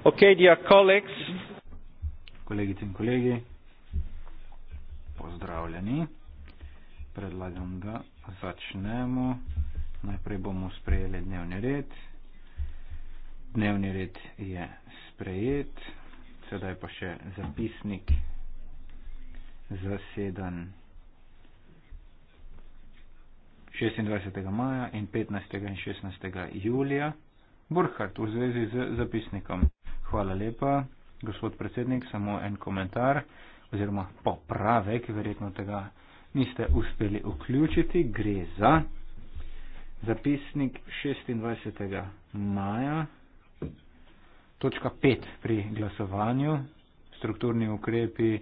Okay, dear colleagues. Kolegice in kolegi, pozdravljeni. Predlagam, da začnemo. Najprej bomo sprejeli dnevni red. Dnevni red je sprejet. Sedaj pa še zapisnik zaseden 26. maja in 15. in 16. julija. Burkhardt v zvezi z zapisnikom. Hvala lepa. Gospod predsednik, samo en komentar oziroma popravek, verjetno tega niste uspeli vključiti. Gre za zapisnik 26. maja, točka 5 pri glasovanju, strukturni ukrepi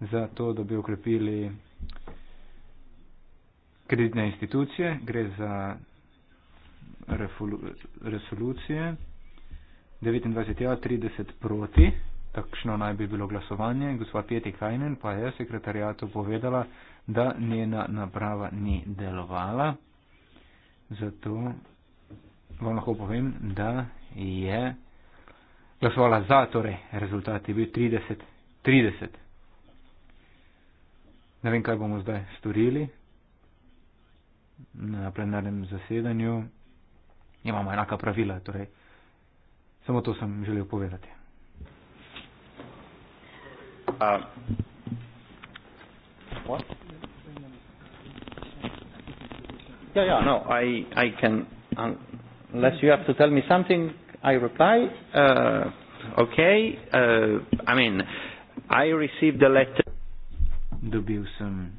za to, da bi ukrepili kreditne institucije. Gre za resolucije. 29 ja, 30 proti, takšno naj bi bilo glasovanje. Gospa Pieti Kajnen pa je sekretarijatu povedala, da njena naprava ni delovala. Zato vam lahko povem, da je glasovala za, torej rezultat je bil 30, 30. Ne vem, kaj bomo zdaj storili na plenarnem zasedanju. Imamo enaka pravila, torej Samo to sem želel povedati. A, what? Yeah, yeah, no, I, I can, um, unless you have to tell me something, I reply. Uh, okay, uh, I mean, I received a letter. Dobil sem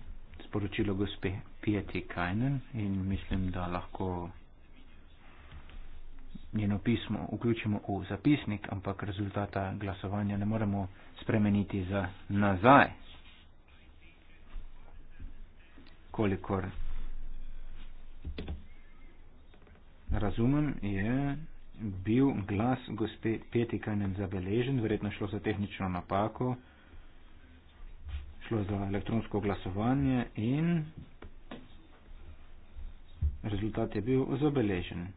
sporočilo gospe Pieti Kajnen in mislim, da lahko njeno pismo vključimo v zapisnik, ampak rezultata glasovanja ne moremo spremeniti za nazaj. Kolikor razumem, je bil glas gospe Petikanen zabeležen, verjetno šlo za tehnično napako, šlo za elektronsko glasovanje in rezultat je bil zabeležen.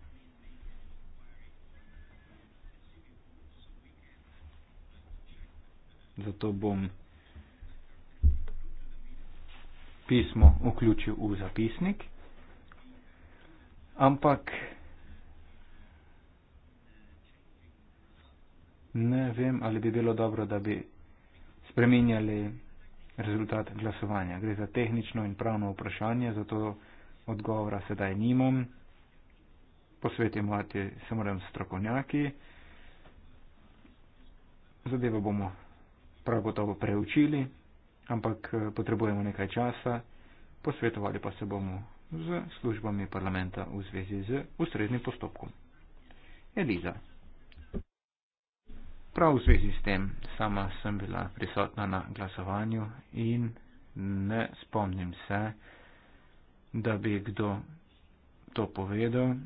zato bom pismo vključil v zapisnik. Ampak ne vem, ali bi bilo dobro, da bi spreminjali rezultat glasovanja. Gre za tehnično in pravno vprašanje, zato odgovora sedaj nimam. Posvetimo se moram strokovnjaki. Zadevo bomo prav gotovo preučili, ampak eh, potrebujemo nekaj časa, posvetovali pa se bomo z službami parlamenta v zvezi z ustreznim postopkom. Eliza. Prav v zvezi s tem, sama sem bila prisotna na glasovanju in ne spomnim se, da bi kdo to povedal,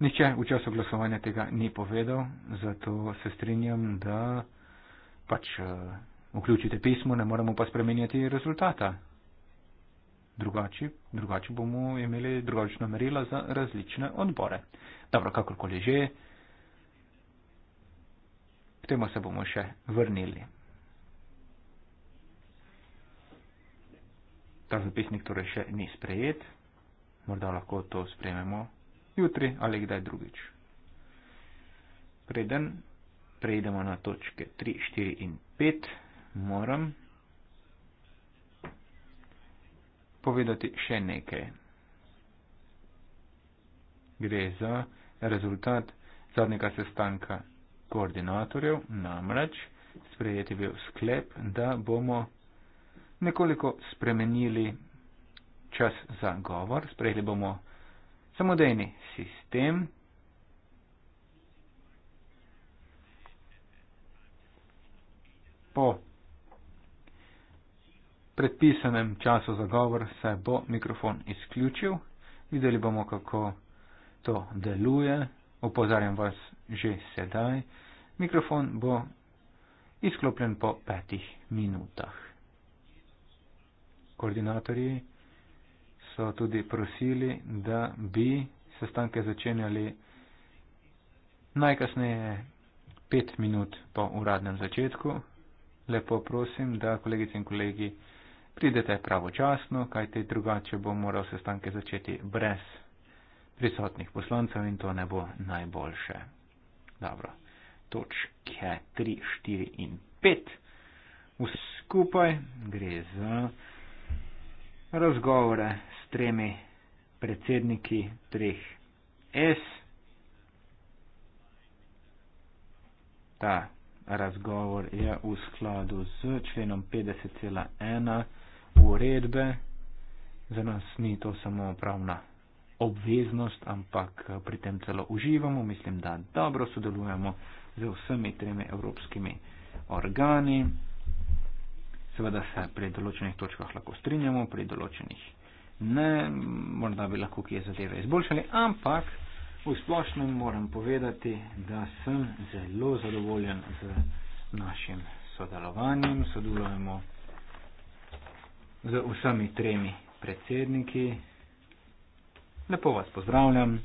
Nihče v času glasovanja tega ni povedal, zato se strinjam, da pač eh, vključite pismo, ne moremo pa spremenjati rezultata. Drugači, drugači bomo imeli drugačna merila za različne odbore. Dobro, kakorkoli že, k temu se bomo še vrnili. Ta zapisnik torej še ni sprejet, morda lahko to sprejmemo jutri ali kdaj drugič. Preden prejdemo na točke 3, 4 in 5, moram povedati še nekaj. Gre za rezultat zadnjega sestanka koordinatorjev, namreč sprejeti bil sklep, da bomo nekoliko spremenili čas za govor, sprejeli bomo samodejni sistem. Po predpisanem času za govor se bo mikrofon izključil. Videli bomo, kako to deluje. Opozarjam vas že sedaj. Mikrofon bo izklopljen po petih minutah. Koordinatorji so tudi prosili, da bi sestanke začenjali najkasneje pet minut po uradnem začetku. Lepo prosim, da kolegice in kolegi pridete pravočasno, kajte drugače bo moral sestanke začeti brez prisotnih poslancev in to ne bo najboljše. Dobro, točke 3, 4 in 5. Vse skupaj gre za razgovore tremi predsedniki treh S. Ta razgovor je v skladu z členom 50.1 uredbe. Za nas ni to samo pravna obveznost, ampak pri tem celo uživamo. Mislim, da dobro sodelujemo z vsemi tremi evropskimi organi. Seveda se pri določenih točkah lahko strinjamo, pri določenih ne, morda bi lahko kje zadeve izboljšali, ampak v splošnem moram povedati, da sem zelo zadovoljen z našim sodelovanjem. Sodelujemo z vsemi tremi predsedniki. Lepo vas pozdravljam.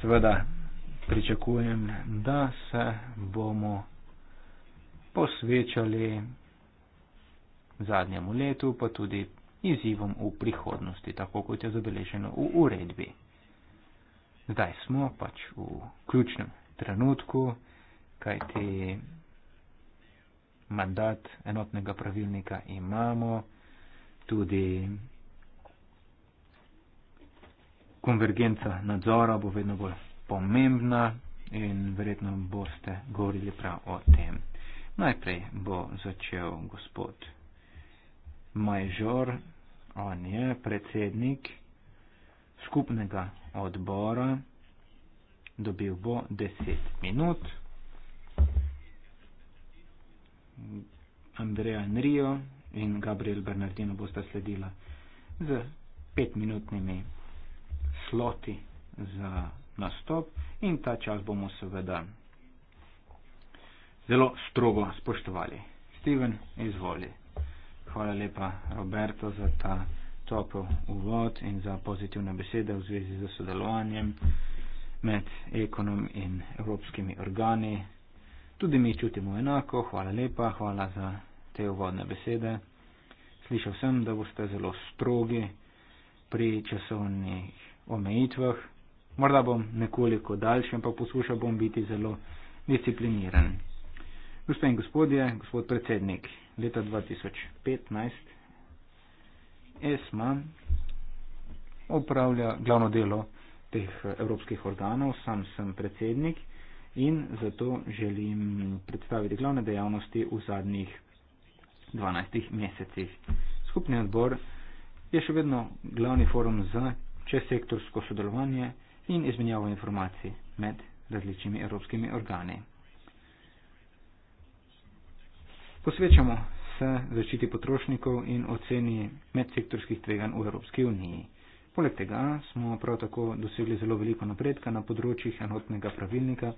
Seveda pričakujem, da se bomo posvečali zadnjemu letu, pa tudi izzivom v prihodnosti, tako kot je zabeleženo v uredbi. Zdaj smo pač v ključnem trenutku, kajti mandat enotnega pravilnika imamo, tudi konvergenca nadzora bo vedno bolj pomembna in verjetno boste govorili prav o tem. Najprej bo začel gospod Majžor. On je predsednik skupnega odbora, dobil bo 10 minut. Andreja Nrijo in Gabriel Bernardino bosta sledila z petminutnimi sloti za nastop in ta čas bomo seveda zelo strogo spoštovali. Steven, izvolite hvala lepa Roberto za ta topel uvod in za pozitivne besede v zvezi z sodelovanjem med ekonom in evropskimi organi. Tudi mi čutimo enako, hvala lepa, hvala za te uvodne besede. Slišal sem, da boste zelo strogi pri časovnih omejitvah. Morda bom nekoliko daljši, ampak poskušal bom biti zelo discipliniran. Gospe in gospodje, gospod predsednik, leta 2015 ESMA opravlja glavno delo teh evropskih organov, sam sem predsednik in zato želim predstaviti glavne dejavnosti v zadnjih 12 mesecih. Skupni odbor je še vedno glavni forum za česektorsko sodelovanje in izmenjavo informacij med različnimi evropskimi organi. Posvečamo se zaščiti potrošnikov in oceni medsektorskih tveganj v Evropski uniji. Poleg tega smo prav tako dosegli zelo veliko napredka na področjih enotnega pravilnika,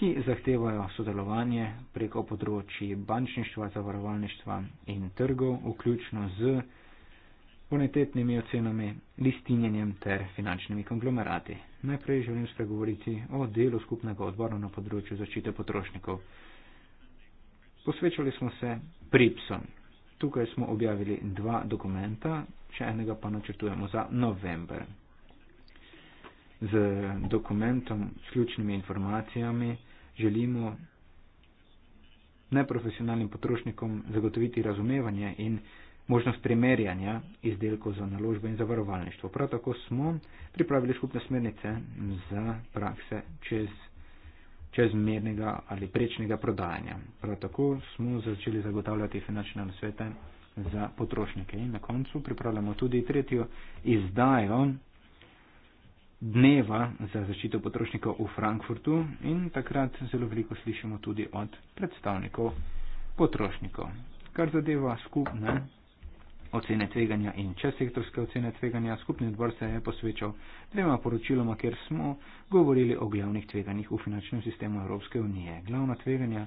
ki zahtevajo sodelovanje preko področji bančništva, zavarovalništva in trgov, vključno z bonitetnimi ocenami, listinjenjem ter finančnimi konglomerati. Najprej želim spregovoriti o delu skupnega odbora na področju zaščite potrošnikov. Posvečali smo se pripsom. Tukaj smo objavili dva dokumenta, še enega pa načrtujemo za november. Z dokumentom s ključnimi informacijami želimo neprofesionalnim potrošnikom zagotoviti razumevanje in možnost primerjanja izdelkov za naložbe in zavarovalništvo. Prav tako smo pripravili skupne smernice za prakse čez čezmernega ali prečnega prodajanja. Prav tako smo začeli zagotavljati finančne nasvete za potrošnike. In na koncu pripravljamo tudi tretjo izdajo dneva za zaščito potrošnikov v Frankfurtu in takrat zelo veliko slišimo tudi od predstavnikov potrošnikov. Kar zadeva skupne ocene tveganja in česektorske ocene tveganja, skupni odbor se je posvečal dvema poročiloma, kjer smo govorili o glavnih tveganjih v finančnem sistemu Evropske unije. Glavna tveganja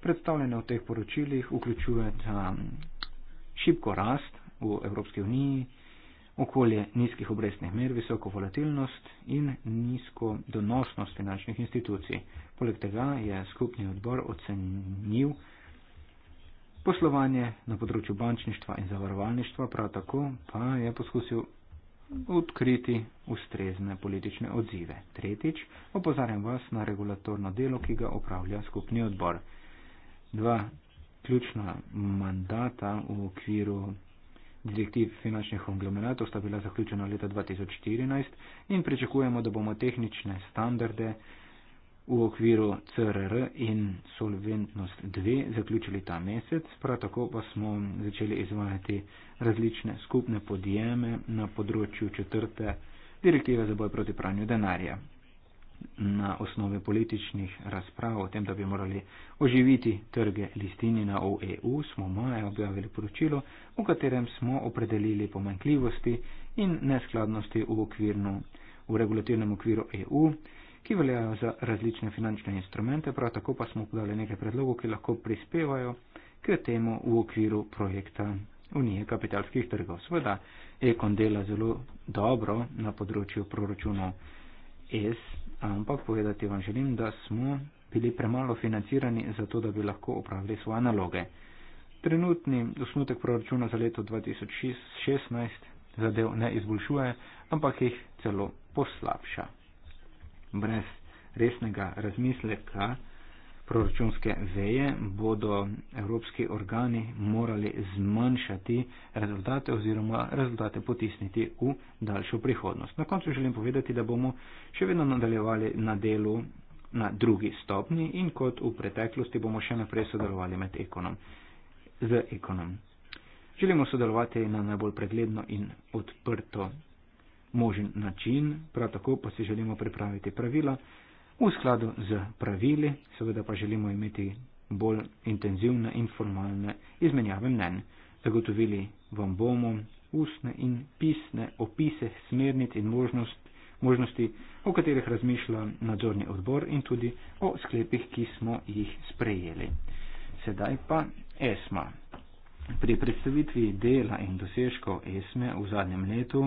predstavljena v teh poročilih vključuje šibko rast v Evropske uniji, okolje nizkih obrestnih mer, visoko volatilnost in nizko donosnost finančnih institucij. Poleg tega je skupni odbor ocenil, Poslovanje na področju bančništva in zavarovalništva prav tako pa je poskusil odkriti ustrezne politične odzive. Tretjič, opozarjam vas na regulatorno delo, ki ga upravlja skupni odbor. Dva ključna mandata v okviru direktiv finančnih konglomeratov sta bila zaključena leta 2014 in pričakujemo, da bomo tehnične standarde v okviru CRR in Solventnost 2 zaključili ta mesec, prav tako pa smo začeli izvajati različne skupne podjeme na področju četrte direktive za boj proti pranju denarja. Na osnovi političnih razprav o tem, da bi morali oživiti trge listini na OEU, smo maja objavili poročilo, v katerem smo opredelili pomankljivosti in neskladnosti v, okvirno, v regulativnem okviru EU ki veljajo za različne finančne instrumente, prav tako pa smo podali nekaj predlogov, ki lahko prispevajo k temu v okviru projekta Unije kapitalskih trgov. Sveda, Ekon dela zelo dobro na področju proračunov S, ampak povedati vam želim, da smo bili premalo financirani za to, da bi lahko upravili svoje naloge. Trenutni osnutek proračuna za leto 2016 zadev ne izboljšuje, ampak jih celo poslabša brez resnega razmisleka proračunske veje, bodo evropski organi morali zmanjšati rezultate oziroma rezultate potisniti v daljšo prihodnost. Na koncu želim povedati, da bomo še vedno nadaljevali na delu na drugi stopni in kot v preteklosti bomo še naprej sodelovali med ekonom, z ekonom. Želimo sodelovati na najbolj pregledno in odprto možen način, prav tako pa si želimo pripraviti pravila v skladu z pravili, seveda pa želimo imeti bolj intenzivne in formalne izmenjave mnen. Zagotovili vam bomo ustne in pisne opise smernic in možnost, možnosti, o katerih razmišlja nadzorni odbor in tudi o sklepih, ki smo jih sprejeli. Sedaj pa ESMA. Pri predstavitvi dela in dosežkov ESME v zadnjem letu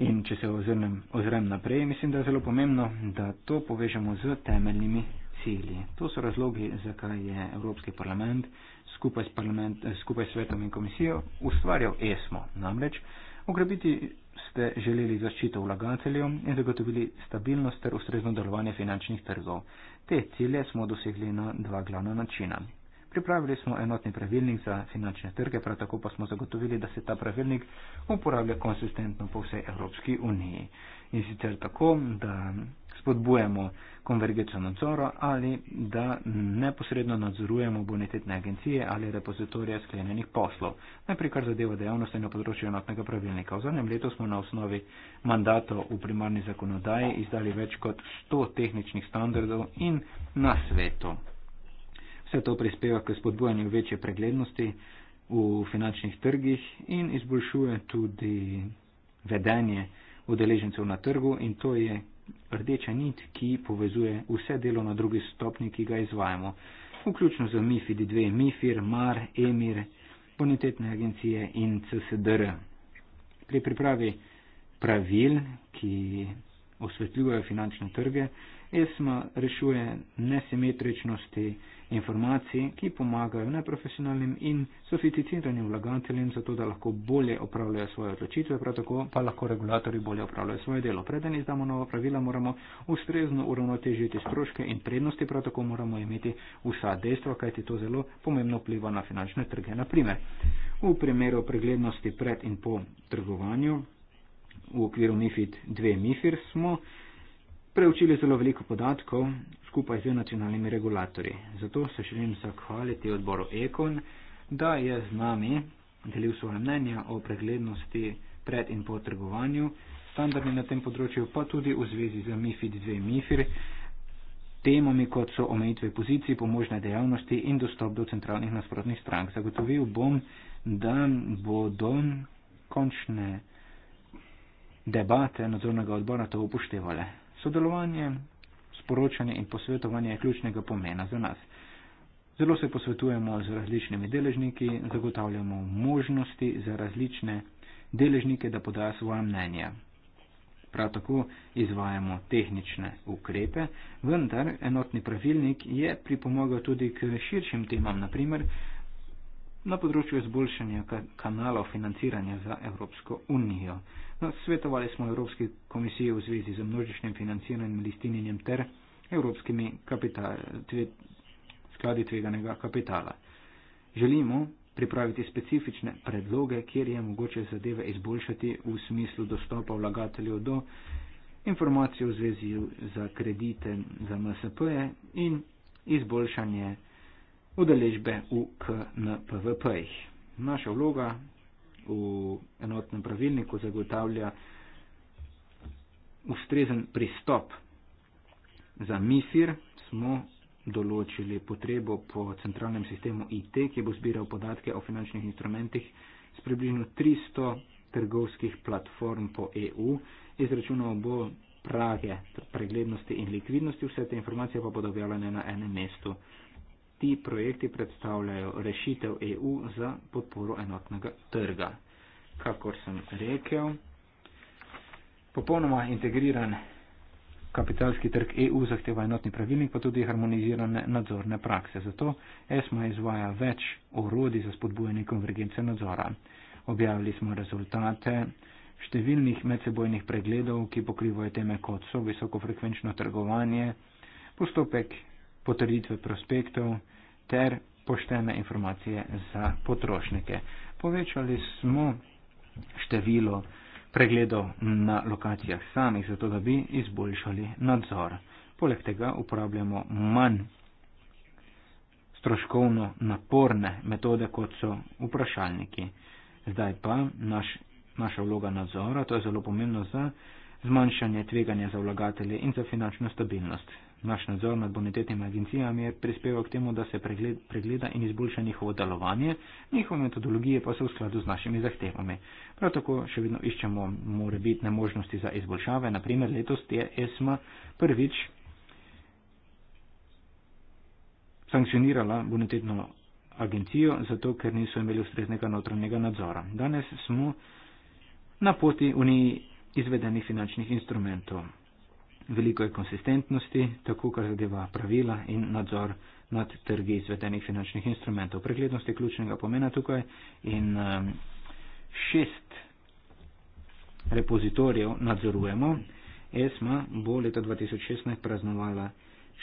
In če se ozrnem, ozrem naprej, mislim, da je zelo pomembno, da to povežemo z temeljnimi cilji. To so razlogi, zakaj je Evropski parlament skupaj s, parlament, eh, skupaj s svetom in komisijo ustvarjal ESMO. Namreč, ugrabiti ste želeli zaščito vlagateljev in zagotovili stabilnost ter ustrezno delovanje finančnih trgov. Te cilje smo dosegli na dva glavna načina. Pripravili smo enotni pravilnik za finančne trge, prav tako pa smo zagotovili, da se ta pravilnik uporablja konsistentno po vsej Evropski uniji. In sicer tako, da spodbujemo konvergenco nadzora ali da neposredno nadzorujemo bonitetne agencije ali repozitorije sklenjenih poslov. Najprej kar zadeva dejavnosti na področju enotnega pravilnika. V zadnjem letu smo na osnovi mandatov v primarni zakonodaji izdali več kot 100 tehničnih standardov in na svetu. Vse to prispeva k spodbujanju večje preglednosti v finančnih trgih in izboljšuje tudi vedenje udeležencev na trgu in to je rdeča nit, ki povezuje vse delo na drugi stopni, ki ga izvajamo. Vključno z MIFID-2, MIFIR, MAR, EMIR, bonitetne agencije in CSDR. Pri pripravi pravil, ki osvetljujejo finančne trge, ESMA rešuje nesimetričnosti, informacij, ki pomagajo neprofesionalnim in sofisticiranim vlagateljem, zato da lahko bolje upravljajo svoje odločitve, prav tako pa lahko regulatori bolje upravljajo svoje delo. Preden izdamo nova pravila, moramo ustrezno uravnotežiti stroške in prednosti, prav tako moramo imeti vsa dejstva, kajti to zelo pomembno vpliva na finančne trge. Naprimer, v primeru preglednosti pred in po trgovanju v okviru MIFID 2 MIFIR smo. Preučili zelo veliko podatkov skupaj z nacionalnimi regulatorji. Zato se želim zahvaliti odboru Ekon, da je z nami delil svoje mnenje o preglednosti pred in po trgovanju, standardi na tem področju, pa tudi v zvezi z MIFID 2 MIFIR, temami kot so omejitve pozicij, pomožne dejavnosti in dostop do centralnih nasprotnih strank. Zagotovil bom, da bodo končne debate nadzornega odbora to upoštevale. Sodelovanje sporočanje in posvetovanje je ključnega pomena za nas. Zelo se posvetujemo z različnimi deležniki, zagotavljamo možnosti za različne deležnike, da podajo svoje mnenje. Prav tako izvajamo tehnične ukrepe, vendar enotni pravilnik je pripomogel tudi k širšim temam, naprimer na področju izboljšanja kanalov financiranja za Evropsko unijo. No, svetovali smo Evropski komisiji v zvezi z množičnim financiranjem listinjenjem ter evropskimi tve, skladi tveganega kapitala. Želimo pripraviti specifične predloge, kjer je mogoče zadeve izboljšati v smislu dostopa vlagateljev do informacij v zvezi za kredite za MSP-je in izboljšanje udeležbe v KNPVP-jih. Naša vloga v enotnem pravilniku zagotavlja ustrezen pristop. Za MIFIR smo določili potrebo po centralnem sistemu IT, ki bo zbiral podatke o finančnih instrumentih s približno 300 trgovskih platform po EU, izračunal bo prage preglednosti in likvidnosti, vse te informacije pa bodo objavljene na enem mestu ti projekti predstavljajo rešitev EU za podporo enotnega trga. Kakor sem rekel, popolnoma integriran kapitalski trg EU zahteva enotni pravilnik, pa tudi harmonizirane nadzorne prakse. Zato ESMA izvaja več orodi za spodbujanje konvergence nadzora. Objavili smo rezultate številnih medsebojnih pregledov, ki pokrivajo teme kot so visokofrekvenčno trgovanje, postopek potrditve prospektov ter poštene informacije za potrošnike. Povečali smo število pregledov na lokacijah samih, zato da bi izboljšali nadzor. Poleg tega uporabljamo manj stroškovno naporne metode, kot so vprašalniki. Zdaj pa naš, naša vloga nadzora, to je zelo pomembno za zmanjšanje tveganja za vlagatelje in za finančno stabilnost. Naš nadzor nad bonitetnimi agencijami je prispeval k temu, da se pregled, pregleda in izboljša njihovo delovanje, njihove metodologije pa so v skladu z našimi zahtevami. Prav tako še vedno iščemo morebitne možnosti za izboljšave. Naprimer, letos je ESMA prvič sankcionirala bonitetno agencijo, zato ker niso imeli ustreznega notranjega nadzora. Danes smo na poti Uniji izvedenih finančnih instrumentov veliko je konsistentnosti, tako kar zadeva pravila in nadzor nad trgi izvedenih finančnih instrumentov. Preglednost je ključnega pomena tukaj in um, šest repozitorijev nadzorujemo. ESMA bo leta 2016 praznovala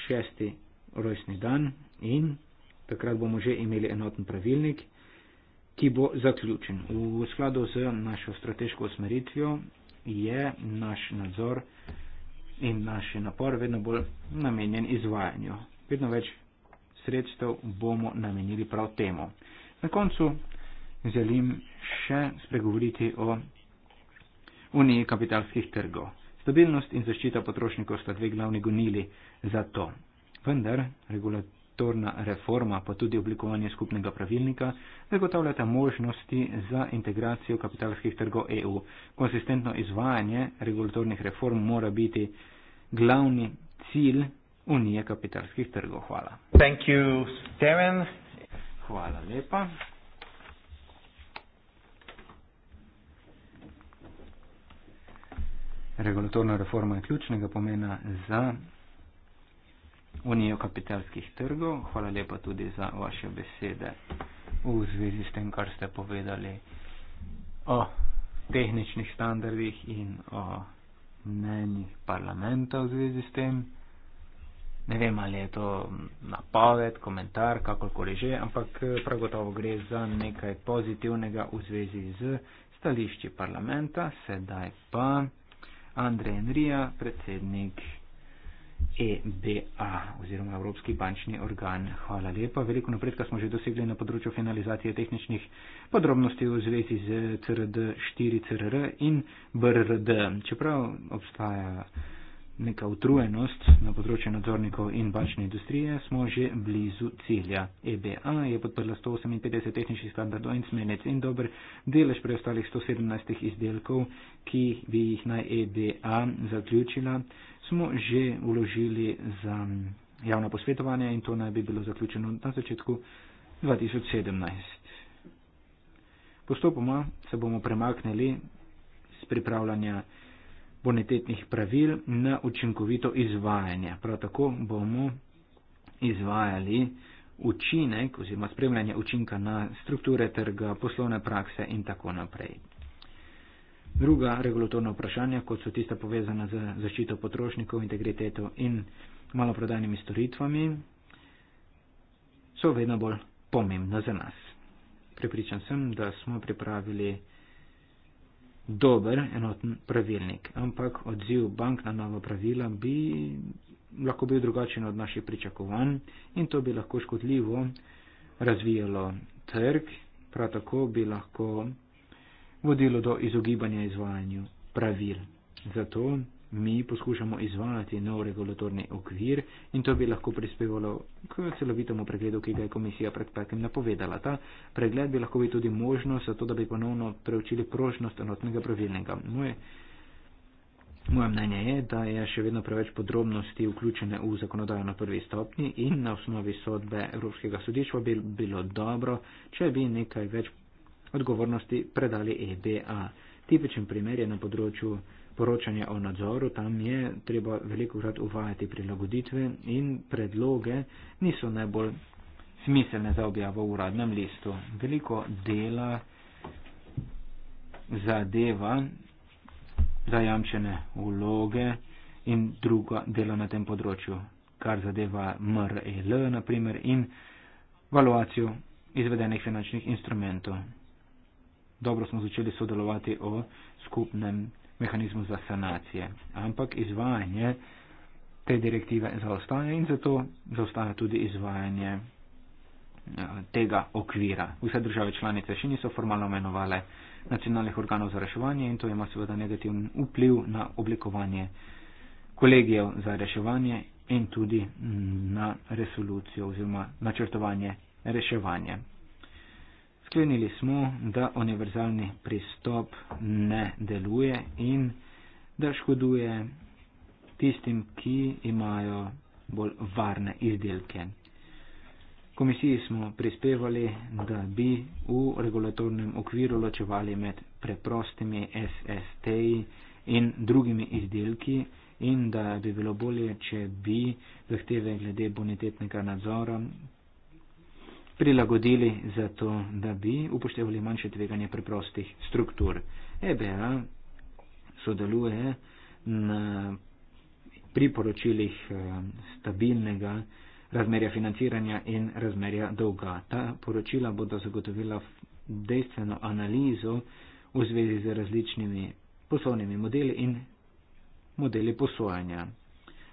šesti rojstni dan in takrat bomo že imeli enoten pravilnik, ki bo zaključen. V skladu z našo strateško usmeritvijo je naš nadzor in naš je napor vedno bolj namenjen izvajanju. Vedno več sredstev bomo namenili prav temu. Na koncu želim še spregovoriti o Uniji kapitalskih trgov. Stabilnost in zaščita potrošnikov sta dve glavni gonili za to. Vendar regulator regulatorna reforma, pa tudi oblikovanje skupnega pravilnika, zagotavljata možnosti za integracijo kapitalskih trgov EU. Konsistentno izvajanje regulatornih reform mora biti glavni cilj Unije kapitalskih trgov. Hvala. Thank you, Hvala lepa. Regulatorna reforma je ključnega pomena za. Unijo kapitalskih trgov. Hvala lepa tudi za vaše besede v zvezi s tem, kar ste povedali o tehničnih standardih in o mnenjih parlamenta v zvezi s tem. Ne vem, ali je to napoved, komentar, kakorkoli že, ampak eh, prav gotovo gre za nekaj pozitivnega v zvezi z stališči parlamenta. Sedaj pa Andrej Enrija, predsednik EBA oziroma Evropski bančni organ. Hvala lepa. Veliko napredka smo že dosegli na področju finalizacije tehničnih podrobnosti v zvezi z CRD 4 CRR in BRD. Čeprav obstaja neka utrujenost na področju nadzornikov in bančne industrije, smo že blizu cilja. EBA je podprla 158 tehničnih standardov in smernic in dober delež preostalih 117 izdelkov, ki bi jih naj EBA zaključila smo že uložili za javno posvetovanje in to naj bi bilo zaključeno na začetku 2017. Postopoma se bomo premaknili z pripravljanja bonitetnih pravil na učinkovito izvajanje. Prav tako bomo izvajali učinek oziroma spremljanje učinka na strukture trga, poslovne prakse in tako naprej druga regulatorna vprašanja, kot so tista povezana z zaščito potrošnikov, integriteto in maloprodajnimi storitvami, so vedno bolj pomembna za nas. Prepričan sem, da smo pripravili dober enoten pravilnik, ampak odziv bank na nova pravila bi lahko bil drugačen od naših pričakovanj in to bi lahko škodljivo razvijalo trg, prav tako bi lahko vodilo do izogibanja izvajanju pravil. Zato mi poskušamo izvajati nov regulatorni okvir in to bi lahko prispevalo k celovitemu pregledu, ki ga je komisija pred petim napovedala. Ta pregled bi lahko bil tudi možnost za to, da bi ponovno preučili prožnost enotnega pravilnega. Moje, moje mnenje je, da je še vedno preveč podrobnosti vključene v zakonodajo na prvi stopni in na osnovi sodbe Evropskega sodišča bi bilo dobro, če bi nekaj več odgovornosti predali EBA. Tipičen primer je na področju poročanja o nadzoru, tam je treba veliko krat uvajati prilagoditve in predloge niso najbolj smiselne za objavo v uradnem listu. Veliko dela zadeva zajamčene vloge in druga dela na tem področju, kar zadeva MRL e naprimer in valuacijo izvedenih finančnih instrumentov dobro smo začeli sodelovati o skupnem mehanizmu za sanacije. Ampak izvajanje te direktive zaostaja in zato zaostaja tudi izvajanje eh, tega okvira. Vse države članice še niso formalno imenovale nacionalnih organov za reševanje in to ima seveda negativen vpliv na oblikovanje kolegijev za reševanje in tudi na resolucijo oziroma načrtovanje reševanja. Sklenili smo, da univerzalni pristop ne deluje in da škoduje tistim, ki imajo bolj varne izdelke. Komisiji smo prispevali, da bi v regulatornem okviru ločevali med preprostimi SST-ji in drugimi izdelki in da bi bilo bolje, če bi zahteve glede bonitetnega nadzora prilagodili za to, da bi upoštevali manjše tveganje preprostih struktur. EBA sodeluje na priporočilih eh, stabilnega razmerja financiranja in razmerja dolga. Ta poročila bodo zagotovila dejstveno analizo v zvezi z različnimi poslovnimi modeli in modeli posojanja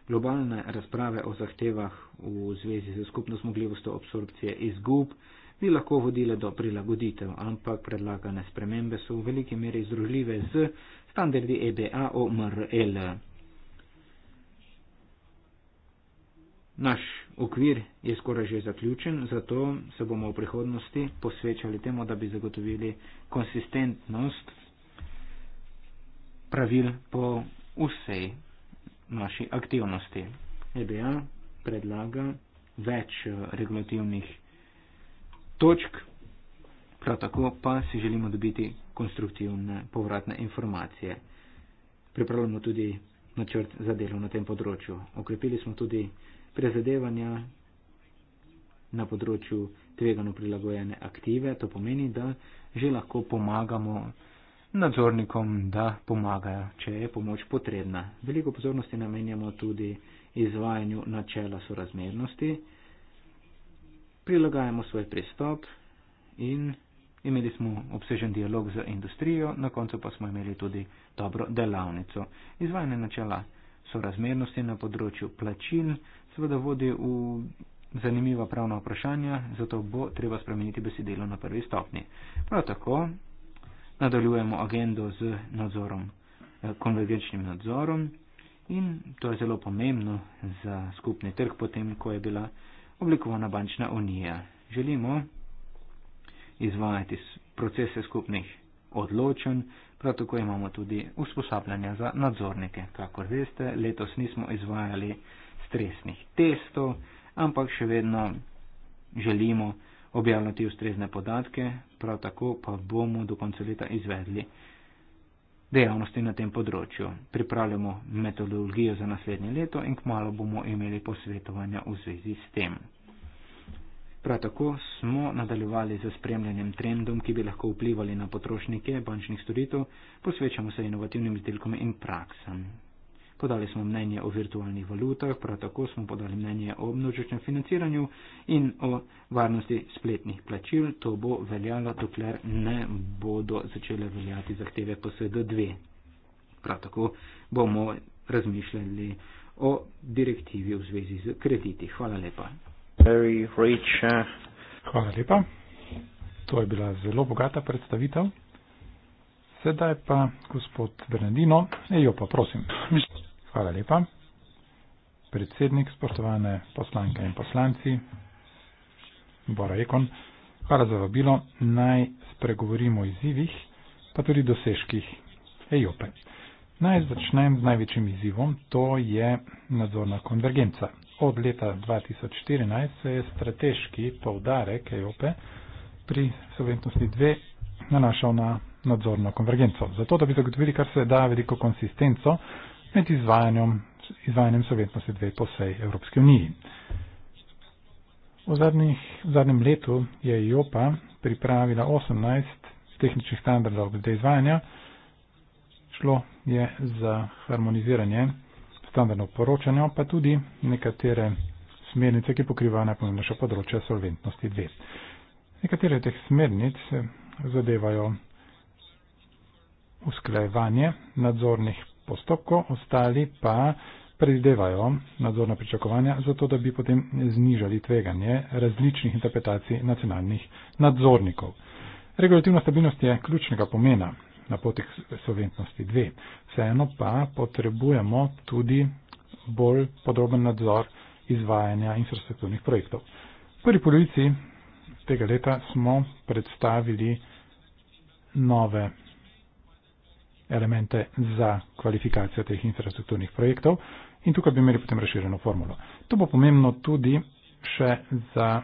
globalne razprave o zahtevah v zvezi z skupno zmogljivostjo absorpcije izgub bi lahko vodile do prilagoditev, ampak predlagane spremembe so v veliki meri združljive z standardi EBA OMRL. Naš okvir je skoraj že zaključen, zato se bomo v prihodnosti posvečali temu, da bi zagotovili konsistentnost pravil po vsej naši aktivnosti. EBA predlaga več eh, regulativnih točk, prav tako pa si želimo dobiti konstruktivne povratne informacije. Pripravljamo tudi načrt za delo na tem področju. Okrepili smo tudi prezadevanja na področju tvegano prilagojene aktive. To pomeni, da že lahko pomagamo nadzornikom, da pomagajo, če je pomoč potrebna. Veliko pozornosti namenjamo tudi izvajanju načela sorazmernosti. Prilagajamo svoj pristop in imeli smo obsežen dialog z industrijo, na koncu pa smo imeli tudi dobro delavnico. Izvajanje načela sorazmernosti na področju plačil seveda vodi v zanimiva pravna vprašanja, zato bo treba spremeniti besedilo na prvi stopni. Prav tako nadaljujemo agendo z nadzorom, eh, konvergenčnim nadzorom in to je zelo pomembno za skupni trg, potem ko je bila oblikovana bančna unija. Želimo izvajati procese skupnih odločen, prav tako imamo tudi usposabljanja za nadzornike. Kakor veste, letos nismo izvajali stresnih testov, ampak še vedno želimo, objavljati ustrezne podatke, prav tako pa bomo do konca leta izvedli dejavnosti na tem področju. Pripravljamo metodologijo za naslednje leto in kmalo bomo imeli posvetovanja v zvezi s tem. Prav tako smo nadaljevali z spremljanjem trendom, ki bi lahko vplivali na potrošnike bančnih storitev, posvečamo se inovativnim izdelkom in praksam. Podali smo mnenje o virtualnih valutah, prav tako smo podali mnenje o množičnem financiranju in o varnosti spletnih plačil. To bo veljalo, dokler ne bodo začele veljati zahteve po SD2. Prav tako bomo razmišljali o direktivi v zvezi z krediti. Hvala lepa. Uh, Hvala lepa. To je bila zelo bogata predstavitev. Sedaj pa gospod Bernardino. Ejo pa, prosim. Hvala lepa. Predsednik, spoštovane poslanke in poslanci, Bora Ekon, hvala za vabilo. Naj spregovorimo o izzivih, pa tudi dosežkih EJOPE. Naj začnem z največjim izzivom, to je nadzorna konvergenca. Od leta 2014 se je strateški povdarek EJOPE pri solventnosti 2 nanašal na nadzorno konvergenco, zato da bi zagotovili kar se da veliko konsistenco med izvajanjem, izvajanjem sovjetnosti dve po vsej Evropski uniji. V, zadnjih, v zadnjem letu je IOPA pripravila 18 tehničnih standardov glede izvajanja. Šlo je za harmoniziranje standardov poročanja, pa tudi nekatere smernice, ki pokrivajo najpomembnejša področja solventnosti 2. Nekatere teh smernic eh, zadevajo usklajevanje nadzornih postopkov, ostali pa predvidevajo nadzorna pričakovanja, zato da bi potem znižali tveganje različnih interpretacij nacionalnih nadzornikov. Regulativna stabilnost je ključnega pomena na poti k solventnosti 2. Vseeno pa potrebujemo tudi bolj podroben nadzor izvajanja infrastrukturnih projektov. V prvi polovici tega leta smo predstavili nove elemente za kvalifikacijo teh infrastrukturnih projektov in tukaj bi imeli potem razširjeno formulo. To bo pomembno tudi še za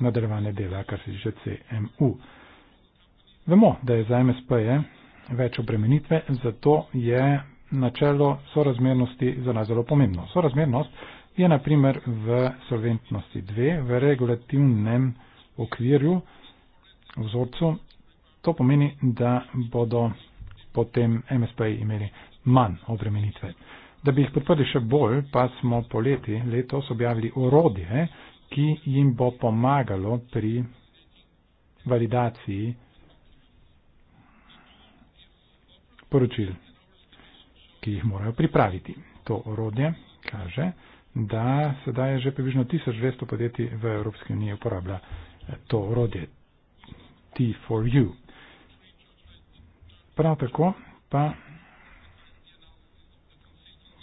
nadaljevanje dela, kar se tiče CMU. Vemo, da je za MSP-je več obremenitve, zato je načelo sorazmernosti za nas zelo pomembno. Sorazmernost je na primer v solventnosti 2, v regulativnem okvirju, vzorcu. To pomeni, da bodo potem MSP-ji imeli manj obremenitve. Da bi jih podprli še bolj, pa smo poleti letos objavili orodje, ki jim bo pomagalo pri validaciji poročil, ki jih morajo pripraviti. To orodje kaže, da sedaj že približno 1200 podjetij v Evropski uniji uporablja to orodje T4U prav tako pa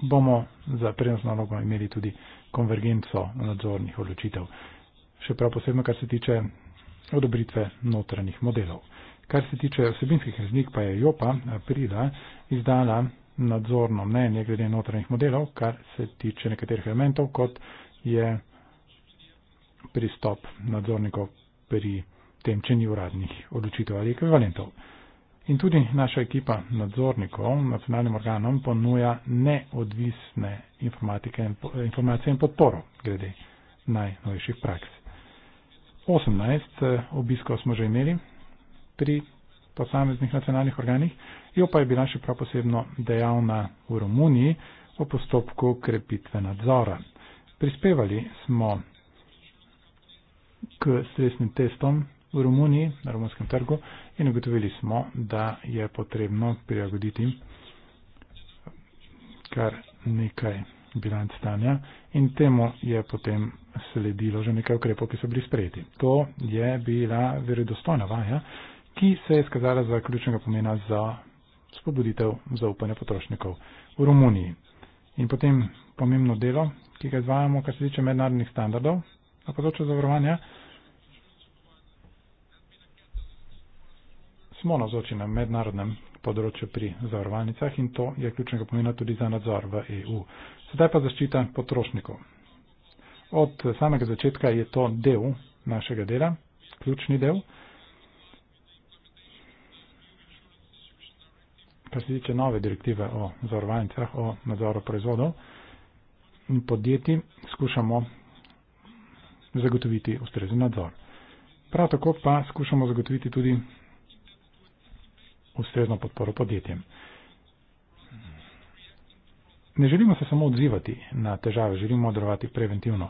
bomo za prednostno nalogo imeli tudi konvergenco nadzornih odločitev. Še prav posebno, kar se tiče odobritve notranjih modelov. Kar se tiče osebinskih raznik, pa je Jopa aprila izdala nadzorno mnenje glede notranjih modelov, kar se tiče nekaterih elementov, kot je pristop nadzornikov pri tem, če ni uradnih odločitev ali ekvivalentov. In tudi naša ekipa nadzornikov nacionalnim organom ponuja neodvisne informacije in podporo glede najnovejših praks. 18 eh, obiskov smo že imeli pri posameznih nacionalnih organih, jo pa je bila še prav posebno dejavna v Romuniji o postopku krepitve nadzora. Prispevali smo k stresnim testom v Romuniji, na romunskem trgu, in ugotovili smo, da je potrebno prilagoditi kar nekaj bilanc stanja in temu je potem sledilo že nekaj ukrepov, ki so bili sprejeti. To je bila verodostojna vaja, ki se je skazala za ključnega pomena za spobuditev zaupanja potrošnikov v Romuniji. In potem pomembno delo, ki ga izvajamo, kar se tiče mednarodnih standardov na področju zavarovanja. smo nazoči na mednarodnem področju pri zavarovalnicah in to je ključnega pomena tudi za nadzor v EU. Sedaj pa zaščita potrošnikov. Od samega začetka je to del našega dela, ključni del. Kar se tiče nove direktive o zavarovalnicah, o nadzoru proizvodov in podjetij, skušamo zagotoviti ustrezen nadzor. Prav tako pa skušamo zagotoviti tudi ustrezno podporo podjetjem. Ne želimo se samo odzivati na težave, želimo odrovati preventivno.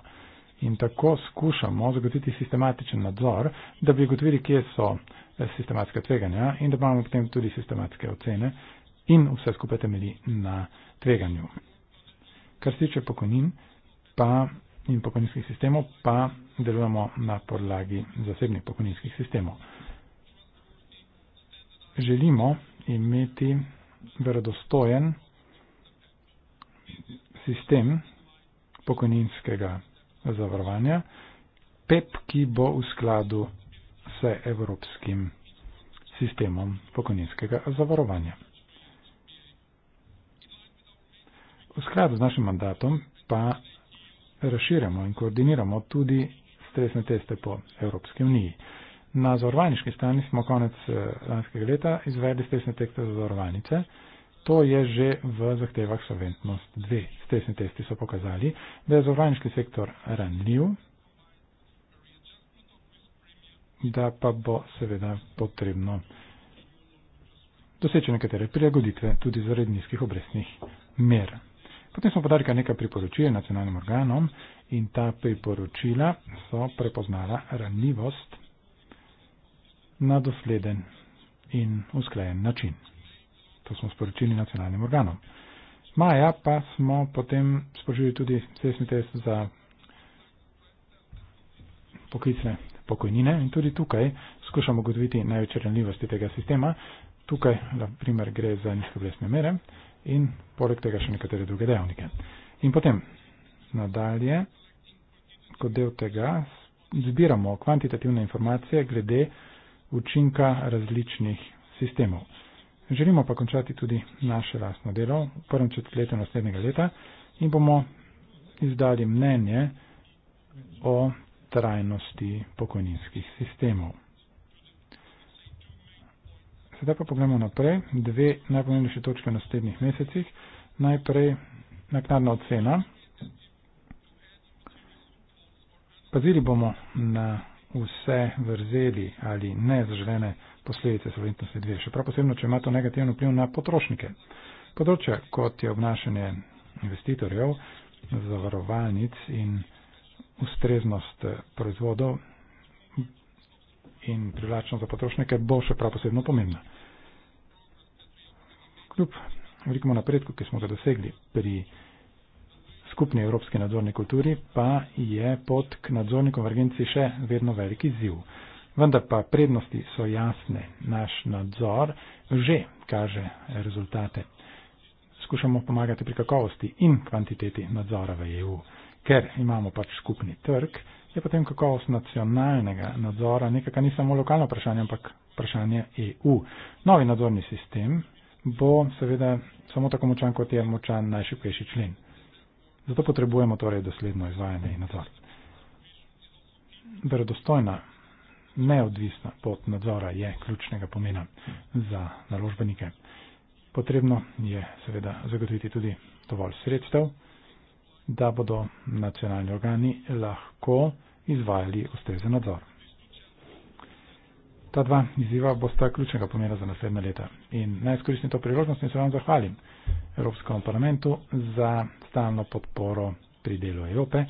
In tako skušamo zagotoviti sistematičen nadzor, da bi ugotovili, kje so eh, sistematske tveganja in da imamo potem tudi sistematske ocene in vse skupaj temeli na tveganju. Kar se tiče pokojnin pa, in pokojninskih sistemov, pa delujemo na podlagi zasebnih pokojninskih sistemov želimo imeti verodostojen sistem pokojninskega zavarovanja, PEP, ki bo v skladu s evropskim sistemom pokojninskega zavarovanja. V skladu z našim mandatom pa razširjamo in koordiniramo tudi stresne teste po Evropski uniji. Na zavarovalniški strani smo konec eh, lanskega leta izvedli stresne teste za zavarovalnice. To je že v zahtevah Solventnost 2. Stresni testi so pokazali, da je zavarovalniški sektor ranljiv, da pa bo seveda potrebno doseči nekatere prilagoditve tudi zaradi nizkih obrestnih mer. Potem smo podali kar nekaj priporočil nacionalnim organom in ta priporočila so prepoznala ranljivost na dosleden in usklajen način. To smo sporočili nacionalnim organom. Maja pa smo potem sporočili tudi cestni test za poklicne pokojnine in tudi tukaj skušamo ugotoviti največje ranljivosti tega sistema. Tukaj, na primer, gre za nizkoblesne mere in poleg tega še nekatere druge dejavnike. In potem nadalje, kot del tega, zbiramo kvantitativne informacije glede učinka različnih sistemov. Želimo pa končati tudi naše lastno delo v prvem četrtletju naslednjega leta in bomo izdali mnenje o trajnosti pokojninskih sistemov. Sedaj pa pogledamo naprej. Dve najpomembnejše točke v naslednjih mesecih. Najprej naknadna ocena. Pazili bomo na vse vrzeli ali nezaželene posledice solventnosti 2, še prav posebno, če ima to negativno vpliv na potrošnike. Področja, kot je obnašanje investitorjev, zavarovalnic in ustreznost proizvodov in privlačnost za potrošnike, bo še prav posebno pomembna. Kljub velikemu napredku, ki smo ga dosegli pri skupni evropski nadzorni kulturi pa je pot k nadzornikom v agenciji še vedno veliki ziv. Vendar pa prednosti so jasne, naš nadzor že kaže rezultate. Skušamo pomagati pri kakovosti in kvantiteti nadzora v EU. Ker imamo pač skupni trg, je potem kakovost nacionalnega nadzora nekaj, kar ni samo lokalno vprašanje, ampak vprašanje EU. Novi nadzorni sistem bo seveda samo tako močan, kot je močan najšipkejši člen. Zato potrebujemo torej dosledno izvajanje in nadzor. Verodostojna, neodvisna pot nadzora je ključnega pomena za naložbenike. Potrebno je seveda zagotoviti tudi dovolj sredstev, da bodo nacionalni organi lahko izvajali ustrezen nadzor ta dva izziva bosta ključnega pomena za naslednje leta. In naj izkoristim to priložnost in se vam zahvalim Evropskemu parlamentu za stalno podporo pri delu Evrope,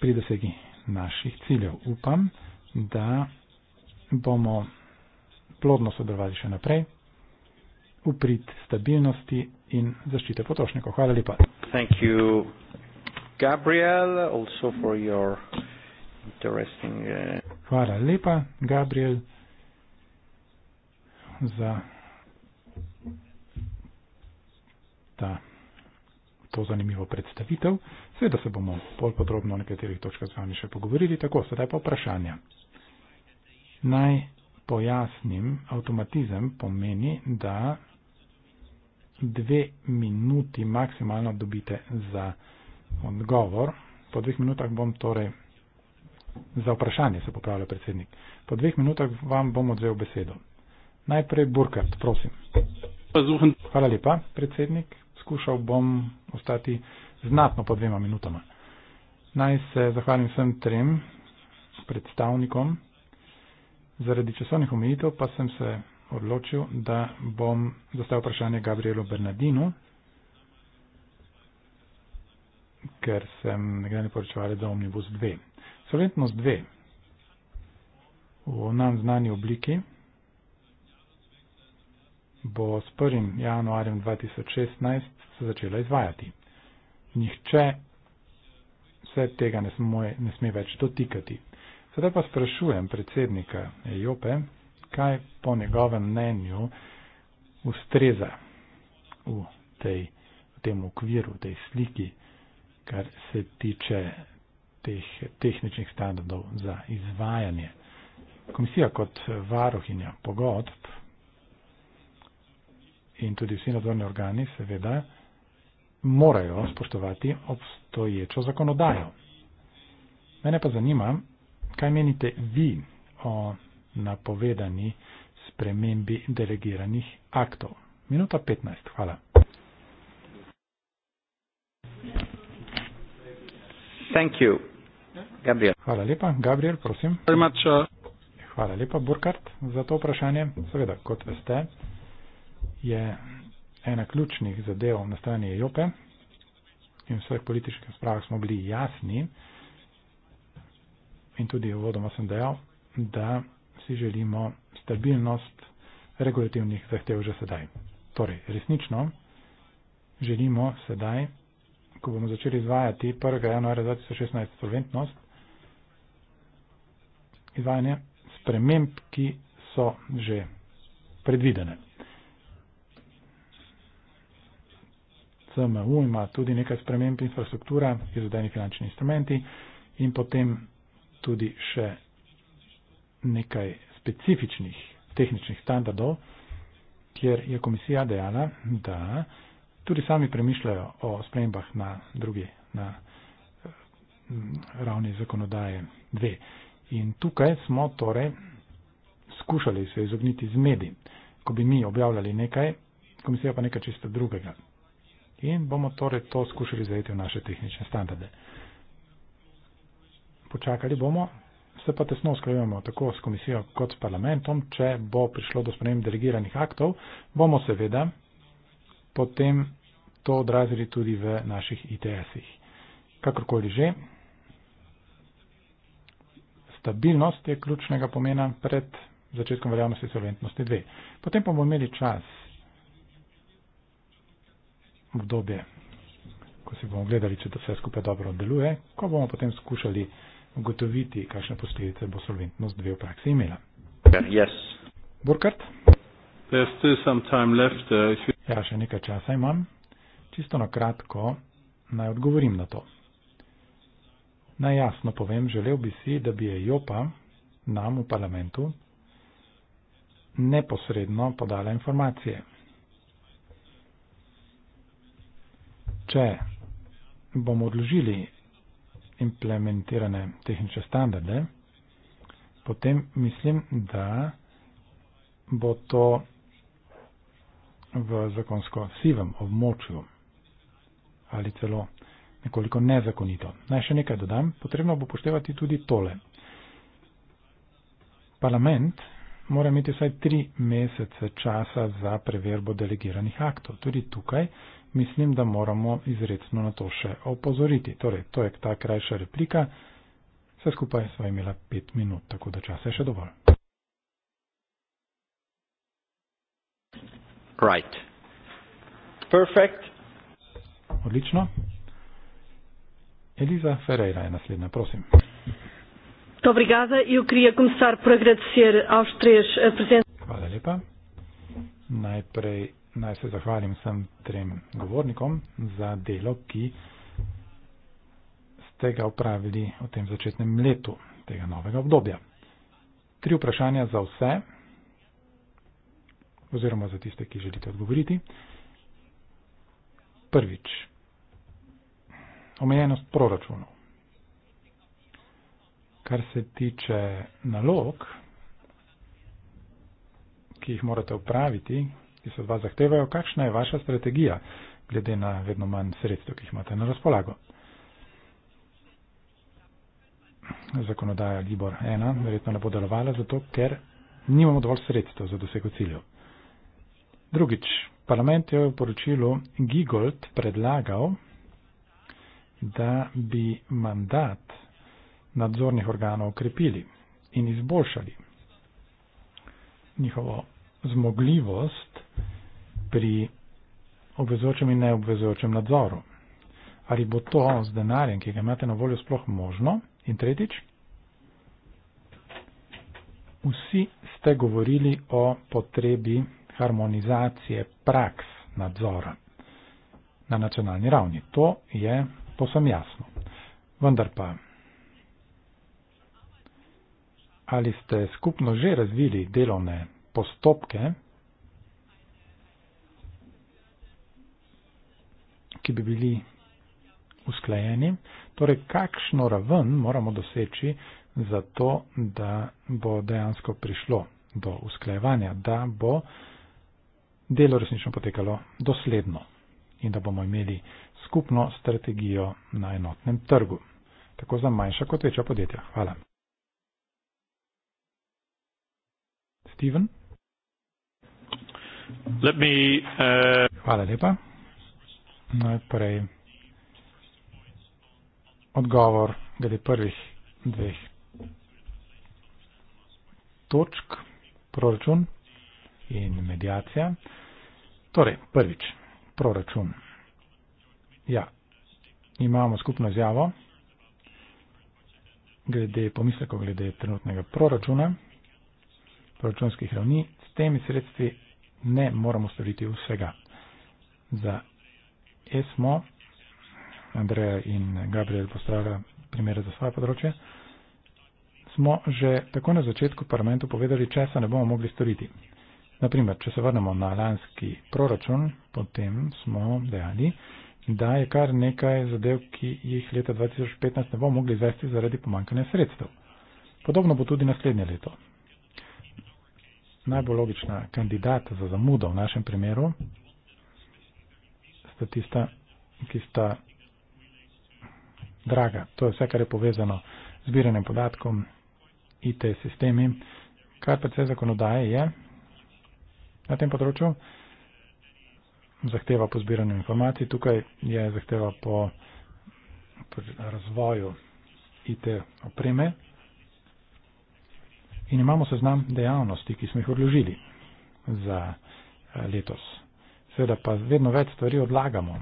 pri dosegi naših ciljev. Upam, da bomo plodno sodelovali še naprej, uprit stabilnosti in zaščite potrošnikov. Hvala lepa. Thank you, Gabriel, also for your... Uh, Hvala lepa, Gabriel, za ta, to zanimivo predstavitev. Sveda se bomo bolj podrobno o nekaterih točkah z vami še pogovorili. Tako, sedaj pa vprašanja. Naj pojasnim, avtomatizem pomeni, da dve minuti maksimalno dobite za odgovor. Po dveh minutah bom torej Za vprašanje se popravlja predsednik. Po dveh minutah vam bom odzel besedo. Najprej Burkard, prosim. Hvala lepa, predsednik. Skušal bom ostati znatno po dvema minutama. Naj se zahvalim vsem trem predstavnikom. Zaradi časovnih omejitev pa sem se odločil, da bom zastavil vprašanje Gabrielu Bernardinu, ker sem nekdaj ne poročevali za Omnibus 2. Solventnost 2 v nam znani obliki bo s 1. januarjem 2016 se začela izvajati. Nihče vse tega ne, smoj, ne sme več dotikati. Sedaj pa sprašujem predsednika Jope, kaj po njegovem mnenju ustreza v, tej, v tem okviru, v tej sliki, kar se tiče teh tehničnih standardov za izvajanje. Komisija kot varuhinja pogodb in tudi vsi nadzorni organi seveda morajo spoštovati obstoječo zakonodajo. Mene pa zanima, kaj menite vi o napovedani spremembi delegiranih aktov. Minuta 15, hvala. Thank you. Gabriel. Hvala lepa, Gabriel, prosim. Uh, Hvala lepa, Burkart, za to vprašanje. Seveda, kot veste, je ena ključnih zadev na strani Jope in v svojih političnih spravah smo bili jasni in tudi v vodoma sem dejal, da si želimo stabilnost regulativnih zahtev že sedaj. Torej, resnično želimo sedaj, ko bomo začeli izvajati 1. januarja 2016 solventnost, izvajanje sprememb, ki so že predvidene. CMU ima tudi nekaj sprememb infrastruktura, izvedeni finančni instrumenti in potem tudi še nekaj specifičnih tehničnih standardov, kjer je komisija dejala, da tudi sami premišljajo o spremembah na drugi, na eh, ravni zakonodaje 2. In tukaj smo torej skušali se izogniti zmedi, ko bi mi objavljali nekaj, komisija pa nekaj čisto drugega. In bomo torej to skušali zajeti v naše tehnične standarde. Počakali bomo, se pa tesno usklajujemo tako s komisijo kot s parlamentom. Če bo prišlo do sprememb delegiranih aktov, bomo seveda potem to odrazili tudi v naših ITS-ih. Kakorkoli že, stabilnost je ključnega pomena pred začetkom veljavnosti solventnosti 2. Potem pa bomo imeli čas obdobje, ko si bomo gledali, če vse skupaj dobro deluje, ko bomo potem skušali ugotoviti, kakšne posledice bo solventnost 2 v praksi imela. Yes. Burkart? Uh, ja, še nekaj časa imam. Čisto na kratko naj odgovorim na to. Najjasno povem, želel bi si, da bi Jopa nam v parlamentu neposredno podala informacije. Če bomo odložili implementirane tehnične standarde, potem mislim, da bo to v zakonsko sivem območju ali celo nekoliko nezakonito. Naj še nekaj dodam, potrebno bo poštevati tudi tole. Parlament mora imeti vsaj tri mesece časa za preverbo delegiranih aktov. Tudi tukaj mislim, da moramo izredno na to še opozoriti. Torej, to je ta krajša replika. Vse skupaj sva imela pet minut, tako da časa je še dovolj. Right. Perfect. Odlično. Elisa Ferreira é a naslednja, prosim. Muito obrigada. Eu queria começar por agradecer aos três apresentantes. Eh, Hvala lepa. Najprej naj se zahvalim vsem trem govornikom za delo, ki ste ga upravili v tem začetnem letu tega novega obdobja. Tri vprašanja za vse, oziroma za tiste, ki želite odgovoriti. Prvič, omejenost proračunov. Kar se tiče nalog, ki jih morate upraviti, ki se od vas zahtevajo, kakšna je vaša strategija, glede na vedno manj sredstev, ki jih imate na razpolago. Zakonodaja Gibor 1 verjetno ne bo delovala, zato ker nimamo dovolj sredstev za dosego ciljev. Drugič, parlament je v poročilu Gigold predlagal, da bi mandat nadzornih organov okrepili in izboljšali njihovo zmogljivost pri obvezočem in neobvezočem nadzoru. Ali bo to z denarjem, ki ga imate na voljo, sploh možno? In tretjič, vsi ste govorili o potrebi harmonizacije praks nadzora na nacionalni ravni. To je povsem jasno. Vendar pa, ali ste skupno že razvili delovne postopke, ki bi bili usklajeni, torej kakšno raven moramo doseči za to, da bo dejansko prišlo do usklajevanja, da bo delo resnično potekalo dosledno in da bomo imeli uh, skupno strategijo na enotnem trgu. Tako za manjša kot večja podjetja. Hvala. Steven? Let me, uh... Hvala lepa. Najprej odgovor glede prvih dveh točk, proračun in medijacija. Torej, prvič, proračun. Ja, imamo skupno izjavo glede pomislekov, glede trenutnega proračuna, proračunskih ravni. S temi sredstvi ne moramo storiti vsega. Za ESMO, Andreja in Gabriel postavlja primere za svoje področje, smo že tako na začetku parlamentu povedali, česa ne bomo mogli storiti. Naprimer, če se vrnemo na lanski proračun, potem smo dejali, da je kar nekaj zadev, ki jih leta 2015 ne bomo mogli izvesti zaradi pomankanja sredstev. Podobno bo tudi naslednje leto. Najbolj logična kandidata za zamudo v našem primeru sta tista, ki sta draga. To je vse, kar je povezano z zbiranjem podatkom IT sistemi. Kar pa se zakonodaje je na tem področju, zahteva po zbiranju informacij, tukaj je zahteva po razvoju IT opreme in imamo seznam dejavnosti, ki smo jih odložili za eh, letos. Seveda pa vedno več stvari odlagamo.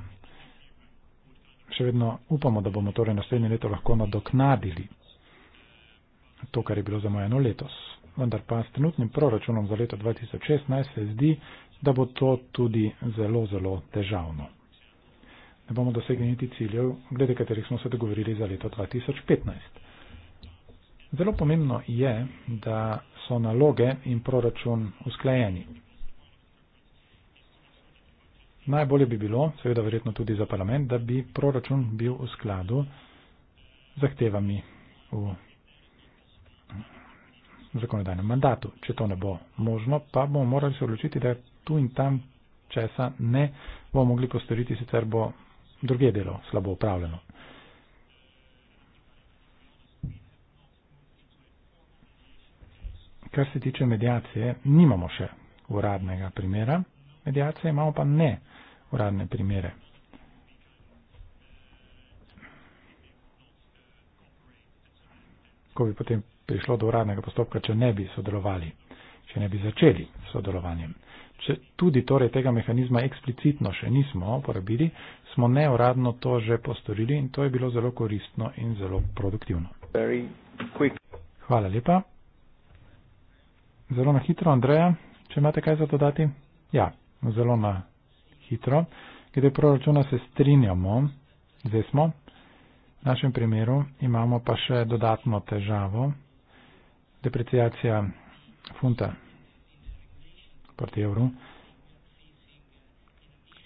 Še vedno upamo, da bomo torej naslednje leto lahko nadoknadili to, kar je bilo za moje eno letos vendar pa s trenutnim proračunom za leto 2016 se zdi, da bo to tudi zelo, zelo težavno. Ne bomo dosegli niti ciljev, glede katerih smo se dogovorili za leto 2015. Zelo pomembno je, da so naloge in proračun usklajeni. Najbolje bi bilo, seveda verjetno tudi za parlament, da bi proračun bil v skladu z zahtevami v zakonodajnem mandatu. Če to ne bo možno, pa bomo morali se odločiti, da tu in tam česa ne bomo mogli postoriti, sicer bo druge delo slabo upravljeno. Kar se tiče medijacije, nimamo še uradnega primera. Medijacije imamo pa ne uradne primere. Ko bi potem prišlo do uradnega postopka, če ne bi sodelovali, če ne bi začeli s sodelovanjem. Če tudi torej tega mehanizma eksplicitno še nismo uporabili, smo neuradno to že postorili in to je bilo zelo koristno in zelo produktivno. Hvala lepa. Zelo na hitro, Andreja, če imate kaj za dodati? Ja, zelo na hitro. Glede proračuna se strinjamo, zdaj smo. V našem primeru imamo pa še dodatno težavo, deprecijacija funta proti evru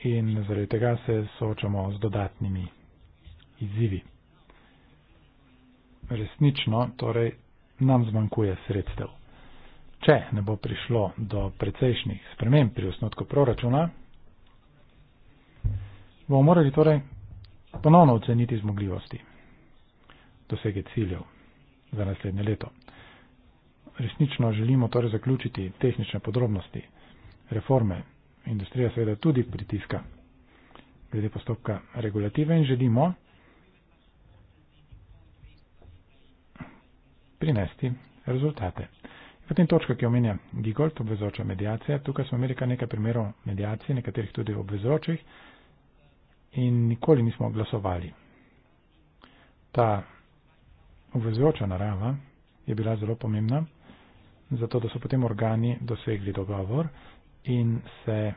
in zaradi tega se soočamo z dodatnimi izzivi. Resnično, torej, nam zmanjkuje sredstev. Če ne bo prišlo do precejšnjih sprememb pri osnotku proračuna, bomo morali torej ponovno oceniti zmogljivosti dosege ciljev za naslednje leto resnično želimo torej zaključiti tehnične podrobnosti reforme, industrija seveda tudi pritiska glede postopka regulative in želimo prinesti rezultate. Potem točka, ki omenja Gigolt, obvezoča medijacija. Tukaj smo imeli kar nekaj primerov medijacije, nekaterih tudi obvezočih in nikoli nismo glasovali. Ta obvezoča narava je bila zelo pomembna zato da so potem organi dosegli dogovor in se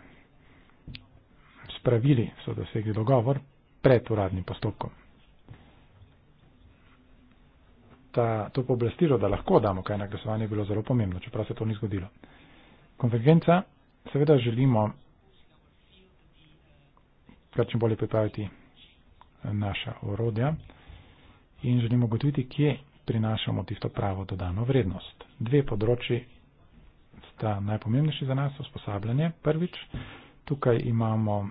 spravili, so dosegli dogovor pred uradnim postopkom. Ta, to pooblastilo, da lahko damo kaj na glasovanje, je bilo zelo pomembno, čeprav se to ni zgodilo. Konvergenca, seveda želimo kar čim bolje pripraviti naša orodja in želimo ugotoviti, kje prinašamo tisto pravo dodano vrednost. Dve področji sta najpomembnejši za nas, usposabljanje. Prvič, tukaj imamo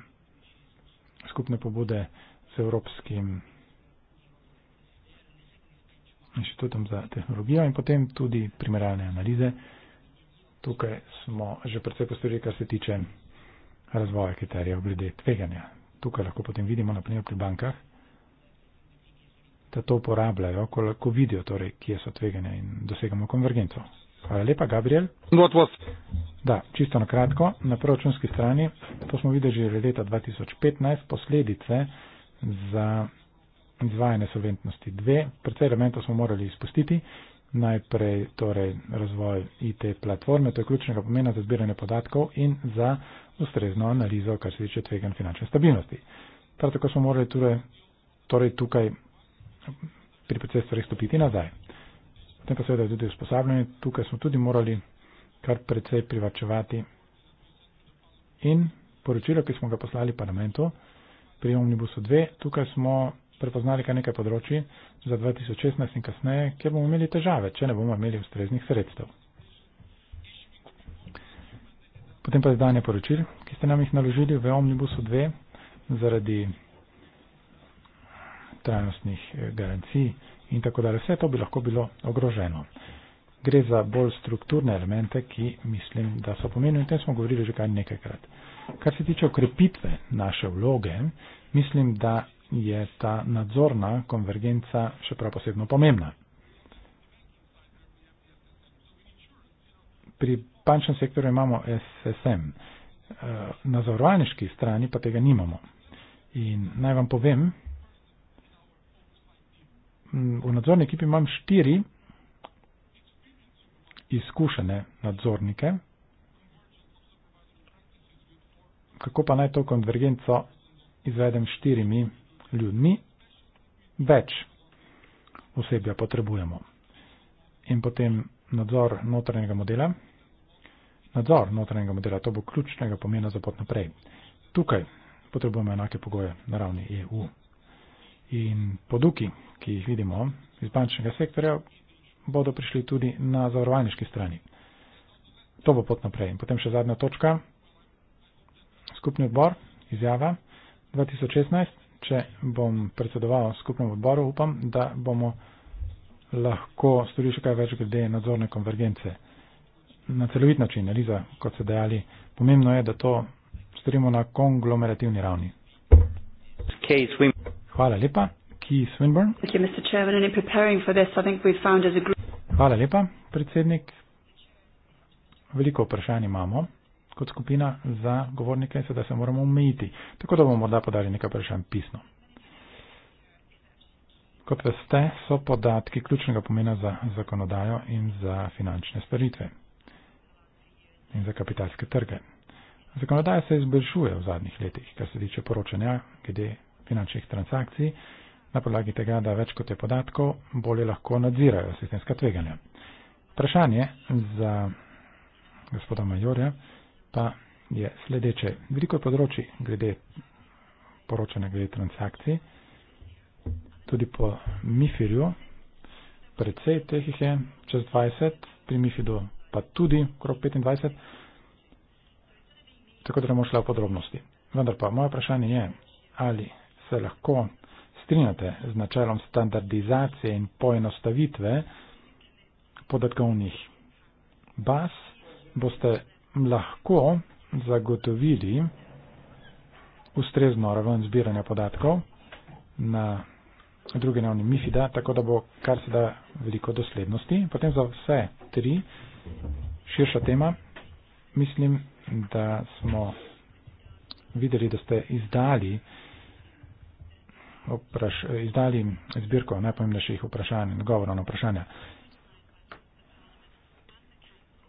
skupne pobude z Evropskim inštitutom za tehnologijo in potem tudi primerjalne analize. Tukaj smo že predvsej postorili, kar se tiče razvoja kriterijev glede tveganja. Tukaj lahko potem vidimo, naprimer pri bankah, da to uporabljajo, ko, ko vidijo, torej, kje so tvegane in dosegamo konvergenco. Hvala lepa, Gabriel. Da, čisto na kratko, na proračunski strani, to smo videli že leta 2015, posledice za izvajanje solventnosti 2. Predvsej elementov smo morali izpustiti. Najprej torej, razvoj IT platforme, to je ključnega pomena za zbiranje podatkov in za ustrezno analizo, kar se tiče tvegan finančne stabilnosti. Prav tako smo morali torej, torej tukaj pri procesorjih stopiti nazaj. Potem pa seveda tudi usposabljanje, tukaj smo tudi morali kar precej privačevati. In poročilo, ki smo ga poslali parlamentu, pri Omnibusu 2, tukaj smo prepoznali kar nekaj področji za 2016 in kasneje, kjer bomo imeli težave, če ne bomo imeli ustreznih sredstev. Potem pa izdanje poročil, ki ste nam jih naložili v Omnibusu 2 zaradi trajnostnih eh, garancij in tako dalje. Vse to bi lahko bilo ogroženo. Gre za bolj strukturne elemente, ki mislim, da so pomenili. O tem smo govorili že kar nekajkrat. Kar se tiče okrepitve naše vloge, mislim, da je ta nadzorna konvergenca še prav posebno pomembna. Pri bančnem sektorju imamo SSM, eh, na zavarovalniški strani pa tega nimamo. In naj vam povem, Mm, v nadzorni ekipi imam štiri izkušene nadzornike. Kako pa naj to konvergenco izvedem s štirimi ljudmi? Več osebja potrebujemo. In potem nadzor notranjega modela. Nadzor notranjega modela, to bo ključnega pomena za pot naprej. Tukaj potrebujemo enake pogoje na ravni EU in poduki, ki jih vidimo iz bančnega sektorja, bodo prišli tudi na zavarovalniški strani. To bo pot naprej. In potem še zadnja točka. Skupni odbor, izjava 2016. Če bom predsedoval skupnemu odboru, upam, da bomo lahko storili še kaj več glede nadzorne konvergence. Na celovit način, Eliza, kot ste dejali, pomembno je, da to storimo na konglomerativni ravni. Case, we... Hvala lepa. Keith Swinburne. Thank you, Mr. Chairman. And in preparing for this, I think we've found as a group. Hvala lepa, predsednik. Veliko vprašanj imamo kot skupina za govornike, sedaj se moramo umejiti. Tako da bomo morda podali nekaj vprašanj pisno. Kot veste, so podatki ključnega pomena za zakonodajo in za finančne storitve in za kapitalske trge. Zakonodaja se izboljšuje v zadnjih letih, kar se tiče poročanja, glede finančnih transakcij, na podlagi tega, da več kot je podatkov, bolje lahko nadzirajo sistemska tveganja. Vprašanje za gospoda Majorja pa je sledeče. Veliko je področji glede poročanja glede transakcij, tudi po MIFIR-ju, predvsej teh jih je čez 20, pri MIFID-u pa tudi okrog 25, tako da ne bomo šli v podrobnosti. Vendar pa moje vprašanje je, ali se lahko strinjate z načelom standardizacije in poenostavitve podatkovnih baz, boste lahko zagotovili ustrezno raven zbiranja podatkov na drugi ravni MIFID-a, tako da bo kar se da veliko doslednosti. Potem za vse tri širša tema. Mislim, da smo videli, da ste izdali opraš, izdali zbirko najpomembnejših vprašanj in govorov na vprašanja.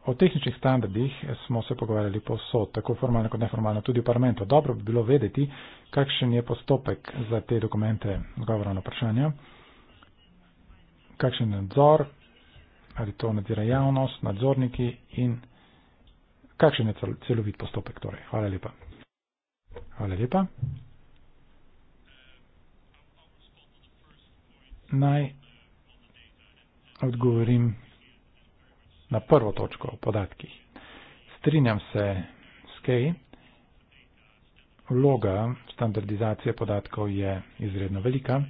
O tehničnih standardih smo se pogovarjali posod, tako formalno kot neformalno, tudi v parlamentu. Dobro bi bilo vedeti, kakšen je postopek za te dokumente govorov na vprašanja, kakšen je nadzor, ali to nadzira javnost, nadzorniki in kakšen je celovit postopek. Torej. Hvala lepa. Hvala lepa. naj odgovorim na prvo točko o podatkih. Strinjam se s Kej, vloga standardizacije podatkov je izredno velika,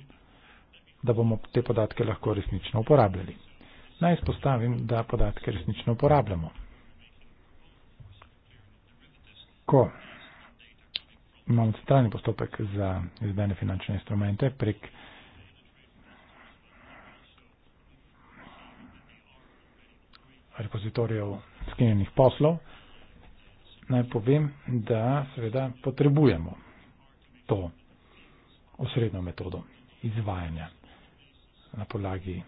da bomo te podatke lahko resnično uporabljali. Naj izpostavim, da podatke resnično uporabljamo. Ko imamo centralni postopek za izdane finančne instrumente prek repozitorijev sklenjenih poslov, naj povem, da seveda potrebujemo to osrednjo metodo izvajanja na podlagi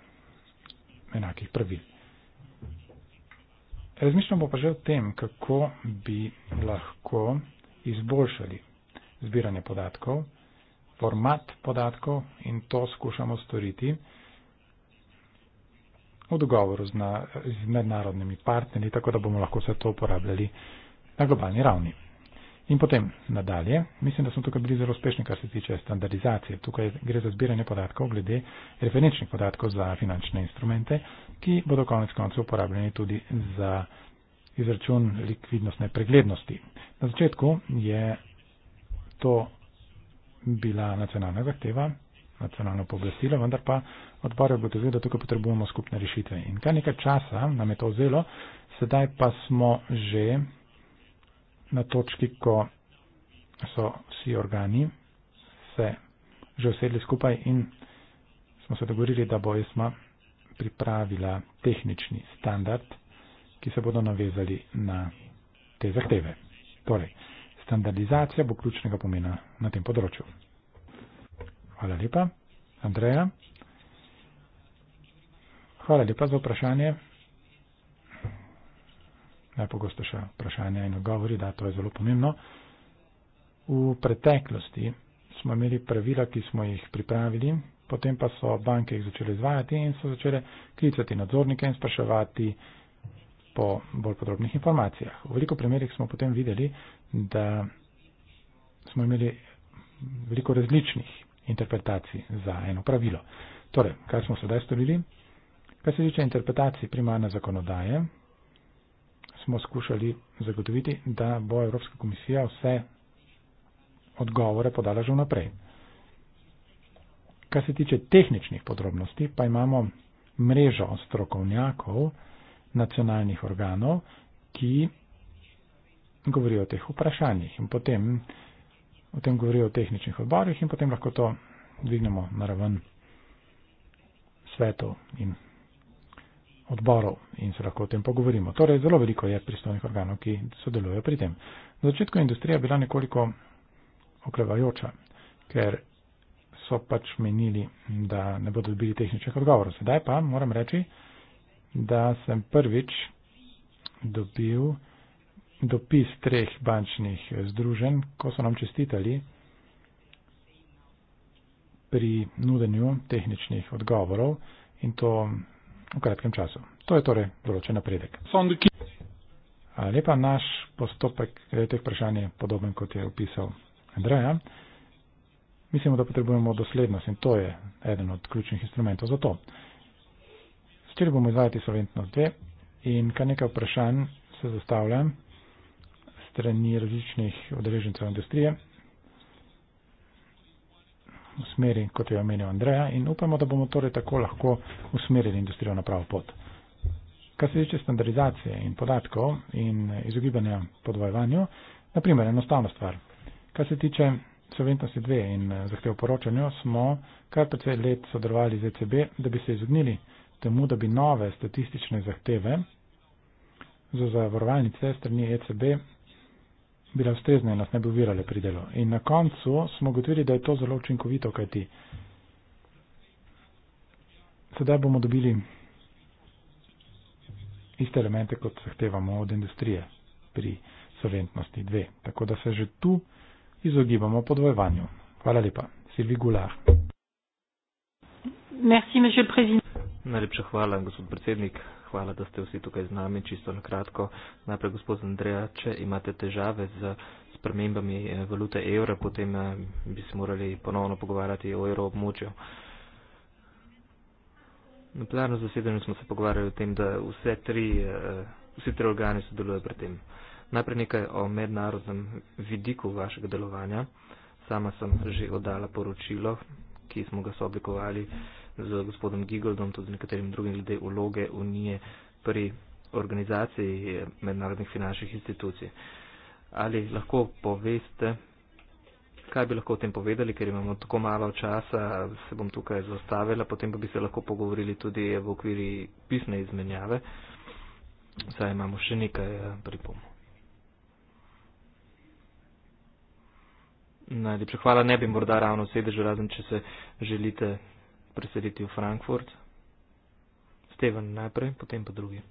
enakih pravil. Razmišljamo pa že o tem, kako bi lahko izboljšali zbiranje podatkov, format podatkov in to skušamo storiti v dogovoru z, na, z mednarodnimi partnerji, tako da bomo lahko vse to uporabljali na globalni ravni. In potem nadalje, mislim, da smo tukaj bili zelo uspešni, kar se tiče standardizacije. Tukaj gre za zbiranje podatkov glede referenčnih podatkov za finančne instrumente, ki bodo konec koncev uporabljeni tudi za izračun likvidnostne preglednosti. Na začetku je to bila nacionalna zahteva, nacionalno pooblastilo, vendar pa odbor je ugotovil, da tukaj potrebujemo skupne rešitve. In kar nekaj časa nam je to vzelo, sedaj pa smo že na točki, ko so vsi organi se že usedli skupaj in smo se dogovorili, da bo ESMA pripravila tehnični standard, ki se bodo navezali na te zahteve. Torej, standardizacija bo ključnega pomena na tem področju. Hvala lepa. Andreja. Hvala lepa za vprašanje. Najpogostejša vprašanja in odgovori, da to je zelo pomembno. V preteklosti smo imeli pravila, ki smo jih pripravili, potem pa so banke jih začele izvajati in so začele klicati nadzornike in spraševati po bolj podrobnih informacijah. V veliko primerih smo potem videli, da smo imeli veliko različnih interpretacij za eno pravilo. Torej, kaj smo sedaj storili? Kar se tiče interpretacij primarne zakonodaje, smo skušali zagotoviti, da bo Evropska komisija vse odgovore podala že vnaprej. Kar se tiče tehničnih podrobnosti, pa imamo mrežo strokovnjakov nacionalnih organov, ki govorijo o teh vprašanjih. In potem o tem govorijo v tehničnih odborih in potem lahko to dvignemo na raven svetov in odborov in se lahko o tem pogovorimo. Torej, zelo veliko je pristojnih organov, ki sodelujo pri tem. Na začetku je industrija bila nekoliko oklevajoča, ker so pač menili, da ne bodo dobili tehničnih odgovorov. Sedaj pa moram reči, da sem prvič dobil dopis treh bančnih eh, združenj, ko so nam čestitali pri nudenju tehničnih odgovorov in to v kratkem času. To je torej določen napredek. Lepa naš postopek glede teh vprašanj je podoben, kot je opisal Andreja. Mislimo, da potrebujemo doslednost in to je eden od ključnih instrumentov za to. Začeli bomo izvajati solventnost 2 in kar nekaj vprašanj se zastavljam strani različnih odrežencev industrije v smeri, kot je omenil Andreja, in upamo, da bomo torej tako lahko usmerili industrijo na pravo pot. Kar se tiče standardizacije in podatkov in izogibanja podvojevanju, naprimer, enostavna stvar. Kar se tiče solventnosti 2 in eh, zahtev poročanja, smo kar precej let sodelovali z ECB, da bi se izognili temu, da bi nove statistične zahteve za zavarovalnice strani ECB bile ustrezne in nas ne bi uvirale pri delu. In na koncu smo ugotovili, da je to zelo učinkovito, kajti sedaj bomo dobili iste elemente, kot zahtevamo od industrije pri solventnosti 2. Tako da se že tu izogibamo podvojevanju. Hvala lepa. Silvi Gular. Merci, monsieur le président. Najlepša hvala, gospod predsednik hvala, da ste vsi tukaj z nami. Čisto na kratko, najprej gospod Andreja, če imate težave z spremembami eh, valute evra, potem eh, bi se morali ponovno pogovarjati o evroobmočju. Na plenarno zasedanju smo se pogovarjali o tem, da vse tri, eh, vsi tri organi sodelujo pri tem. Najprej nekaj o mednarodnem vidiku vašega delovanja. Sama sem že oddala poročilo, ki smo ga sooblikovali z gospodom Gigoldom, tudi nekaterim drugim glede vloge Unije pri organizaciji mednarodnih finančnih institucij. Ali lahko poveste, kaj bi lahko o tem povedali, ker imamo tako malo časa, se bom tukaj zastavila, potem pa bi se lahko pogovorili tudi v okviri pisne izmenjave. Saj imamo še nekaj eh, pripom. Najlepša hvala, ne bi morda ravno sedežil, razen če se želite preseliti v Frankfurt. Steven najprej, potem pa drugi.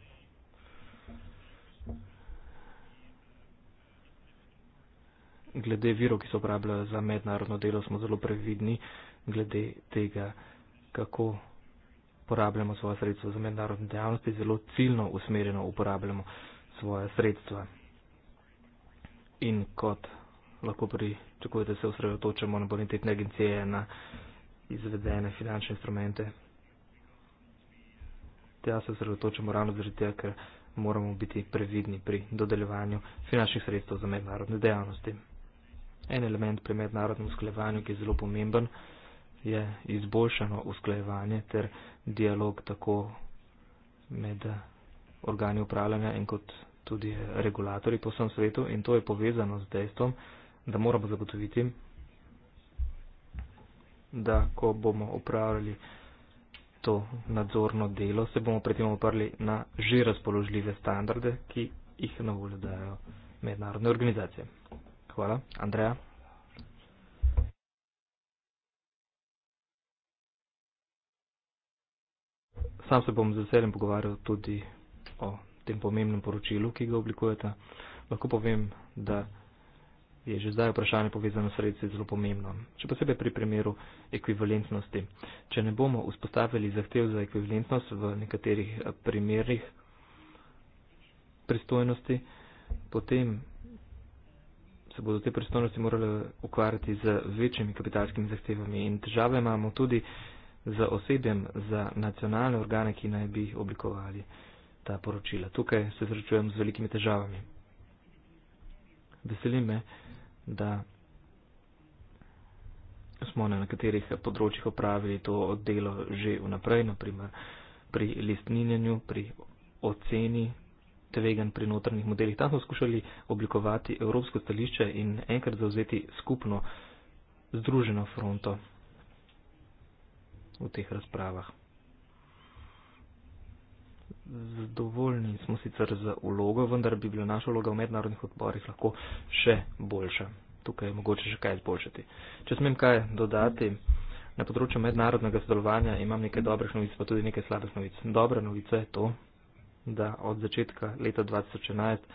Glede virov, ki se uporabljajo za mednarodno delo, smo zelo previdni glede tega, kako uporabljamo svoje sredstva za mednarodne dejavnosti, zelo ciljno usmerjeno uporabljamo svoje sredstva. In kot lahko pričakujete, se osredotočamo na bonitetne agencije, na izvedene finančne instrumente. Tega se osredotočamo ravno zaradi tega, ker moramo biti previdni pri dodeljevanju finančnih sredstev za mednarodne dejavnosti. En element pri mednarodnem usklajevanju, ki je zelo pomemben, je izboljšano usklajevanje ter dialog tako med organi upravljanja in kot tudi regulatorji po vsem svetu in to je povezano z dejstvom, da moramo zagotoviti da ko bomo upravljali to nadzorno delo, se bomo predtem oprli na že razpoložljive standarde, ki jih na voljo dajo mednarodne organizacije. Hvala. Andreja. Sam se bom z veseljem pogovarjal tudi o tem pomembnem poročilu, ki ga oblikujete. Lahko povem, da je že zdaj vprašanje povezano s sredstvi zelo pomembno, še posebej pri primeru ekvivalentnosti. Če ne bomo vzpostavili zahtev za ekvivalentnost v nekaterih eh, primerjih pristojnosti, potem se bodo te pristojnosti morale ukvarjati z večjimi kapitalskimi zahtevami in težave imamo tudi z osebjem za nacionalne organe, ki naj bi oblikovali ta poročila. Tukaj se zračujem z velikimi težavami veseli me, da smo na nekaterih področjih opravili to delo že vnaprej, naprimer pri listninjenju, pri oceni tvegan pri notranjih modelih. Tam smo skušali oblikovati evropsko stališče in enkrat zauzeti skupno združeno fronto v teh razpravah zadovoljni smo sicer z ulogo, vendar bi bila naša vloga v mednarodnih odborih lahko še boljša. Tukaj je mogoče še kaj izboljšati. Če smem kaj dodati, na področju mednarodnega sodelovanja imam nekaj dobrih novic, pa tudi nekaj slabih novic. Dobra novica je to, da od začetka leta 2011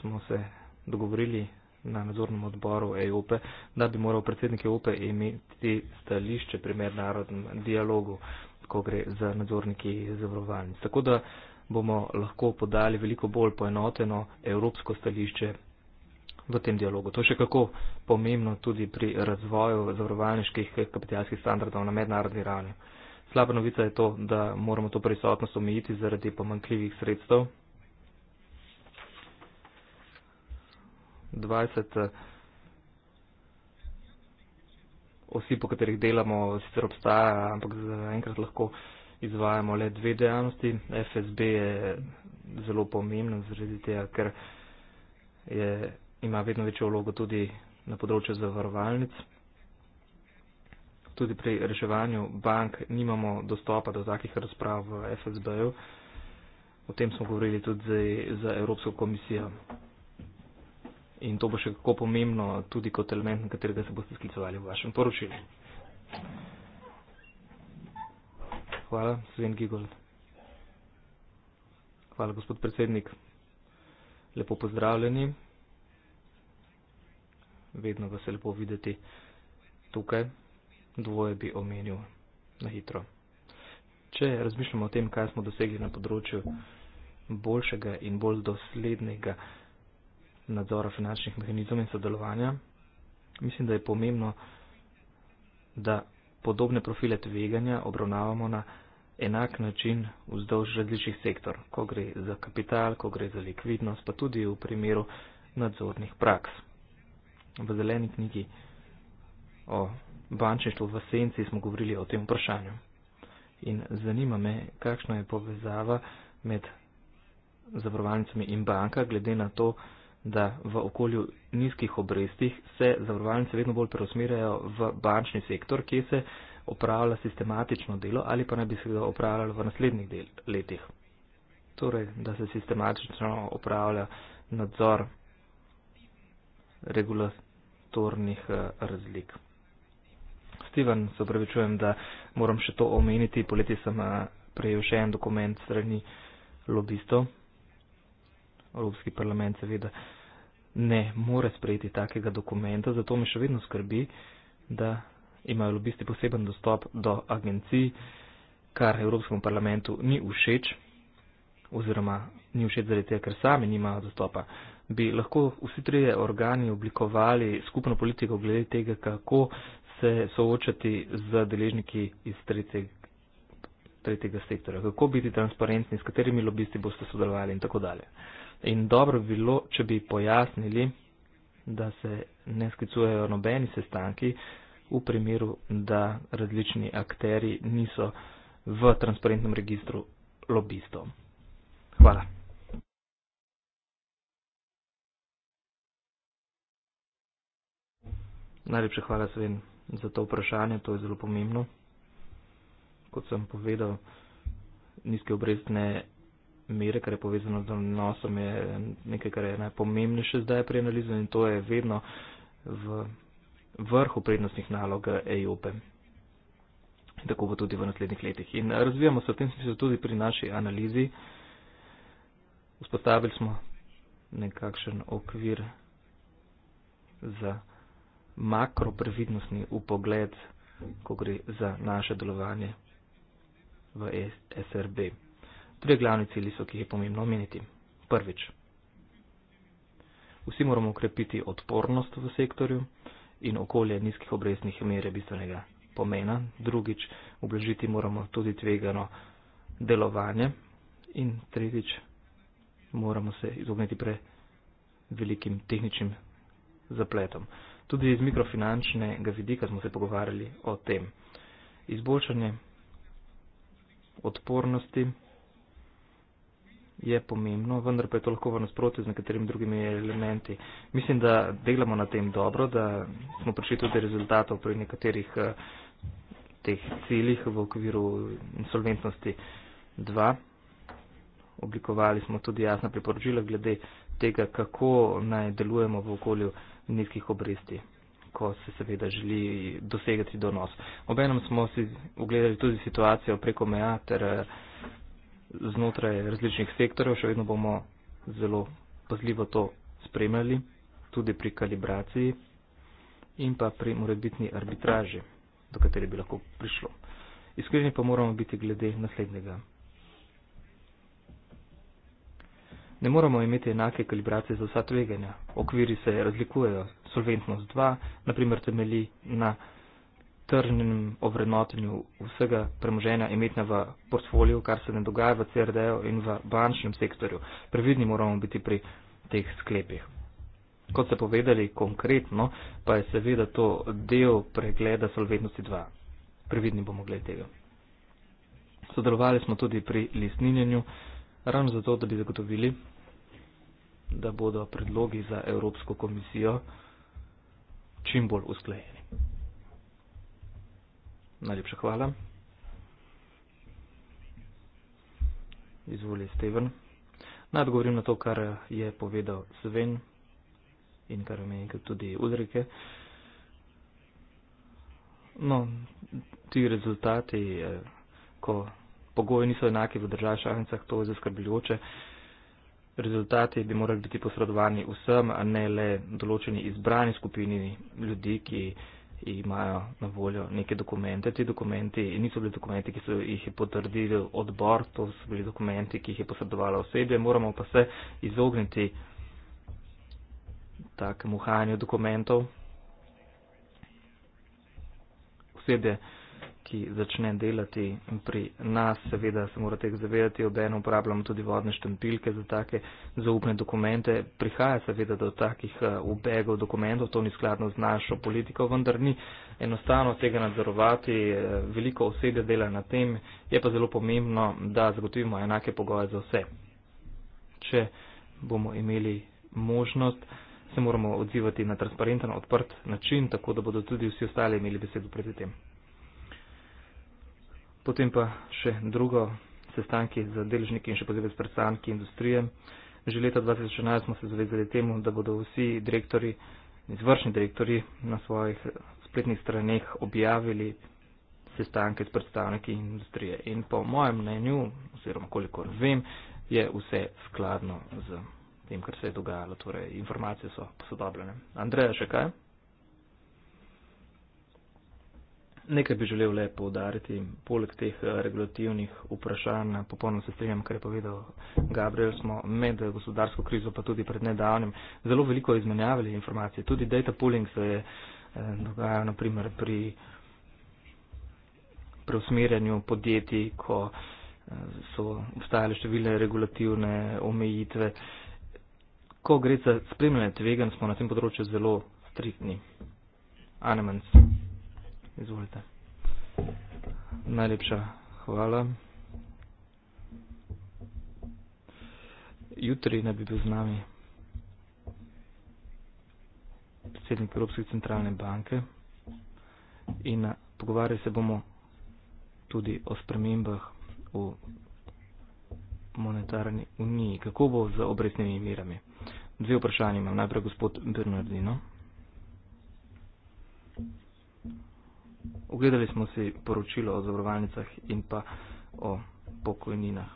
smo se dogovorili na nadzornem odboru EOP, da bi moral predsednik EOP imeti stališče pri mednarodnem dialogu, ko gre za nadzorniki zavarovalnic. Tako da bomo lahko podali veliko bolj poenoteno evropsko stališče v tem dialogu. To je še kako pomembno tudi pri razvoju zavarovalniških kapitalskih standardov na mednarodni ravni. Slaba novica je to, da moramo to prisotnost omejiti zaradi pomankljivih sredstev. 20 eh, osi, po katerih delamo, sicer obstaja, ampak za enkrat lahko izvajamo le dve dejavnosti. FSB je zelo pomembna zaradi tega, ker je, ima vedno večjo vlogo tudi na področju zavarovalnic. Tudi pri reševanju bank nimamo dostopa do takih razprav v FSB-ju. O tem smo govorili tudi za, za Evropsko komisijo. In to bo še kako pomembno tudi kot element, na katerega se boste sklicovali v vašem poročilu. Hvala, Sven Gigol. Hvala, gospod predsednik. Lepo pozdravljeni. Vedno vas je lepo videti tukaj. Dvoje bi omenil na hitro. Če razmišljamo o tem, kaj smo dosegli na področju boljšega in bolj doslednega nadzora finančnih mehanizmov in sodelovanja, mislim, da je pomembno, da podobne profile tveganja obravnavamo na enak način vzdolž različnih sektor, ko gre za kapital, ko gre za likvidnost, pa tudi v primeru nadzornih praks. V zeleni knjigi o bančništvu v senci smo govorili o tem vprašanju. In zanima me, kakšna je povezava med zavarovalnicami in banka, glede na to, da v okolju nizkih obrestih se zavarovalnice vedno bolj preusmerjajo v bančni sektor, kjer se opravlja sistematično delo ali pa naj bi se ga opravljalo v naslednjih del, letih. Torej, da se sistematično opravlja nadzor regulatornih eh, razlik. Steven, se upravičujem, da moram še to omeniti. Poleti sem eh, prejel še en dokument strani lobistov. Evropski parlament seveda ne more sprejeti takega dokumenta, zato me še vedno skrbi, da imajo lobisti poseben dostop do agencij, kar Evropskemu parlamentu ni všeč oziroma ni všeč zaradi tega, ker sami nimajo dostopa. Bi lahko vsi trije organi oblikovali skupno politiko glede tega, kako se soočati z deležniki iz tretjega, tretjega sektora, kako biti transparentni, s katerimi lobisti boste sodelovali in tako dalje. In dobro bi bilo, če bi pojasnili, da se ne sklicujejo nobeni sestanki v primeru, da različni akteri niso v transparentnem registru lobistov. Hvala. Najlepša hvala, Sven, za to vprašanje. To je zelo pomembno. Kot sem povedal, nizke obrestne mere, kar je povezano z nosom, je nekaj, kar je najpomembnejše zdaj pri analizi in to je vedno v vrhu prednostnih nalog EIOPE. Tako bo tudi v naslednjih letih. In razvijamo se v tem smislu tudi pri naši analizi. Vzpostavili smo nekakšen okvir za makroprevidnostni upogled, ko gre za naše delovanje v SRB. Dve glavni cilji so, ki jih je pomembno omeniti. Prvič. Vsi moramo ukrepiti odpornost v sektorju in okolje nizkih obrestnih mer je bistvenega pomena. Drugič, ublažiti moramo tudi tvegano delovanje. In tretjič, moramo se izogniti pre velikim tehničnim zapletom. Tudi iz mikrofinančnega vidika smo se pogovarjali o tem. Izboljšanje odpornosti je pomembno, vendar pa je to lahko v nasprotju z nekaterimi drugimi elementi. Mislim, da delamo na tem dobro, da smo prišli tudi rezultatov pri nekaterih eh, teh ciljih v okviru insolventnosti 2. Oblikovali smo tudi jasna priporočila glede tega, kako naj delujemo v okolju nizkih obresti, ko se seveda želi dosegati donos. Obenem smo si ogledali tudi situacijo preko meja ter eh, znotraj različnih sektorjev, še vedno bomo zelo pazljivo to spremljali, tudi pri kalibraciji in pa pri morebitni arbitraži, do kateri bi lahko prišlo. Iskreni pa moramo biti glede naslednjega. Ne moramo imeti enake kalibracije za vsa tveganja. Okviri se razlikujejo. Solventnost 2, naprimer, temelji na tržnem ovrednotenju vsega premoženja imetna v portfolju, kar se ne dogaja v CRD-ju in v bančnem sektorju. Previdni moramo biti pri teh sklepih. Kot ste povedali konkretno, pa je seveda to del pregleda solventnosti 2. Previdni bomo glede tega. Sodelovali smo tudi pri listninjenju, ravno zato, da bi zagotovili, da bodo predlogi za Evropsko komisijo čim bolj usklejeni. Najlepša hvala. Izvoli, Steven. Naj odgovorim na to, kar je povedal Sven in kar je tudi Ulrike. No, ti rezultati, eh, ko pogoji niso enaki v državah šahnicah, to je zaskrbljujoče. Rezultati bi morali biti posredovani vsem, a ne le določeni izbrani skupini ljudi, ki imajo na voljo neke dokumente. Ti dokumenti niso bili dokumenti, ki so jih potrdili odbor, to so bili dokumenti, ki jih je posredovala osebje. Moramo pa se izogniti takemu hajanju dokumentov. Osebje ki začne delati in pri nas seveda se morate zavedati, ob enem uporabljamo tudi vodne štampilke za take zaupne dokumente. Prihaja seveda do takih eh, ubegov dokumentov, to ni skladno z našo politiko, vendar ni enostavno tega nadzorovati. Eh, veliko osebja dela na tem, je pa zelo pomembno, da zagotovimo enake pogoje za vse. Če bomo imeli možnost, se moramo odzivati na transparenten, odprt način, tako da bodo tudi vsi ostali imeli besedo pred tem. Potem pa še drugo sestanki z deležniki in še posebej s predstavniki industrije. Že leta 2011 smo se zavezali temu, da bodo vsi direktori, izvršni direktori na svojih spletnih straneh objavili sestanke s predstavniki industrije. In po mojem mnenju, oziroma kolikor vem, je vse skladno z tem, kar se je dogajalo. Torej, informacije so posodobljene. Andreja, še kaj? nekaj bi želel le povdariti, poleg teh eh, regulativnih vprašanj, popolnoma se strinjam, kar je povedal Gabriel, smo med gospodarsko krizo pa tudi pred nedavnim zelo veliko izmenjavali informacije. Tudi data pooling se je eh, dogajal naprimer pri preusmerjanju podjetij, ko eh, so obstajale številne regulativne omejitve. Ko gre za spremljanje tvegan, smo na tem področju zelo striktni. Animans. Izvolite. Najlepša hvala. Jutri naj bi bil z nami predsednik Evropske centralne banke in eh, pogovarjali se bomo tudi o spremembah v monetarni uniji. Kako bo z obrestnimi mirami? Dve vprašanje imam. Najprej gospod Bernardino. Ogledali smo si poročilo o zavarovalnicah in pa o pokojninah.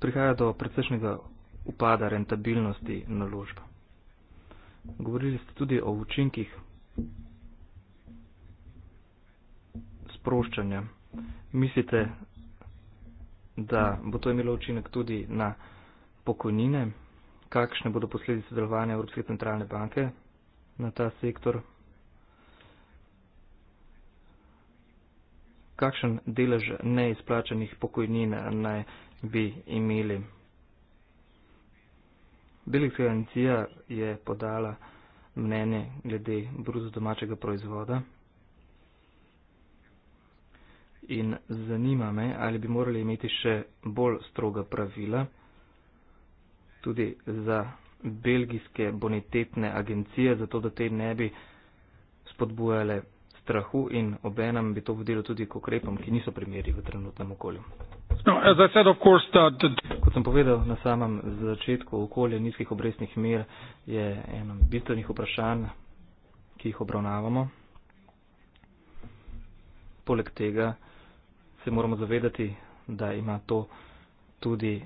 Prihaja do precejšnjega upada rentabilnosti naložb. Govorili ste tudi o učinkih sproščanja. Mislite, da bo to imelo učinek tudi na pokojnine? kakšne bodo posledice delovanja Evropske centralne banke na ta sektor. Kakšen delež neizplačanih pokojnin naj bi imeli? Belgijska agencija je podala mnenje glede bruto domačega proizvoda in zanima me, ali bi morali imeti še bolj stroga pravila tudi za belgijske bonitetne agencije, zato da te ne bi spodbujale strahu in obenem bi to vodilo tudi k ukrepom, ki niso primeri v trenutnem okolju. No, Kot sem povedal na samem začetku, okolje nizkih obrestnih mer je eno bistvenih vprašanj, ki jih obravnavamo. Poleg tega se moramo zavedati, da ima to tudi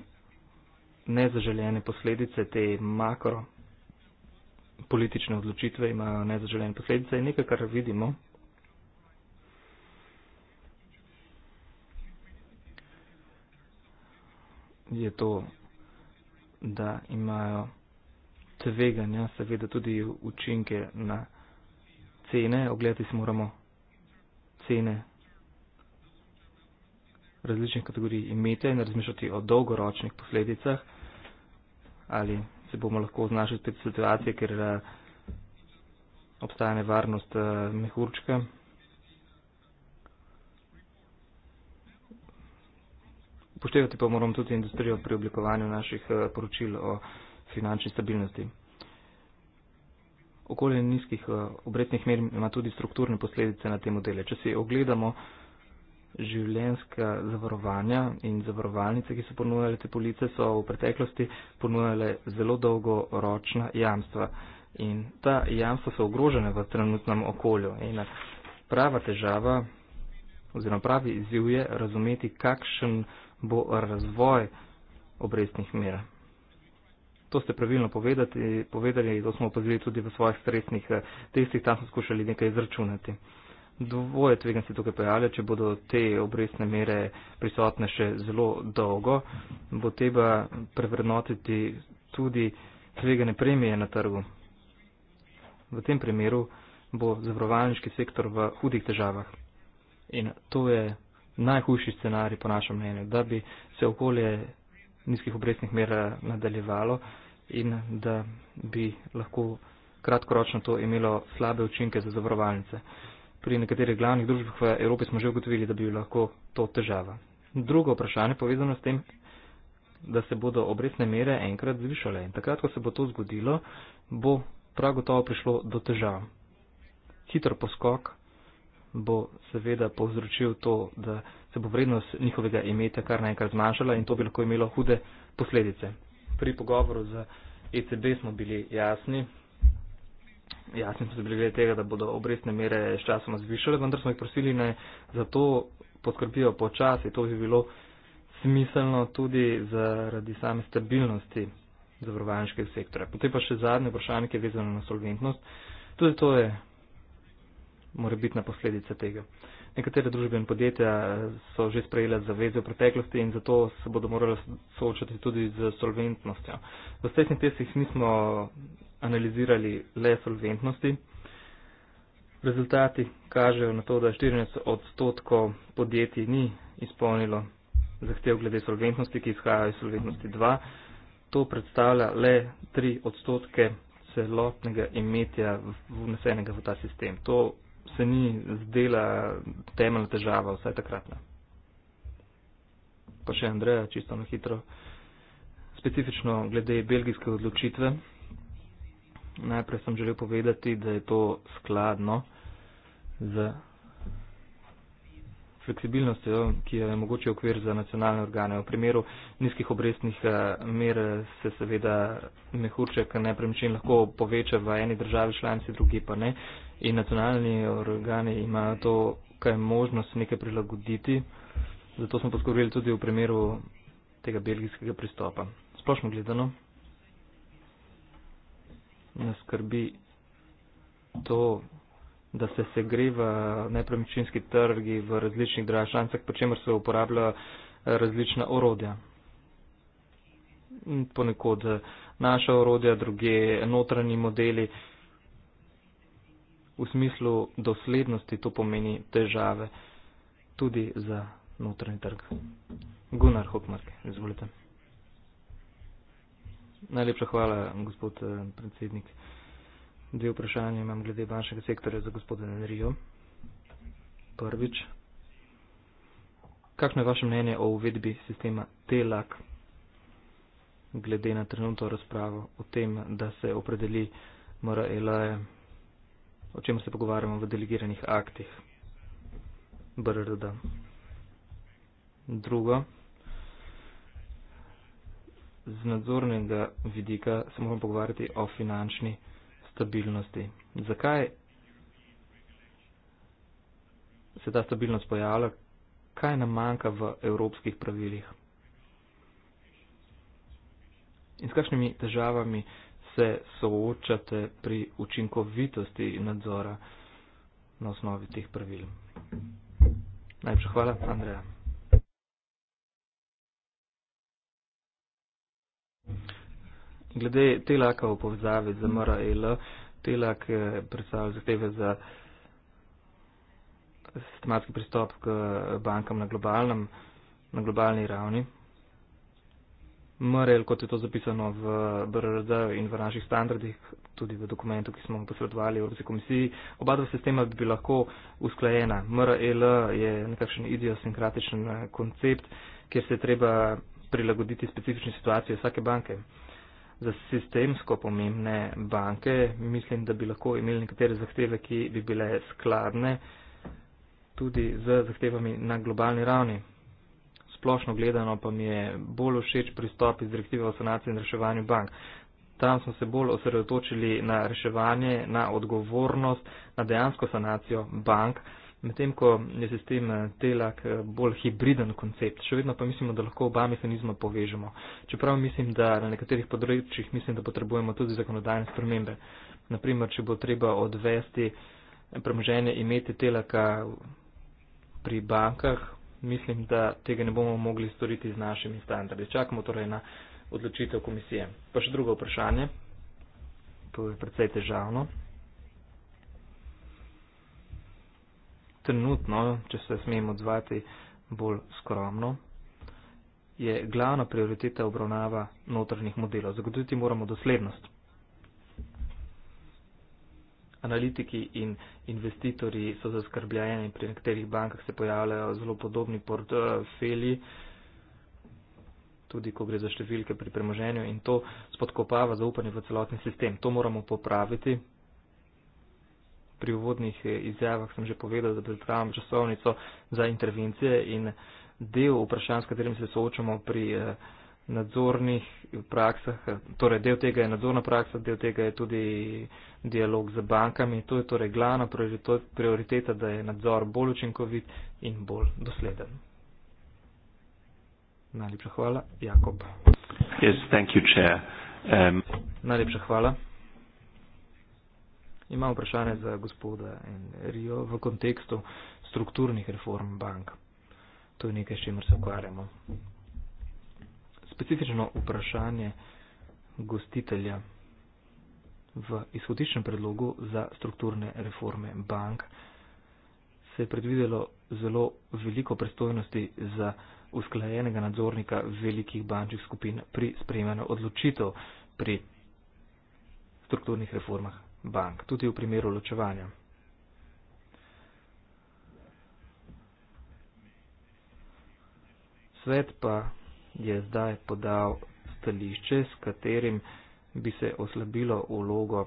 nezaželjene posledice te makro politične odločitve imajo nezaželjene posledice in nekaj, kar vidimo, je to, da imajo tveganja seveda tudi učinke na cene. Ogledati si moramo cene različnih kategorij imeti in razmišljati o dolgoročnih posledicah ali se bomo lahko znašli spet v situaciji, ker uh, eh, obstaja nevarnost uh, mehurčka. Upoštevati pa moram tudi industrijo pri oblikovanju naših uh, poročil o finančni stabilnosti. Okolje nizkih uh, obretnih mer ima tudi strukturne posledice na tem modelu. Če si ogledamo, uh, življenjska zavarovanja in zavarovalnice, ki so ponujale te police, so v preteklosti ponujale zelo dolgoročna jamstva. In ta jamstva so ogrožene v trenutnem okolju. In prava težava oziroma pravi izziv je razumeti, kakšen bo razvoj obrestnih mer. To ste pravilno povedali, to smo opazili tudi v svojih stresnih eh, testih, tam smo skušali nekaj izračunati dvoje tveganj se tukaj pojavlja, če bodo te obrestne mere prisotne še zelo dolgo, bo treba prevrnotiti tudi tvegane premije na trgu. V tem primeru bo zavrovalniški sektor v hudih težavah. In to je najhujši scenarij po našem mnenju, da bi se okolje nizkih obrestnih mer nadaljevalo in da bi lahko kratkoročno to imelo slabe učinke za zavrovalnice. Pri nekaterih glavnih družbah v Evropi smo že ugotovili, da bi lahko to težava. Drugo vprašanje povezano s tem, da se bodo obrestne mere enkrat zvišale. In takrat, ko se bo to zgodilo, bo prav gotovo prišlo do težav. Hitr poskok bo seveda povzročil to, da se bo vrednost njihovega imeta kar naenkrat zmanjšala in to bi lahko imelo hude posledice. Pri pogovoru z ECB smo bili jasni, jasni so bili glede tega, da bodo obrestne mere s časom zvišale, vendar smo jih prosili, da za to poskrbijo počasi. To bi bilo smiselno tudi zaradi same stabilnosti zavarovalniškega sektora. Potem pa še zadnje vprašanje, ki je vezano na solventnost. Tudi to je morebitna posledica tega. Nekatere družbene podjetja so že sprejela zaveze v preteklosti in zato se bodo morali soočati tudi z solventnostjo. V stresnih testih nismo analizirali le solventnosti. Rezultati kažejo na to, da 14 odstotkov podjetij ni izpolnilo zahtev glede solventnosti, ki izhajajo iz solventnosti 2. To predstavlja le 3 odstotke celotnega imetja vnesenega v ta sistem. To se ni zdela temeljna težava, vsaj takratna. Pa še Andreja, čisto na hitro, specifično glede belgijske odločitve najprej sem želel povedati, da je to skladno z fleksibilnostjo, ki je mogoče okvir za nacionalne organe. V primeru nizkih obrestnih eh, mer se seveda mehurček nepremičnin lahko poveča v eni državi članici, drugi pa ne. In nacionalni organi imajo to, kaj je možnost nekaj prilagoditi. Zato smo poskorili tudi v primeru tega belgijskega pristopa. Splošno gledano nas skrbi to, da se segreva nepremičninski trgi v različnih državah članicah, po čemer se uporabljajo eh, različna orodja. Ponekod eh, naša orodja, druge notranji modeli. V smislu doslednosti to pomeni težave tudi za notranji trg. Gunnar Hokmark, izvolite. Najlepša hvala, gospod eh, predsednik. Dve vprašanje imam glede bančnega sektorja za gospoda Nerijo. Prvič, kakšno je vaše mnenje o uvedbi sistema TELAK glede na trenutno razpravo o tem, da se opredeli MRLE, o čem se pogovarjamo v delegiranih aktih BRRD. Drugo, z nadzornega vidika se moramo pogovarjati o finančni stabilnosti. Zakaj se ta stabilnost pojavlja? Kaj nam manjka v evropskih pravilih? In s kakšnimi težavami se soočate pri učinkovitosti nadzora na osnovi teh pravil? Najlepša hvala, Andreja. glede telaka v povezavi z MRL, e telak eh, predstavlja zahteve za sistematski pristop k eh, bankam na, globalnem, na globalni ravni. MRL, e kot je to zapisano v BRRD in v naših standardih, tudi v dokumentu, ki smo ga posredovali Evropski komisiji, oba dva sistema bi bila lahko usklajena. MRL e je nekakšen idiosinkratičen eh, koncept, kjer se je treba prilagoditi specifični situaciji vsake banke za sistemsko pomembne banke. Mislim, da bi lahko imeli nekatere zahteve, ki bi bile skladne tudi z zahtevami na globalni ravni. Splošno gledano pa mi je bolj všeč pristop iz direktive o sanaciji in reševanju bank. Tam smo se bolj osredotočili na reševanje, na odgovornost, na dejansko sanacijo bank medtem ko je sistem eh, telak eh, bolj hibriden koncept. Še vedno pa mislimo, da lahko oba mehanizma povežemo. Čeprav mislim, da na nekaterih področjih mislim, da potrebujemo tudi zakonodajne spremembe. Naprimer, če bo treba odvesti premoženje imeti telaka pri bankah, mislim, da tega ne bomo mogli storiti z našimi standardi. Čakamo torej na odločitev komisije. Pa še drugo vprašanje. To je predvsej težavno. trenutno, če se smemo odzvati bolj skromno, je glavna prioriteta obravnava notranjih modelov. Zagotoviti moramo doslednost. Analitiki in investitorji so zaskrbljeni, pri nekaterih bankah se pojavljajo zelo podobni portfeli, tudi ko gre za številke pri premoženju in to spodkopava zaupanje v celotni sistem. To moramo popraviti, pri uvodnih eh, izjavah sem že povedal, da pripravljam časovnico za intervencije in del vprašanj, s katerim se soočamo pri eh, nadzornih praksah, eh, torej del tega je nadzorna praksa, del tega je tudi dialog z bankami, to je torej glavna prioriteta, da je nadzor bolj učinkovit in bolj dosleden. Najlepša hvala, Jakob. Yes, thank you, chair. Um... Najlepša hvala. Imam vprašanje za gospoda Enrijo v kontekstu strukturnih reform bank. To je nekaj, s čimer se ukvarjamo. Specifično vprašanje gostitelja v izhodiščnem predlogu za strukturne reforme bank se je predvidelo zelo veliko prestojnosti za usklajenega nadzornika velikih bančnih skupin pri sprejemanju odločitev pri strukturnih reformah bank, tudi v primeru ločevanja. Svet pa je zdaj podal stališče, s katerim bi se oslabilo ulogo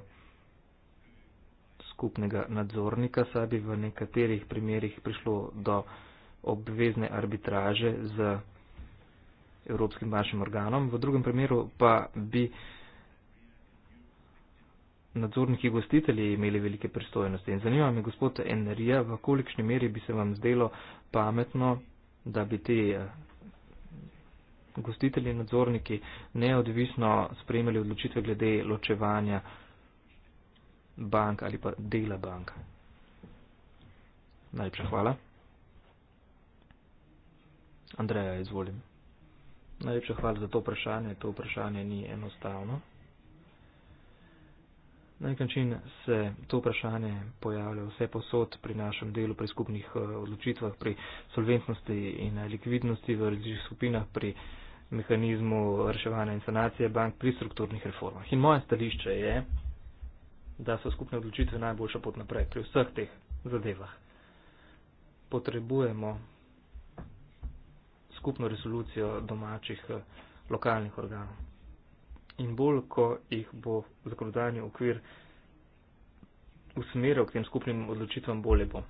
skupnega nadzornika, saj bi v nekaterih primerjih prišlo do obvezne arbitraže z Evropskim bančnim organom, v drugem primeru pa bi nadzorniki gostitelji imeli velike pristojnosti. In zanima me, gospod Enerija, v kolikšni meri bi se vam zdelo pametno, da bi ti eh, gostitelji in nadzorniki neodvisno sprejemali odločitve glede ločevanja bank ali pa dela bank. Najlepša hvala. Andreja, izvolim. Najlepša hvala za to vprašanje. To vprašanje ni enostavno. Na nek način se to vprašanje pojavlja vse posod pri našem delu, pri skupnih eh, odločitvah, pri solventnosti in eh, likvidnosti v različnih skupinah, pri mehanizmu reševanja in sanacije bank, pri strukturnih reformah. In moje stališče je, da so skupne odločitve najboljša pot naprej pri vseh teh zadevah. Potrebujemo skupno resolucijo domačih eh, lokalnih organov in bolj, ko jih bo zakonodajni okvir usmeril k tem skupnim odločitvam, bolje bo.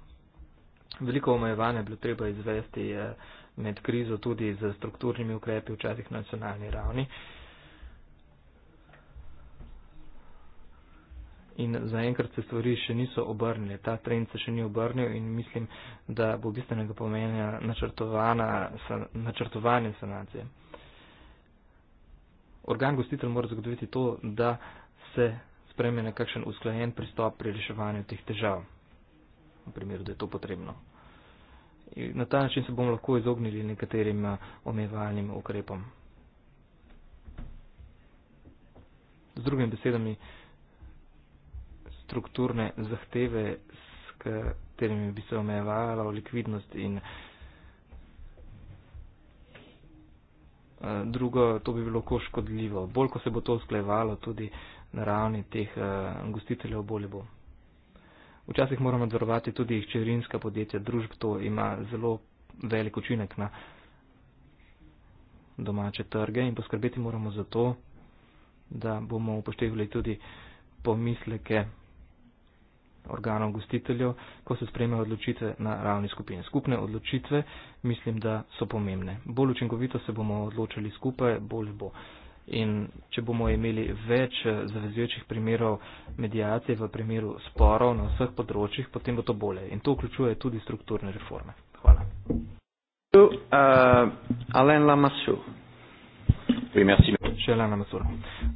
Veliko omejevanje bilo treba izvesti med krizo tudi z strukturnimi ukrepi včasih na nacionalni ravni. In zaenkrat se stvari še niso obrnile, ta trend se še ni obrnil in mislim, da bo bistvenega pomenja načrtovana, načrtovanje sanacije organ gostitelj mora zagotoviti to, da se spreme nekakšen usklajen pristop pri reševanju teh težav, v primeru, da je to potrebno. In na ta način se bomo lahko izognili nekaterim eh, omejevalnim ukrepom. Z drugimi besedami, strukturne zahteve, s katerimi bi se omejevala likvidnost in uh, Eh, drugo, to bi bilo lahko škodljivo. Bolj, ko se bo to usklajevalo tudi na ravni teh uh, gostiteljev, bolje bo. Včasih moramo nadzorovati tudi hčerinska podjetja, družb, to ima zelo velik učinek na domače trge in poskrbeti moramo za to, da bomo upoštevali tudi pomisleke organov gostiteljev, ko se spremejo odločitve na ravni skupine. Skupne odločitve mislim, da so pomembne. Bolj učinkovito se bomo odločili skupaj, bolje bo. In če bomo imeli več eh, zavezujočih primerov medijacije v primeru sporov na vseh področjih, potem bo to bolje. In to vključuje tudi strukturne reforme. Hvala. Uh, Alen Lamasur.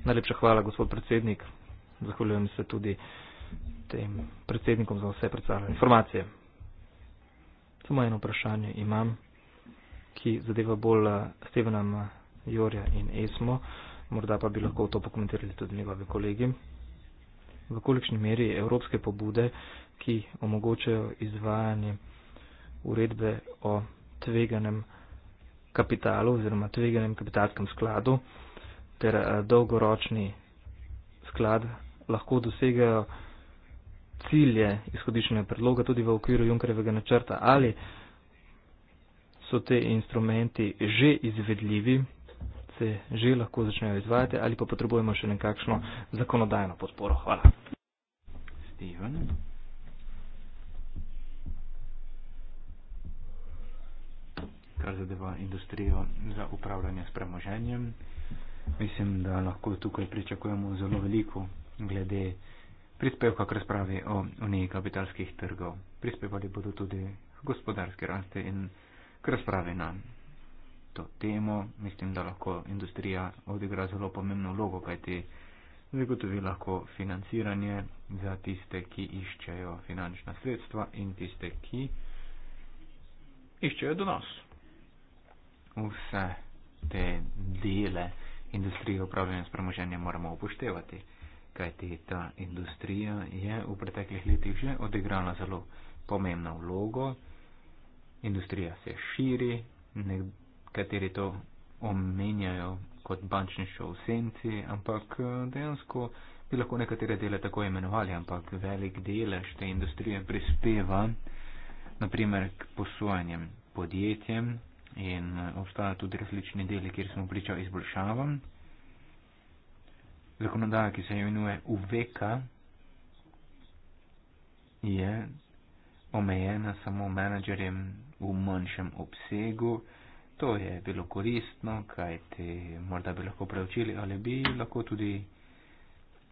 Najlepša hvala, gospod predsednik. Zahvaljujem se tudi tem predsednikom za vse predstavljene informacije. Samo eno vprašanje imam, ki zadeva bolj eh, Stevena Jorja in Esmo, morda pa bi lahko to pokomentirali tudi njegovi kolegi. V kolikšni meri evropske pobude, ki omogočajo izvajanje uredbe o tveganem kapitalu oziroma tveganem kapitalskem skladu ter eh, dolgoročni sklad lahko dosegajo cilje izhodiščnega predloga tudi v okviru Junkerjevega načrta, ali so te instrumenti že izvedljivi, se že lahko začnejo izvajati, ali pa potrebujemo še nekakšno zakonodajno podporo. Hvala. Steven. kar zadeva industrijo za upravljanje s premoženjem. Mislim, da lahko tukaj pričakujemo zelo veliko glede eh, prispevka k razpravi o uniji kapitalskih trgov. Prispevali bodo tudi gospodarske raste in k razpravi na to temo. Mislim, da lahko industrija odigra zelo pomembno vlogo, kajti zagotovi lahko financiranje za tiste, ki iščejo finančna sredstva in tiste, ki iščejo donos. Vse te dele industrije upravljanja s premoženjem moramo upoštevati kajti ta industrija je v preteklih letih že odigrala zelo pomembno vlogo. Industrija se širi, nekateri to omenjajo kot bančništvo v senci, ampak eh, dejansko bi lahko nekatere dele tako imenovali, ampak velik delež te industrije prispeva naprimer k posojanjem podjetjem in eh, obstajajo tudi različni deli, kjer smo pričali izboljšavam, zakonodaja, ki se imenuje uveka, je omejena samo menedžerjem v manjšem obsegu. To je bilo koristno, kaj te morda bi lahko preučili, ali bi lahko tudi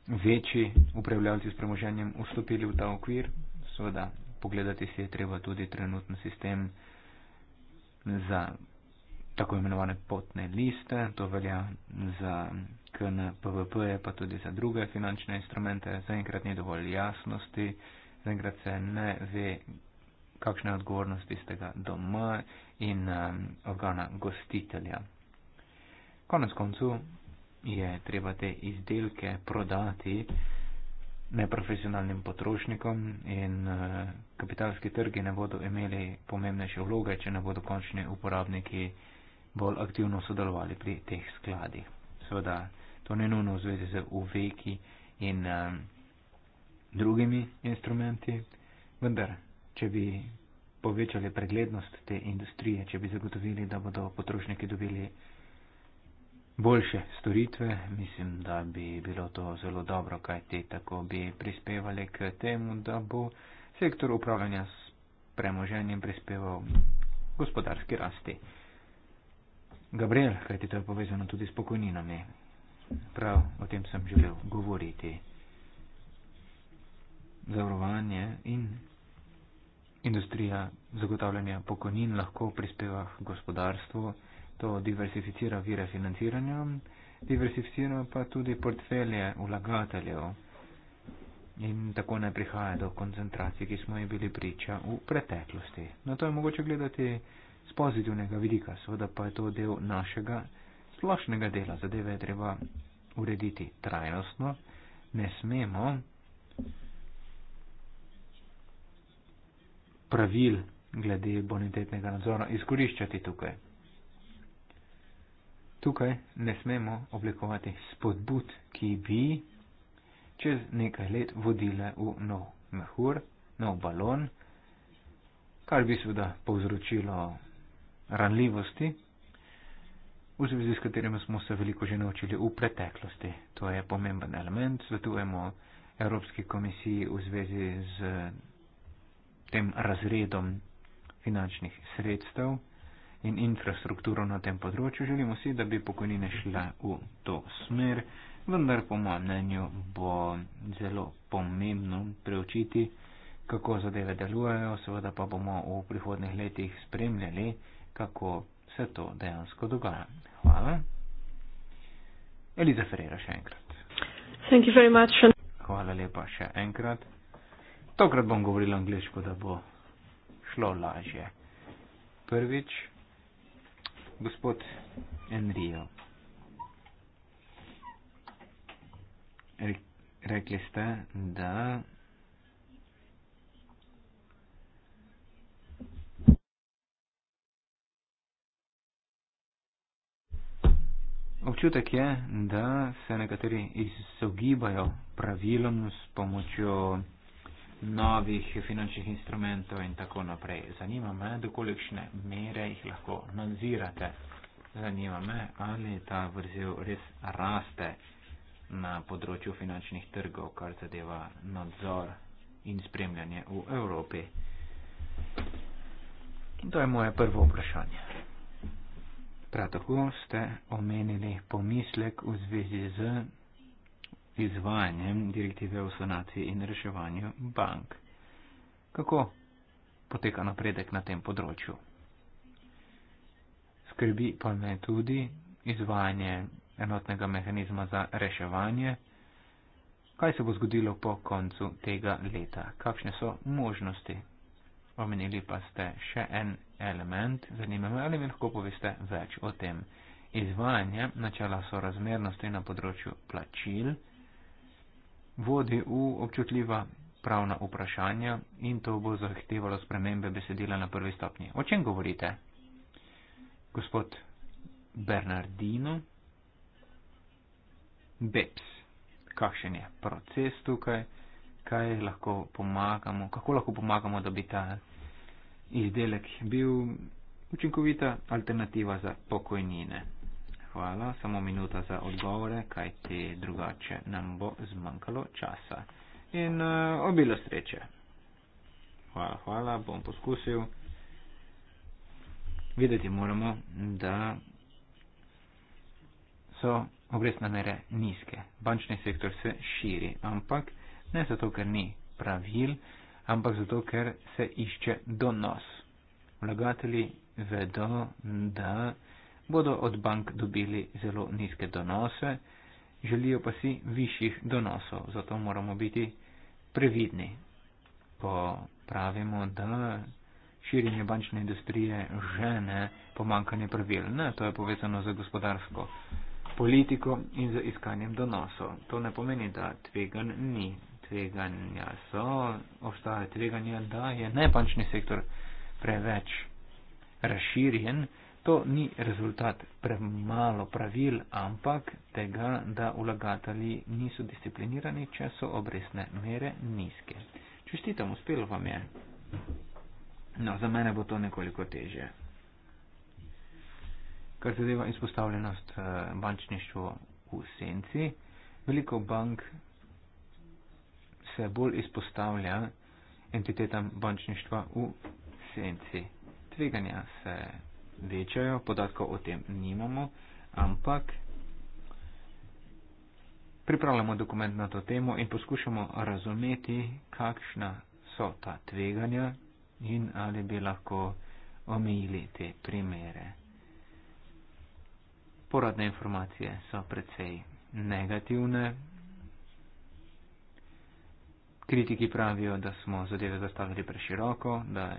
večji upravljalci s premoženjem vstopili v ta okvir. Seveda, pogledati si je treba tudi trenutni sistem za tako imenovane potne liste. To velja za na PVP-je, pa tudi za druge finančne instrumente, zaenkrat ni dovolj jasnosti, zaenkrat se ne ve, kakšna je odgovornost tistega doma in um, organa gostitelja. Konec koncu je treba te izdelke prodati neprofesionalnim potrošnikom in uh, kapitalski trgi ne bodo imeli pomembnejše vloge, če ne bodo končni uporabniki bolj aktivno sodelovali pri teh skladih. Seveda, to ne nujno v zvezi z uveki in um, drugimi instrumenti, vendar, če bi povečali preglednost te industrije, če bi zagotovili, da bodo potrošniki dobili boljše storitve, mislim, da bi bilo to zelo dobro, kaj te tako bi prispevali k temu, da bo sektor upravljanja s premoženjem prispeval gospodarski rasti. Gabriel, kaj ti to je povezano tudi s pokojninami, prav o tem sem želel govoriti. Zavarovanje in industrija zagotavljanja pokojnin lahko prispeva k gospodarstvu, to diversificira vire financiranja, diversificira pa tudi portfelje vlagateljev in tako ne prihaja do koncentracij, ki smo jih bili priča v preteklosti. Na to je mogoče gledati z pozitivnega vidika, seveda pa je to del našega splošnega dela zadeve je treba urediti trajnostno, ne smemo pravil glede bonitetnega nadzora izkoriščati tukaj. Tukaj ne smemo oblikovati spodbud, ki bi čez nekaj let vodile v nov mehur, nov balon, kar bi seveda povzročilo ranljivosti v zvezi s katerim smo se veliko že naučili v preteklosti. To je pomemben element, svetujemo Evropski komisiji v zvezi z tem razredom finančnih sredstev in infrastrukturo na tem področju. Želimo si, da bi pokojnine šle v to smer, vendar po mojem mnenju bo zelo pomembno preučiti, kako zadeve delujejo, seveda pa bomo v prihodnih letih spremljali, kako se to dejansko dogaja. Hvala. Eliza Ferreira še enkrat. Thank you very much. Hvala lepa še enkrat. Tokrat bom govorila angliško, da bo šlo lažje. Prvič, gospod Enrio. Rekli ste, da občutek je, da se nekateri izogibajo pravilom s pomočjo novih finančnih instrumentov in tako naprej. Zanima me, dokolikšne mere jih lahko nadzirate. Zanima me, ali ta vrzel res raste na področju finančnih trgov, kar zadeva nadzor in spremljanje v Evropi. To je moje prvo vprašanje. Prav tako ste omenili pomislek v zvezi z izvajanjem direktive o sanaciji in reševanju bank. Kako poteka napredek na tem področju? Skrbi pa me tudi izvajanje enotnega mehanizma za reševanje. Kaj se bo zgodilo po koncu tega leta? Kakšne so možnosti? Omenili pa ste še en element, zanima me, ali mi lahko poveste več o tem. Izvajanje načela sorazmernosti na področju plačil vodi v občutljiva pravna vprašanja in to bo zahtevalo spremembe besedila na prvi stopnji. O čem govorite? Gospod Bernardino, BEPS, kakšen je proces tukaj, kaj lahko pomagamo, kako lahko pomagamo, da bi ta izdelek bil učinkovita alternativa za pokojnine. Hvala, samo minuta za odgovore, kaj ti drugače nam bo zmanjkalo časa. In uh, obilo sreče. Hvala, hvala, bom poskusil. Videti moramo, da so obrestne mere nizke. Bančni sektor se širi, ampak ne zato, ker ni pravil ampak zato, ker se išče donos. Vlagatelji vedo, da bodo od bank dobili zelo nizke donose, želijo pa si višjih donosov, zato moramo biti previdni. Ko pravimo, da širjenje bančne industrije žene pomankanje pravil, ne, to je povezano z gospodarsko politiko in z iskanjem donosov. To ne pomeni, da tvegan ni, tveganja so, obstaja tveganja, da je nebančni sektor preveč razširjen. To ni rezultat premalo pravil, ampak tega, da vlagatelji niso disciplinirani, če so obresne mere nizke. Čestitam, uspelo vam je. No, za mene bo to nekoliko teže. Kar zadeva izpostavljenost eh, bančništvu v senci, veliko bank se bolj izpostavlja entitetam bančništva v senci. Tveganja se večajo, podatkov o tem nimamo, ampak. Pripravljamo dokument na to temo in poskušamo razumeti, kakšna so ta tveganja in ali bi lahko omejili te primere. Poradne informacije so precej negativne, Kritiki pravijo, da smo zadeve zastavili preširoko, da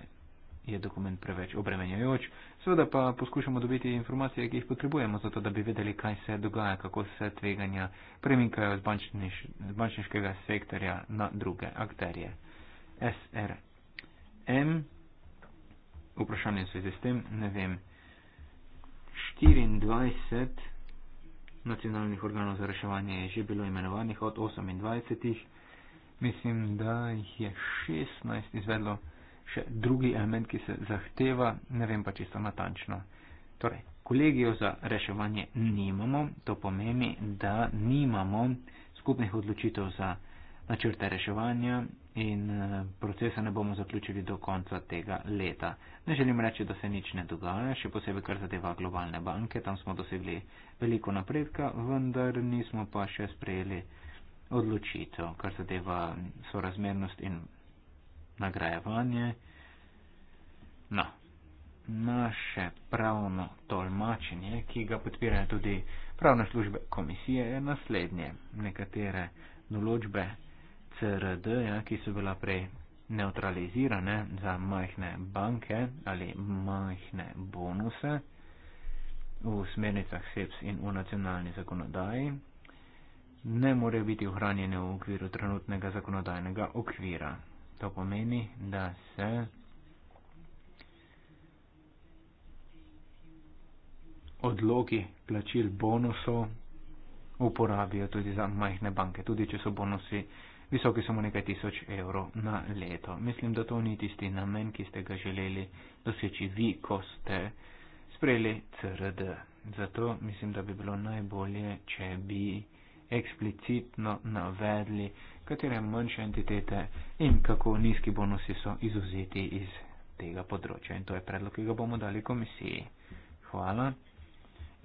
je dokument preveč obremenjajoč, seveda pa poskušamo dobiti informacije, ki jih potrebujemo, zato da bi vedeli, kaj se dogaja, kako se tveganja preminkajo z, bančniš, z bančniškega sektorja na druge akterje. SRM, vprašanje se je z tem, ne vem, 24 nacionalnih organov za reševanje je že bilo imenovanih od 28 mislim, da jih je 16 izvedlo še drugi element, ki se zahteva, ne vem pa čisto natančno. Torej, kolegijo za reševanje nimamo, to pomeni, da nimamo skupnih odločitev za načrte reševanja in eh, procesa ne bomo zaključili do konca tega leta. Ne želim reči, da se nič ne dogaja, še posebej kar zadeva globalne banke, tam smo dosegli veliko napredka, vendar nismo pa še sprejeli odločitev, kar zadeva sorazmernost in nagrajevanje. No, naše pravno tolmačenje, ki ga podpirajo tudi pravne službe komisije, je naslednje. Nekatere določbe CRD, ja, ki so bila prej neutralizirane za majhne banke ali majhne bonuse v smernicah SEPS e in v nacionalni zakonodaji, ne more biti ohranjene v okviru trenutnega zakonodajnega okvira. To pomeni, da se odloki plačil bonusov uporabijo tudi za majhne banke, tudi če so bonusi visoki samo nekaj tisoč evrov na leto. Mislim, da to ni tisti namen, ki ste ga želeli doseči vi, ko ste sprejeli CRD. Zato mislim, da bi bilo najbolje, če bi eksplicitno navedli, katere manjše entitete in kako nizki bonusi so izuzeti iz tega področja. In to je predlog, ki ga bomo dali komisiji. Hvala.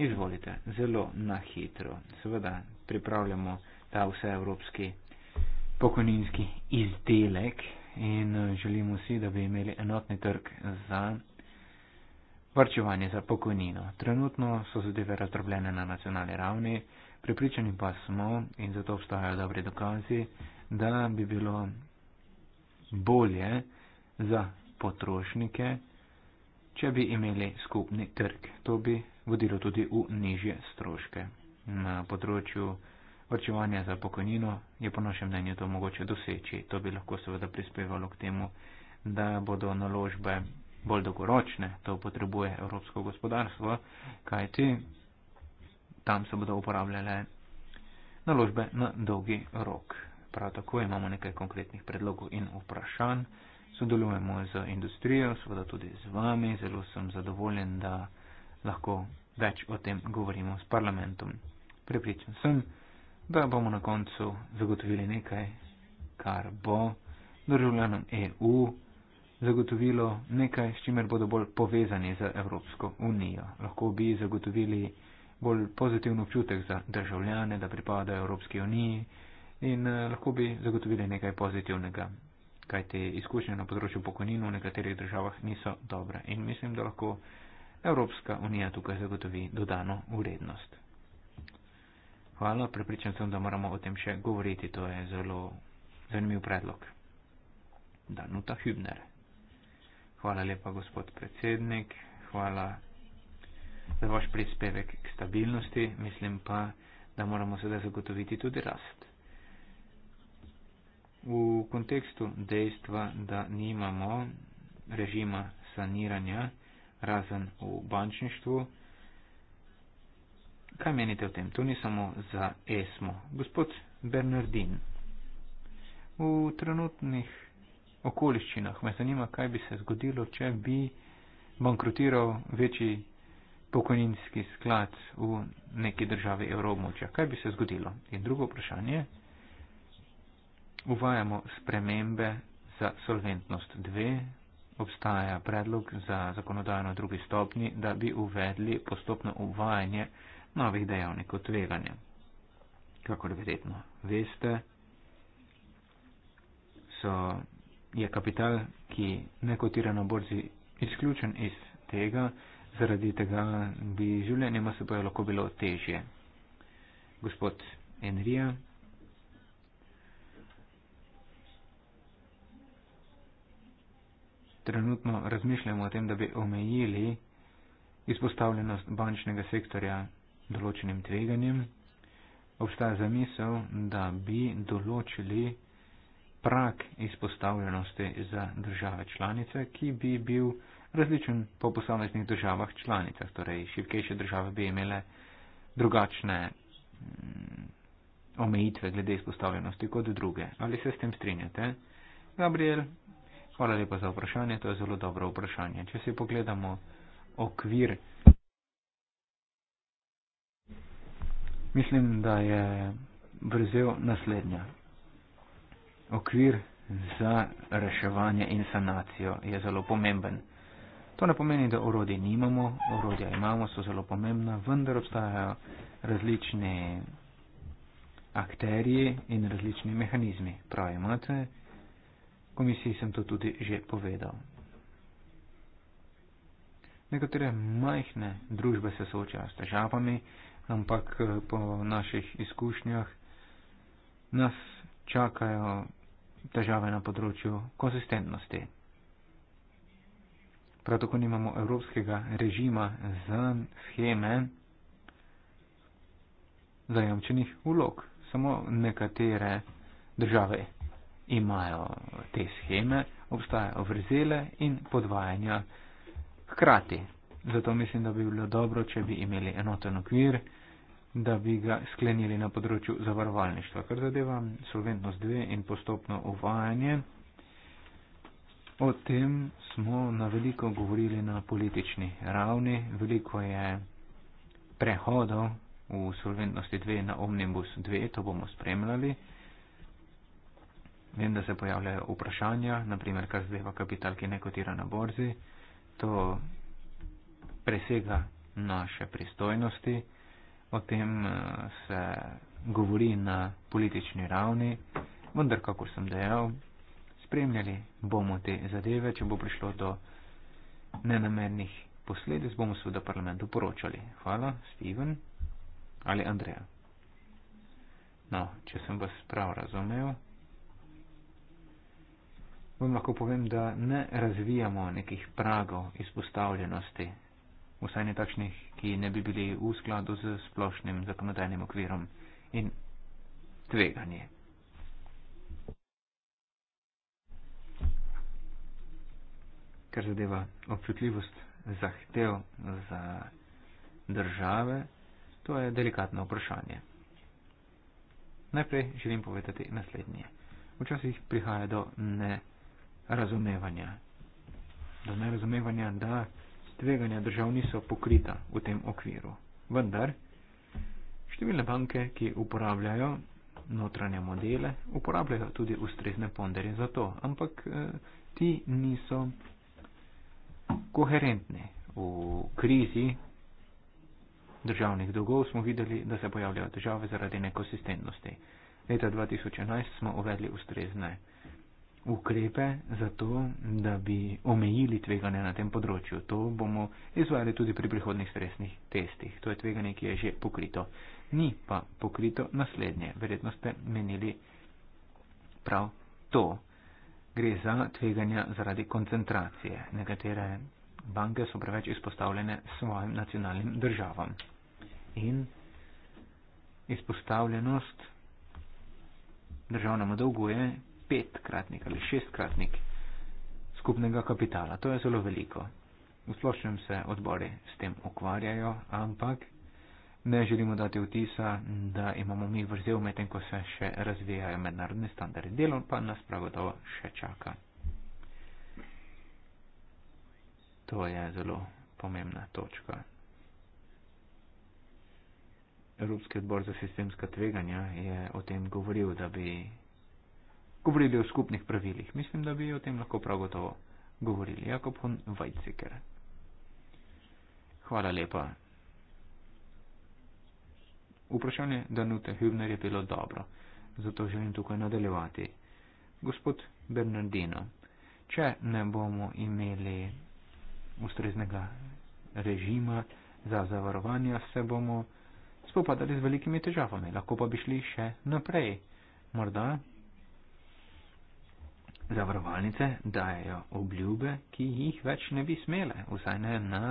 Izvolite, zelo na hitro. Seveda pripravljamo ta vseevropski pokojninski izdelek in eh, želimo si, da bi imeli enotni trg za varčevanje za pokojnino. Trenutno so zadeve razdrobljene na nacionalni ravni. Pripričani pa smo in zato obstajajo dobre dokazi, da bi bilo bolje za potrošnike, če bi imeli skupni trg. To bi vodilo tudi v nižje stroške. Na področju vrčevanja za pokojnino je po našem mnenju to mogoče doseči. To bi lahko seveda prispevalo k temu, da bodo naložbe bolj dolgoročne. To potrebuje evropsko gospodarstvo, kajti tam se bodo uporabljale naložbe na dolgi rok. Prav tako imamo nekaj konkretnih predlogov in vprašanj. Sodelujemo z industrijo, seveda tudi z vami. Zelo sem zadovoljen, da lahko več o tem govorimo s parlamentom. Prepričan sem, da bomo na koncu zagotovili nekaj, kar bo državljanom EU zagotovilo nekaj, s čimer bodo bolj povezani z Evropsko unijo. Lahko bi zagotovili bolj pozitivno občutek za državljane, da pripadajo Evropski uniji in eh, lahko bi zagotovili nekaj pozitivnega, kaj te izkušnje na področju pokojnin v nekaterih državah niso dobre in mislim, da lahko Evropska unija tukaj zagotovi dodano urednost. Hvala, prepričan sem, da moramo o tem še govoriti, to je zelo zanimiv predlog. Danuta Hübner. Hvala lepa, gospod predsednik. Hvala za vaš prispevek k stabilnosti, mislim pa, da moramo sedaj zagotoviti tudi rast. V kontekstu dejstva, da nimamo režima saniranja razen v bančništvu, kaj menite o tem? To ni samo za ESMO. Gospod Bernardin, v trenutnih okoliščinah me zanima, kaj bi se zgodilo, če bi bankrotiral večji pokojninski sklad v neki državi evroobmočja. Kaj bi se zgodilo? In drugo vprašanje. Uvajamo spremembe za solventnost 2. Obstaja predlog za zakonodajno drugi stopni, da bi uvedli postopno uvajanje novih dejavnikov tveganja. Kakor verjetno veste, so, je kapital, ki ne kotira na borzi, izključen iz tega, zaradi tega bi življenje Masupaja lahko bilo težje. Gospod Enrija. Trenutno razmišljamo o tem, da bi omejili izpostavljenost bančnega sektorja določenim tveganjem. Obstaja zamisel, da bi določili prak izpostavljenosti za države članice, ki bi bil različen po posameznih državah članicah. Torej, šibkejše države bi imele drugačne mm, omejitve glede izpostavljenosti kot druge. Ali se s tem strinjate? Gabriel, hvala lepa za vprašanje, to je zelo dobro vprašanje. Če si pogledamo okvir, mislim, da je vrzel naslednja. Okvir za reševanje in sanacijo je zelo pomemben. To ne pomeni, da orodje nimamo, orodja imamo, so zelo pomembna, vendar obstajajo različni akterji in različni mehanizmi. Prav imate, komisiji sem to tudi že povedal. Nekatere majhne družbe se soočajo s težavami, ampak eh, po naših izkušnjah nas čakajo težave na področju konsistentnosti. Prav tako nimamo evropskega režima za scheme zajamčenih ulog. Samo nekatere države imajo te scheme, obstajajo vrzele in podvajanja hkrati. Zato mislim, da bi bilo dobro, če bi imeli enoten okvir, da bi ga sklenili na področju zavarovalništva, kar zadeva solventnost 2 in postopno uvajanje. O tem smo na veliko govorili na politični ravni. Veliko je prehodov v solventnosti 2 na Omnibus 2, to bomo spremljali. Vem, da se pojavljajo vprašanja, naprimer, kar zdajva kapital, ki ne kotira na borzi. To presega naše pristojnosti. O tem eh, se govori na politični ravni, vendar, kako sem dejal, spremljali bomo te zadeve, če bo prišlo do nenamernih posledic, bomo seveda parlamentu poročali. Hvala, Steven ali Andreja. No, če sem vas prav razumel, vam lahko povem, da ne razvijamo nekih pragov izpostavljenosti, vsaj ne takšnih, ki ne bi bili v skladu z splošnim zakonodajnim okvirom in tveganjem. kar zadeva občutljivost zahtev za države, to je delikatno vprašanje. Najprej želim povedati naslednje. Včasih prihaja do nerazumevanja. Do nerazumevanja, da tveganja držav niso pokrita v tem okviru. Vendar, številne banke, ki uporabljajo notranje modele, uporabljajo tudi ustrezne ponderje za to, ampak eh, ti niso koherentni. V krizi državnih dolgov smo videli, da se pojavljajo težave zaradi nekonsistentnosti. Leta 2011 smo uvedli ustrezne ukrepe za to, da bi omejili tveganje na tem področju. To bomo izvajali tudi pri prihodnih stresnih testih. To je tveganje, ki je že pokrito. Ni pa pokrito naslednje. Verjetno ste menili prav to gre za tveganja zaradi koncentracije. Nekatere banke so preveč izpostavljene svojim nacionalnim državam. In izpostavljenost državnemu dolgu je petkratnik ali šestkratnik skupnega kapitala. To je zelo veliko. V splošnem se odbori s tem ukvarjajo, ampak ne želimo dati vtisa, da imamo mi vrzel med tem, ko se še razvijajo mednarodne standarde. Delo pa nas prav gotovo še čaka. To je zelo pomembna točka. Evropski odbor za sistemska tveganja je o tem govoril, da bi govorili o skupnih pravilih. Mislim, da bi o tem lahko prav gotovo govorili. Jakob von Weizsäcker. Hvala lepa. Vprašanje Danute Hübner je bilo dobro, zato želim tukaj nadaljevati. Gospod Bernardino, če ne bomo imeli ustreznega režima za zavarovanje, se bomo spopadali z velikimi težavami, lahko pa bi šli še naprej. Morda zavarovalnice dajo obljube, ki jih več ne bi smele, vsaj ne na.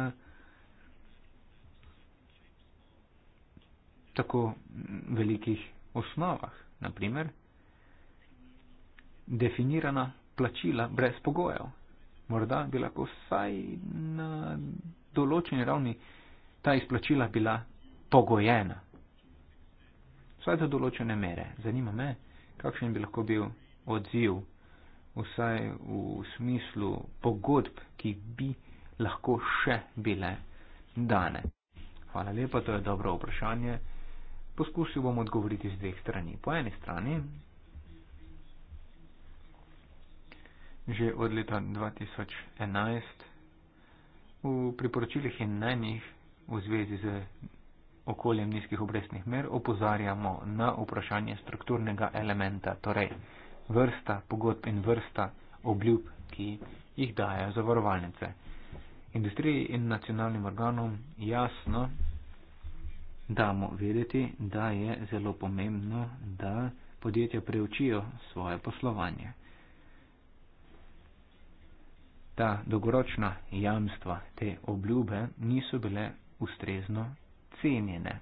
tako velikih osnovah. Naprimer, definirana plačila brez pogojev. Morda bi lahko vsaj na določeni ravni ta izplačila bila pogojena. Vsaj za določene mere. Zanima me, kakšen bi lahko bil odziv, vsaj v smislu pogodb, ki bi lahko še bile dane. Hvala lepa, to je dobro vprašanje. Poskušal bom odgovoriti z dveh strani. Po eni strani, že od leta 2011 v priporočilih in mnenjih v zvezi z okoljem nizkih obrestnih mer opozarjamo na vprašanje strukturnega elementa, torej vrsta pogodb in vrsta obljub, ki jih dajo zavarovalnice. Industriji in nacionalnim organom jasno damo vedeti, da je zelo pomembno, da podjetja preučijo svoje poslovanje. Ta dolgoročna jamstva te obljube niso bile ustrezno cenjene.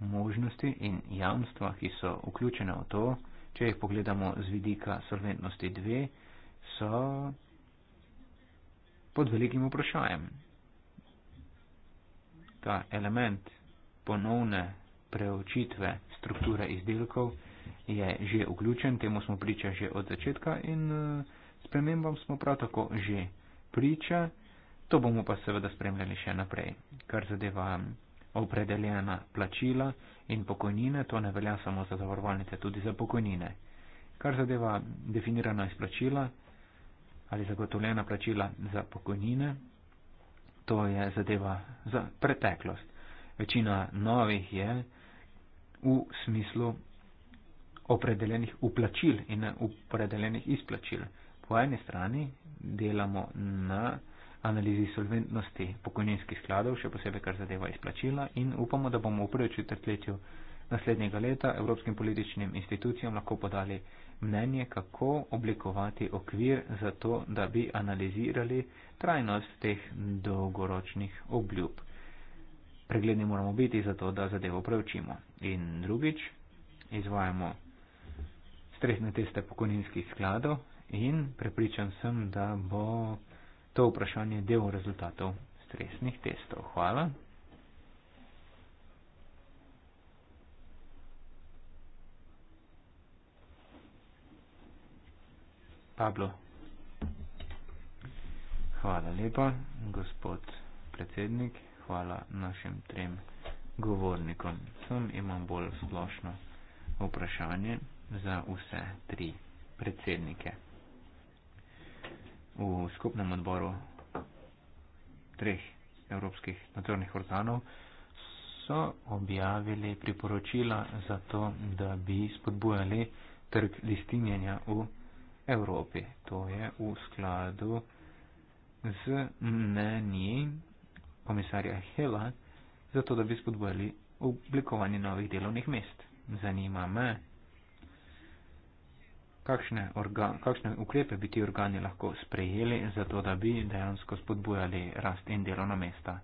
Možnosti in jamstva, ki so vključene v to, če jih pogledamo z vidika solventnosti 2, so pod velikim vprašanjem. Ta element ponovne preočitve strukture izdelkov je že vključen, temu smo priča že od začetka in eh, spremembam smo prav tako že priča, to bomo pa seveda spremljali še naprej, kar zadeva eh, opredeljena plačila in pokojnine, to ne velja samo za zavarovalnice, tudi za pokojnine. Kar zadeva definirana izplačila ali zagotovljena plačila za pokojnine, to je zadeva za preteklost večina novih je v smislu opredeljenih uplačil in opredeljenih izplačil. Po eni strani delamo na analizi solventnosti pokojninskih skladov, še posebej kar zadeva izplačila in upamo, da bomo v prvi četrtletju naslednjega leta evropskim političnim institucijam lahko podali mnenje, kako oblikovati okvir za to, da bi analizirali trajnost teh dolgoročnih obljub pregledni moramo biti, zato da zadevo preučimo. In drugič, izvajamo stresne teste pokojninskih skladov in prepričan sem, da bo to vprašanje del rezultatov stresnih testov. Hvala. Pablo. Hvala lepa, gospod predsednik hvala našim trem govornikom. Sem imam bolj splošno vprašanje za vse tri predsednike. V skupnem odboru treh evropskih nadzornih organov so objavili priporočila za to, da bi spodbujali trg listinjenja v Evropi. To je v skladu z mnenji komisarja Hela, zato da bi spodbojali oblikovanje novih delovnih mest. Zanima me, kakšne, organ, kakšne ukrepe bi ti organi lahko sprejeli, zato da bi dejansko spodbojali rast in delovna mesta.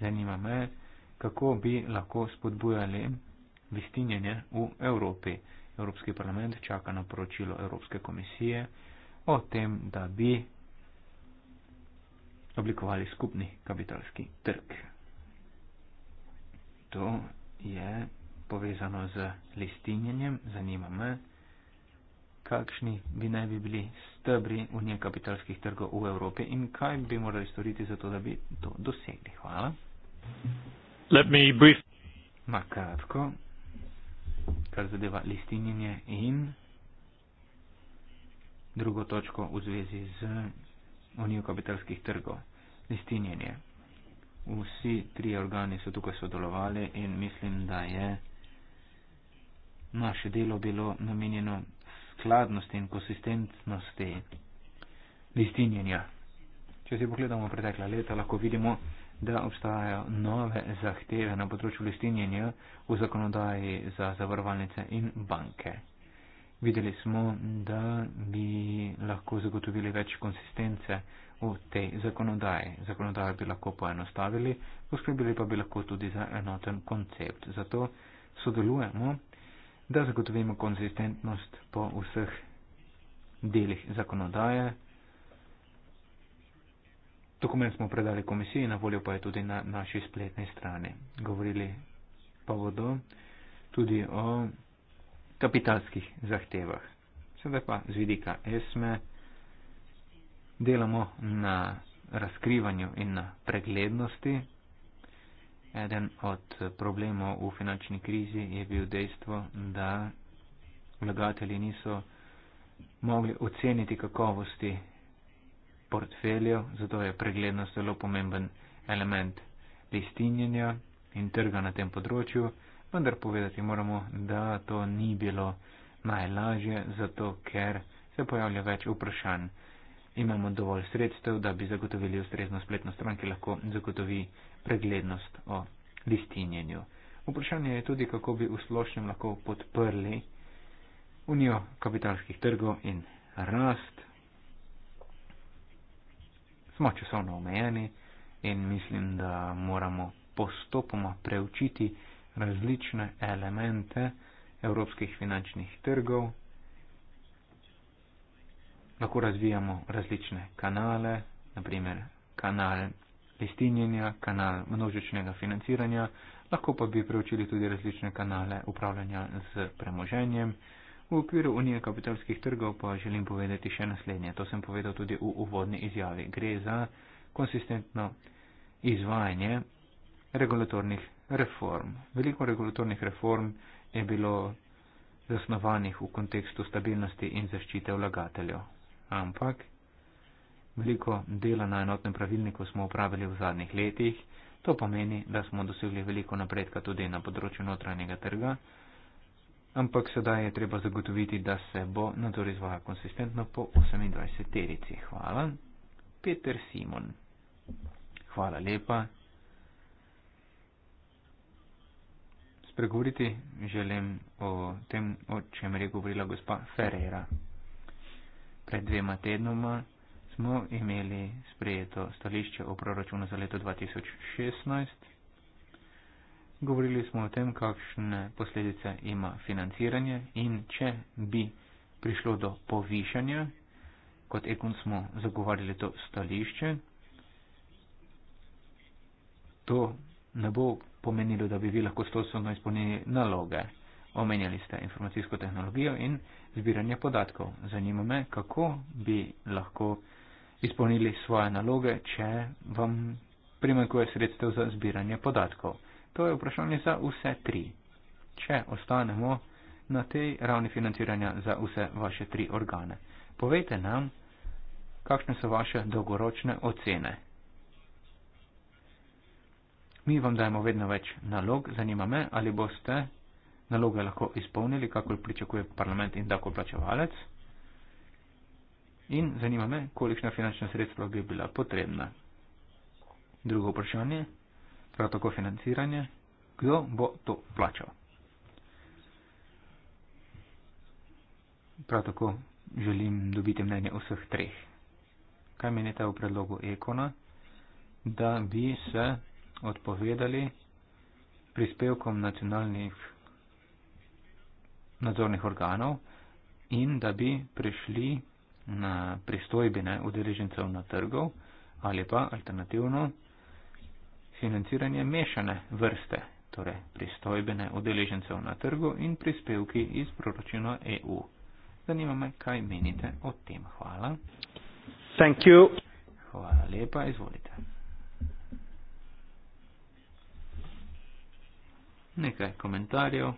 Zanima me, kako bi lahko spodbojali vistinjenje v Evropi. Evropski parlament čaka na poročilo Evropske komisije o tem, da bi oblikovali skupni kapitalski trg. To je povezano z listinjenjem, zanima me, kakšni bi naj bi bili stebri unije kapitalskih trgov v Evropi in kaj bi morali storiti za to, da bi to dosegli. Hvala. Let me brief. Na kratko, kar zadeva listinjenje in drugo točko v zvezi z unijo kapitalskih trgov, listinjenje. Vsi tri organi so tukaj sodelovali in mislim, da je naše delo bilo namenjeno skladnosti in konsistentnosti listinjenja. Če si pogledamo pretekla leta, lahko vidimo, da obstajajo nove zahteve na področju listinjenja v zakonodaji za zavarovalnice in banke. Videli smo, da bi lahko zagotovili več konsistence v tej zakonodaji. Zakonodajo bi lahko poenostavili, poskrbili pa bi lahko tudi za enoten koncept. Zato sodelujemo, da zagotovimo konsistentnost po vseh delih zakonodaje. Dokument smo predali komisiji, na voljo pa je tudi na naši spletni strani. Govorili pa bodo tudi o kapitalskih zahtevah. Sedaj pa z vidika esme delamo na razkrivanju in na preglednosti. Eden od problemov v finančni krizi je bil dejstvo, da vlagatelji niso mogli oceniti kakovosti portfeljev, zato je preglednost zelo pomemben element listinjenja in trga na tem področju vendar povedati moramo, da to ni bilo najlažje, zato ker se pojavlja več vprašanj. Imamo dovolj sredstev, da bi zagotovili ustrezno spletno stran, ki lahko zagotovi preglednost o listinjenju. Vprašanje je tudi, kako bi v splošnem lahko podprli unijo kapitalskih trgov in rast. Smo časovno omejeni in mislim, da moramo postopoma preučiti, različne elemente evropskih finančnih trgov, lahko razvijamo različne kanale, naprimer kanal listinjenja, kanal množičnega financiranja, lahko pa bi preučili tudi različne kanale upravljanja z premoženjem. V okviru Unije kapitalskih trgov pa želim povedati še naslednje, to sem povedal tudi v uvodni izjavi. Gre za konsistentno izvajanje regulatornih reform. Veliko regulatornih reform je bilo zasnovanih v kontekstu stabilnosti in zaščite vlagateljev. Ampak veliko dela na enotnem pravilniku smo upravili v zadnjih letih. To pomeni, da smo dosegli veliko napredka tudi na področju notranjega trga. Ampak sedaj je treba zagotoviti, da se bo nadzor izvaja konsistentno po 28 terici. Hvala. Peter Simon. Hvala lepa. spregovoriti želim o tem, o čemer je govorila gospa Ferreira. Pred dvema tednoma smo imeli sprejeto stališče o proračunu za leto 2016. Govorili smo o tem, kakšne posledice ima financiranje in če bi prišlo do povišanja, kot ekon smo zagovarjali to stališče, to ne bo pomenilo, da bi vi lahko stolsodno izpolnili naloge. Omenjali ste informacijsko tehnologijo in zbiranje podatkov. Zanima me, kako bi lahko izpolnili svoje naloge, če vam primanjkuje sredstev za zbiranje podatkov. To je vprašanje za vse tri. Če ostanemo na tej ravni financiranja za vse vaše tri organe, povejte nam, kakšne so vaše dolgoročne ocene. Mi vam dajemo vedno več nalog, zanima me, ali boste naloge lahko izpolnili, kako pričakuje parlament in tako plačevalec. In zanima me, kolikšna finančna sredstva bi bila potrebna. Drugo vprašanje, prav tako financiranje, kdo bo to plačal. Prav tako želim dobiti mnenje vseh treh. Kaj menite v predlogu Ekona, da bi se odpovedali prispevkom nacionalnih nadzornih organov in da bi prišli na pristojbine udeležencev na trgu ali pa alternativno financiranje mešane vrste, torej pristojbine udeležencev na trgu in prispevki iz proračuna EU. Zanima me, kaj menite o tem. Hvala. Thank you. Hvala lepa, izvolite. nekaj komentarjev.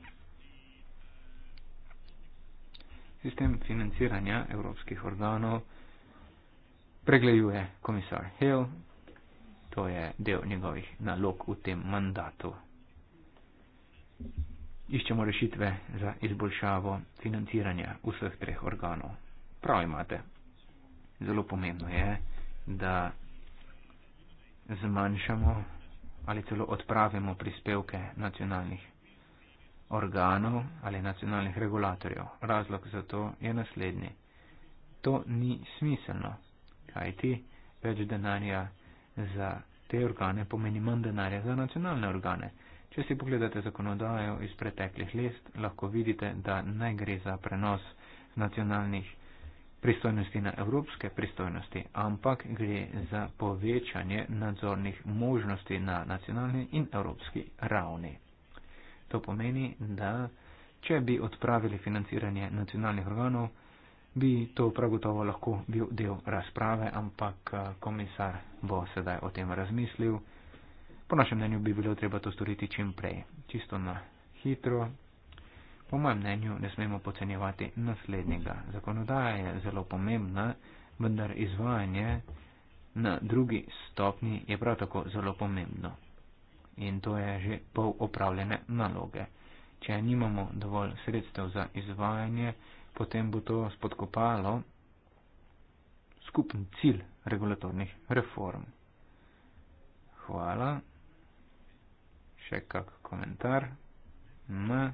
Sistem financiranja evropskih organov pregleduje komisar Hill, to je del njegovih nalog v tem mandatu. Iščemo rešitve za izboljšavo financiranja vseh treh organov. Prav imate. Zelo pomembno je, da zmanjšamo ali celo odpravimo prispevke nacionalnih organov ali nacionalnih regulatorjev. Razlog za to je naslednji. To ni smiselno, kajti več denarja za te organe pomeni manj denarja za nacionalne organe. Če si pogledate zakonodajo iz preteklih let, lahko vidite, da ne gre za prenos nacionalnih organov pristojnosti na evropske pristojnosti, ampak gre za povečanje nadzornih možnosti na nacionalni in evropski ravni. To pomeni, da če bi odpravili financiranje nacionalnih organov, bi to prav gotovo lahko bil del razprave, ampak eh, komisar bo sedaj o tem razmislil. Po našem mnenju bi bilo treba to storiti čim prej, čisto na hitro, Po mojem mnenju ne smemo pocenjevati naslednjega. Zakonodaja je zelo pomembna, vendar izvajanje na drugi stopni je prav tako zelo pomembno. In to je že pol opravljene naloge. Če nimamo dovolj sredstev za izvajanje, potem bo to spodkopalo skupen cilj regulatornih reform. Hvala. Še kak komentar? Ne.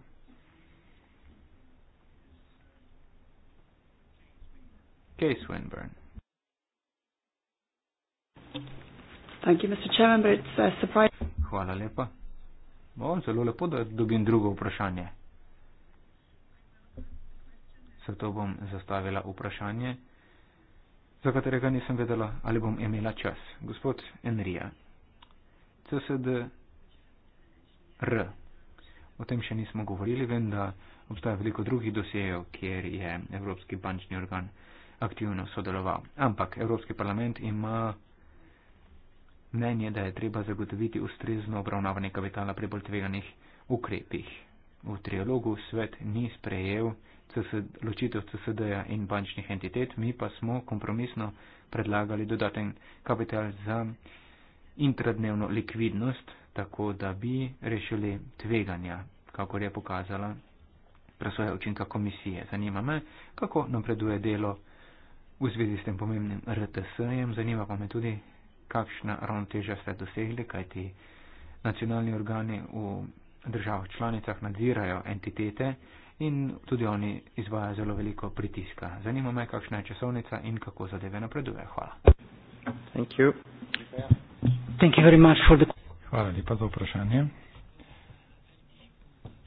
Okay, Swinburne. Thank you, Mr. Chairman, but it's a uh, surprise. Hvala lepa. Bo oh, zelo lepo, da dobim drugo vprašanje. Zato bom zastavila vprašanje, za katerega nisem vedela, ali bom imela čas. Gospod Enrija, CSD R. O tem še nismo govorili, vem, da obstaja veliko drugih dosejev, kjer je Evropski bančni organ aktivno sodeloval. Ampak Evropski parlament ima mnenje, da je treba zagotoviti ustrezno obravnavanje kapitala pri bolj tveganih ukrepih. V trialogu svet ni sprejel ločitev CSD-ja in bančnih entitet, mi pa smo kompromisno predlagali dodaten kapital za intradnevno likvidnost, tako da bi rešili tveganja, kakor je pokazala presoja učinka komisije. Zanima me, kako napreduje delo. V zvezi s tem pomembnim RTS-jem zanima pa me tudi, kakšna ravnoteža ste dosegli, kaj ti nacionalni organi v državah članicah nadzirajo entitete in tudi oni izvajajo zelo veliko pritiska. Zanima me, kakšna je časovnica in kako zadeve napredujejo. Hvala. Thank you. Thank you very much for the... Hvala lepa za vprašanje.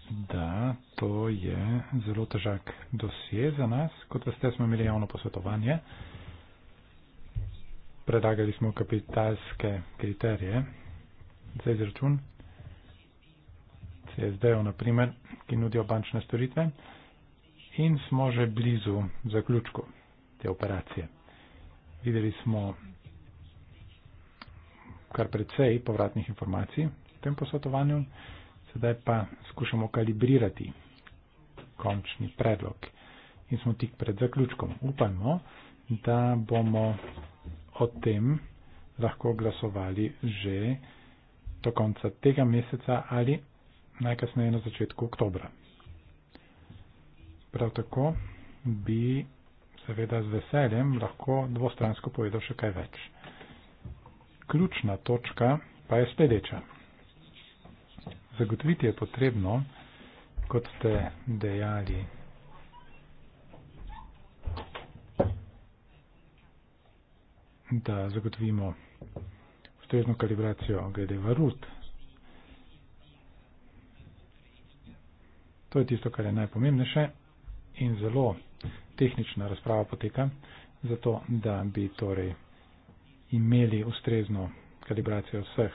Da, to je zelo težak dosje za nas. Kot veste, smo imeli javno posvetovanje. Predlagali smo kapitalske kriterije za izračun CSD-ov, naprimer, ki nudijo bančne storitve in smo že blizu zaključku te operacije. Videli smo kar precej povratnih informacij v tem posvetovanju. Sedaj pa skušamo kalibrirati končni predlog in smo tik pred zaključkom. Upajmo, da bomo o tem lahko glasovali že do konca tega meseca ali najkasneje na začetku oktobra. Prav tako bi seveda z veseljem lahko dvostransko povedal še kaj več. Ključna točka pa je sledeča zagotoviti je potrebno, kot ste dejali. da zagotovimo ustrezno kalibracijo glede varut. To je tisto, kar je najpomembnejše in zelo tehnična razprava poteka, zato da bi torej imeli ustrezno kalibracijo vseh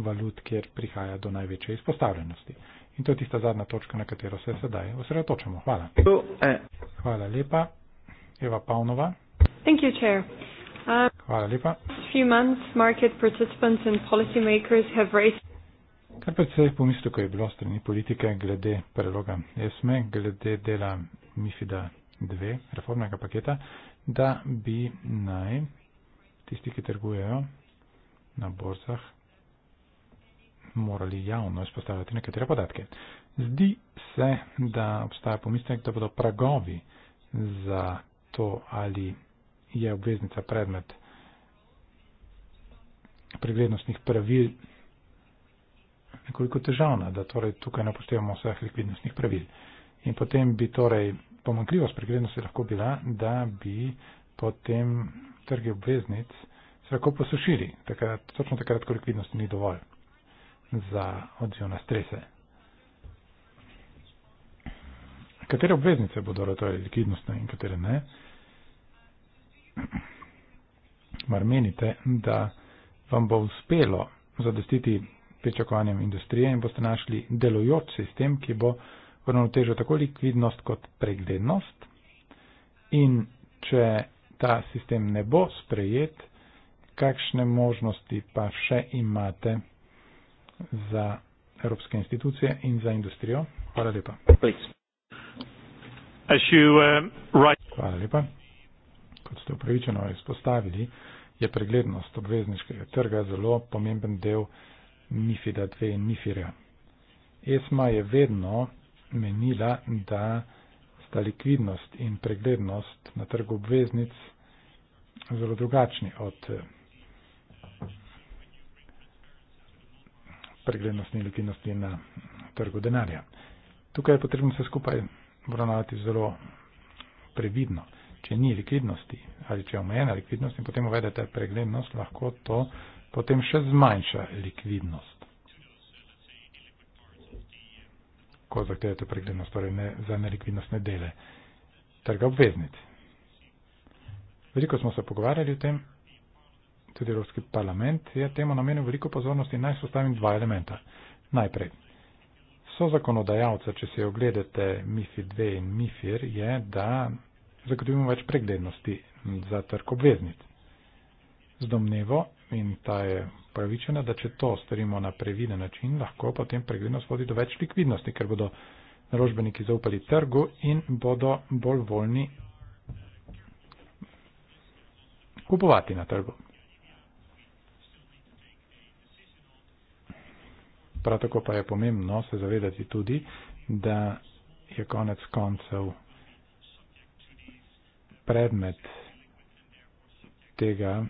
valut, kjer prihaja do največje izpostavljenosti. In to je tista zadnja točka, na katero se sedaj osredotočamo. Hvala. Hvala lepa. Eva Pavnova. Uh, Hvala lepa. Kar predvsej pomisleko je bilo strani politike glede preloga ESME, glede dela MIFID-a 2, reformnega paketa, da bi naj tisti, ki trgujejo na borzah, morali javno izpostavljati nekatere podatke. Zdi se, da obstaja pomislek, da bodo pragovi za to, ali je obveznica predmet preglednostnih pravil nekoliko težavna, da torej tukaj ne upoštevamo vseh likvidnostnih pravil. In potem bi torej pomankljivost preglednosti lahko bila, da bi potem trge obveznic se lahko posušili, takrat, točno takrat, ko likvidnosti ni dovolj za odziv na strese. Katere obveznice bodo ratoje likidnostne in katere ne? Mar menite, da vam bo uspelo zadostiti pričakovanjem industrije in boste našli delojoč sistem, ki bo uravnotežil tako likvidnost kot preglednost. In če ta sistem ne bo sprejet, kakšne možnosti pa še imate? za evropske institucije in za industrijo. Hvala lepa. You, uh, write... Hvala lepa. Kot ste upravičeno izpostavili, je preglednost obvezniškega trga zelo pomemben del MIFID-a 2 in MIFIR-a. ESMA je vedno menila, da sta likvidnost in preglednost na trgu obveznic zelo drugačni od. Uh, preglednosti in likvidnosti na trgu denarja. Tukaj je potrebno vse skupaj obravnavati zelo previdno. Če ni likvidnosti ali če je omejena likvidnost in potem uvedete preglednost, lahko to potem še zmanjša likvidnost. Ko zahtevate preglednost, torej ne, za nelikvidnostne dele trga obveznic. Veliko smo se pogovarjali o tem, tudi Evropski parlament je temu namenil veliko pozornosti in naj sostavim dva elementa. Najprej, so zakonodajalca, če se ogledate MIFI 2 in MIFIR, je, da zagotovimo več preglednosti za trg obveznic. Z domnevo in ta je pravičena, da če to storimo na previden način, lahko potem preglednost vodi do več likvidnosti, ker bodo naložbeniki zaupali trgu in bodo bolj voljni kupovati na trgu. Prav tako pa je pomembno se zavedati tudi, da je konec koncev predmet tega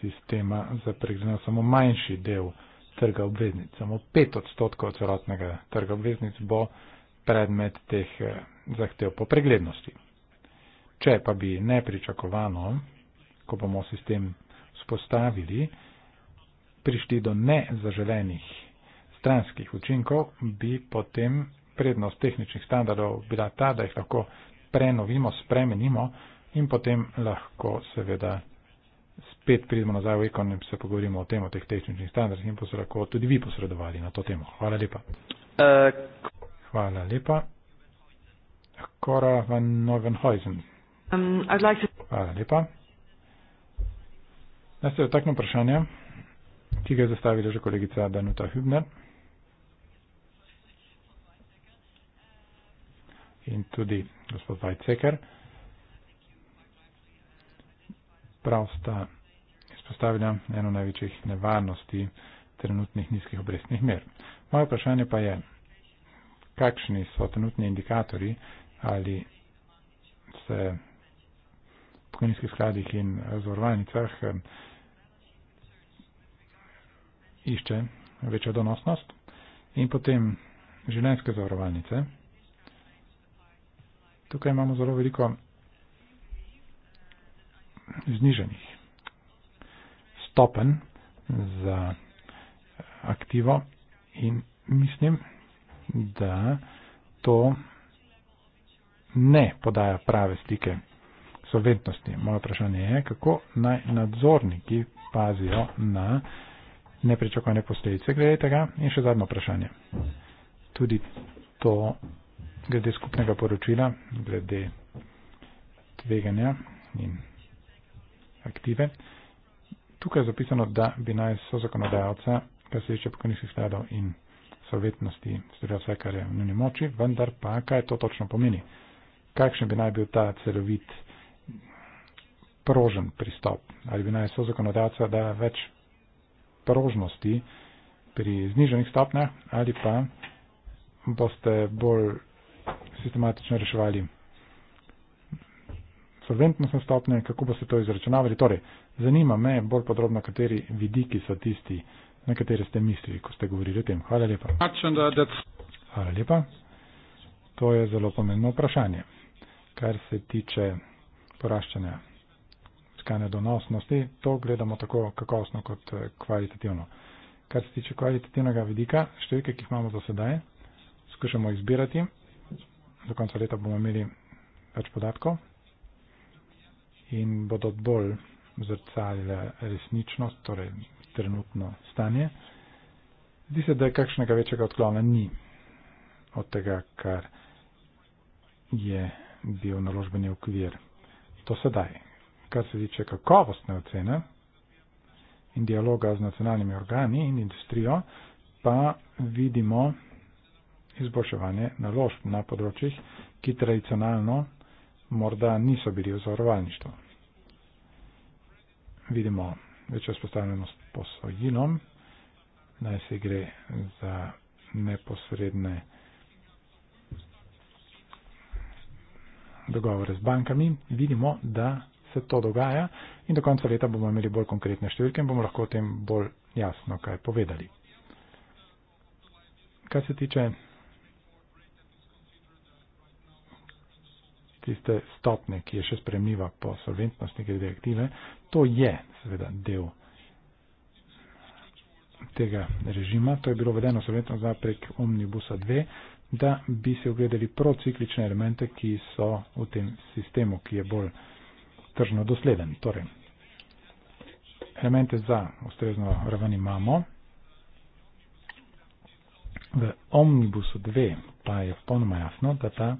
sistema za pregledanje samo manjši del trga obveznic. Samo pet odstotkov celotnega trga obveznic bo predmet teh eh, zahtev po preglednosti. Če pa bi nepričakovano, ko bomo sistem spostavili, prišli do nezaželenih stranskih učinkov, bi potem prednost tehničnih standardov bila ta, da jih lahko prenovimo, spremenimo in potem lahko seveda spet pridemo nazaj v ekon in se pogovorimo o tem, o teh tehničnih standardih in pa se lahko tudi vi posredovali na to temo. Hvala lepa. Uh, Hvala lepa. Kora van Novenhuizen. Um, Hvala lepa. Naj se dotaknem vprašanja ki ga je zastavila že kolegica Danuta Hübner. In tudi gospod Vajceker. Prav sta izpostavila eno največjih nevarnosti trenutnih nizkih obrestnih mer. Moje vprašanje pa je, kakšni so trenutni indikatorji ali se v pokojninskih skladih in zavarovalnicah išče večjo donosnost in potem življenjske zavarovalnice. Tukaj imamo zelo veliko zniženih stopen za aktivo in mislim, da to ne podaja prave slike solventnosti. Moje vprašanje je, kako naj nadzorniki pazijo na nepričakovane posledice glede tega. In še zadnje vprašanje. Tudi to glede skupnega poročila, glede tveganja in aktive. Tukaj je zapisano, da bi naj so zakonodajalca, kar se tiče pokojninskih skladov in sovjetnosti, storila vse, kar je v njeni moči, vendar pa kaj to točno pomeni? Kakšen bi naj bil ta celovit prožen pristop? Ali bi naj so zakonodajalca da več prožnosti pri zniženih stopnjah ali pa boste bolj sistematično reševali solventnostne stopnje, kako boste to izračunavali. Torej, zanima me bolj podrobno, kateri vidiki so tisti, na katere ste mislili, ko ste govorili o tem. Hvala lepa. Hvala lepa. To je zelo pomembno vprašanje, kar se tiče poraščanja iskanja donosnosti, to gledamo tako kakosno kot eh, kvalitativno. Kar se tiče kvalitativnega vidika, številke, ki jih imamo do sedaj, skušamo izbirati. Do konca leta bomo imeli več podatkov in bodo bolj zrcalile resničnost, torej trenutno stanje. Zdi se, da je kakšnega večjega odklona ni od tega, kar je bil naložbeni okvir. To sedaj, kar se tiče kakovostne ocene in dialoga z nacionalnimi organi in industrijo, pa vidimo izboljševanje naložb na področjih, ki tradicionalno morda niso bili v zavarovalništvu. Vidimo večjo spostavljenost posojilom, naj se gre za neposredne dogovore z bankami, vidimo, da se to dogaja in do konca leta bomo imeli bolj konkretne številke in bomo lahko o tem bolj jasno kaj povedali. Kar se tiče tiste stopne, ki je še spremljiva po solventnosti glede aktive, to je seveda del tega režima. To je bilo vedeno solventno za prek Omnibusa 2, da bi se ogledali prociklične elemente, ki so v tem sistemu, ki je bolj tržno dosleden. Torej, elemente za ustrezno raven imamo. V omnibusu 2 pa je ponoma jasno, da ta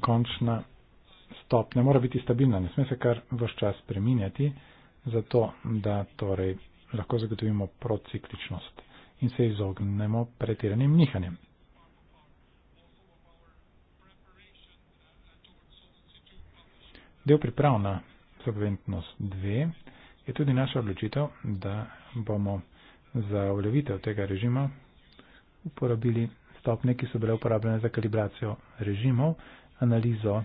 končna stop ne mora biti stabilna, ne sme se kar vse čas preminjati, zato da torej lahko zagotovimo prociklično stop in se izognemo pretiranim nihanjem. Del priprav na Subventnost 2 je tudi naša odločitev, da bomo za uljevitev tega režima uporabili stopne, ki so bile uporabljene za kalibracijo režimov, analizo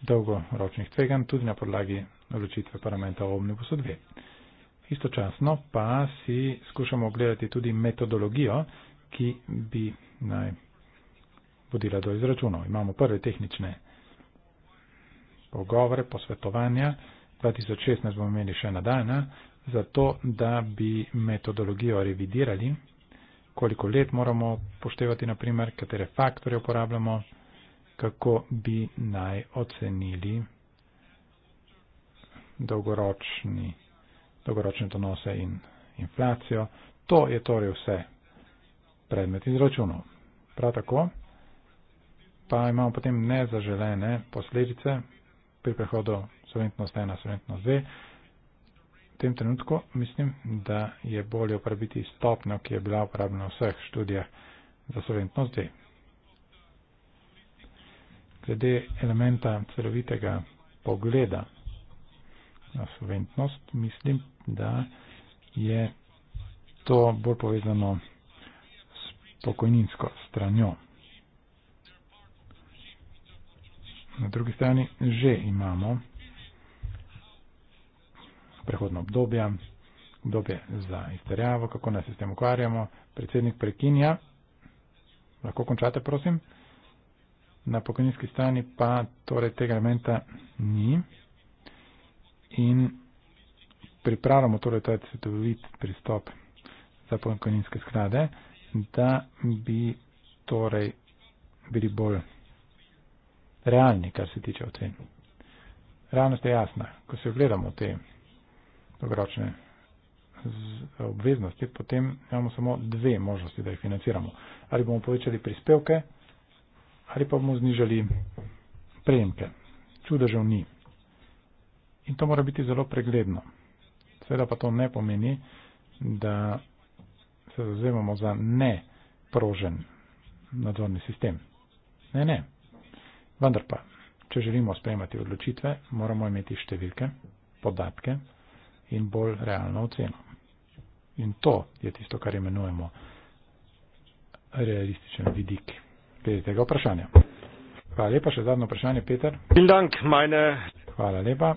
dolgoročnih tveganj, tudi na podlagi odločitve parlamenta o Omnibusu 2. Istočasno pa si skušamo ogledati tudi metodologijo, ki bi naj vodila do izračunov. Imamo prve tehnične pogovore, posvetovanja. 2016 bomo imeli še nadaljna, zato da bi metodologijo revidirali, koliko let moramo poštevati, naprimer, katere faktore uporabljamo, kako bi naj ocenili dolgoročni, dolgoročne donose in inflacijo. To je torej vse predmet izračunov. Prav tako pa imamo potem nezaželene posledice, pri prehodu solventnost 1 na solventnost 2. V tem trenutku mislim, da je bolje uporabiti stopnjo, ki je bila uporabljena v vseh študijah za solventnost 2. Glede elementa celovitega pogleda na solventnost, mislim, da je to bolj povezano s pokojninsko stranjo. Na drugi strani že imamo prehodno obdobje, obdobje za izterjavo, kako naj se s tem ukvarjamo. Predsednik prekinja, lahko končate, prosim. Na pokojninski strani pa torej tega elementa ni in pripravljamo torej ta cedovit pristop za pokojninske sklade, da bi torej bili bolj realni, kar se tiče ocen. Realnost je jasna. Ko se ogledamo te dolgoročne obveznosti, potem imamo samo dve možnosti, da jih financiramo. Ali bomo povečali prispevke, ali pa bomo znižali prejemke. Čudežev ni. In to mora biti zelo pregledno. Seveda pa to ne pomeni, da se zazemamo za neprožen nadzorni sistem. Ne, ne. Vendar pa, če želimo sprejemati odločitve, moramo imeti številke, podatke in bolj realno oceno. In to je tisto, kar imenujemo realističen vidik glede tega vprašanja. Hvala lepa, še zadnje vprašanje, Peter. Hvala lepa.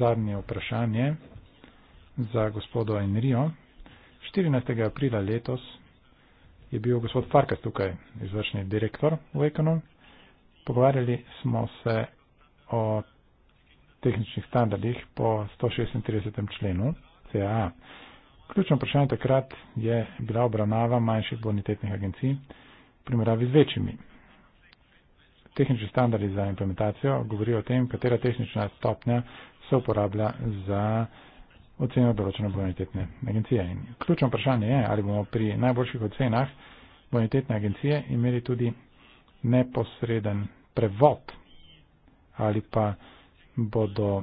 Zadnje vprašanje za gospodo Enrijo. 14. aprila letos je bil gospod Farkas tukaj, izvršni direktor v ekonomiji pogovarjali smo se o tehničnih standardih po 136. členu CAA. Ključno vprašanje takrat je bila obravnava manjših bonitetnih agencij v primeravi z večjimi. Tehnični standardi za implementacijo govorijo o tem, katera tehnična stopnja se uporablja za oceno določene bonitetne agencije. In ključno vprašanje je, ali bomo pri najboljših ocenah bonitetne agencije imeli tudi neposreden prevod ali pa bodo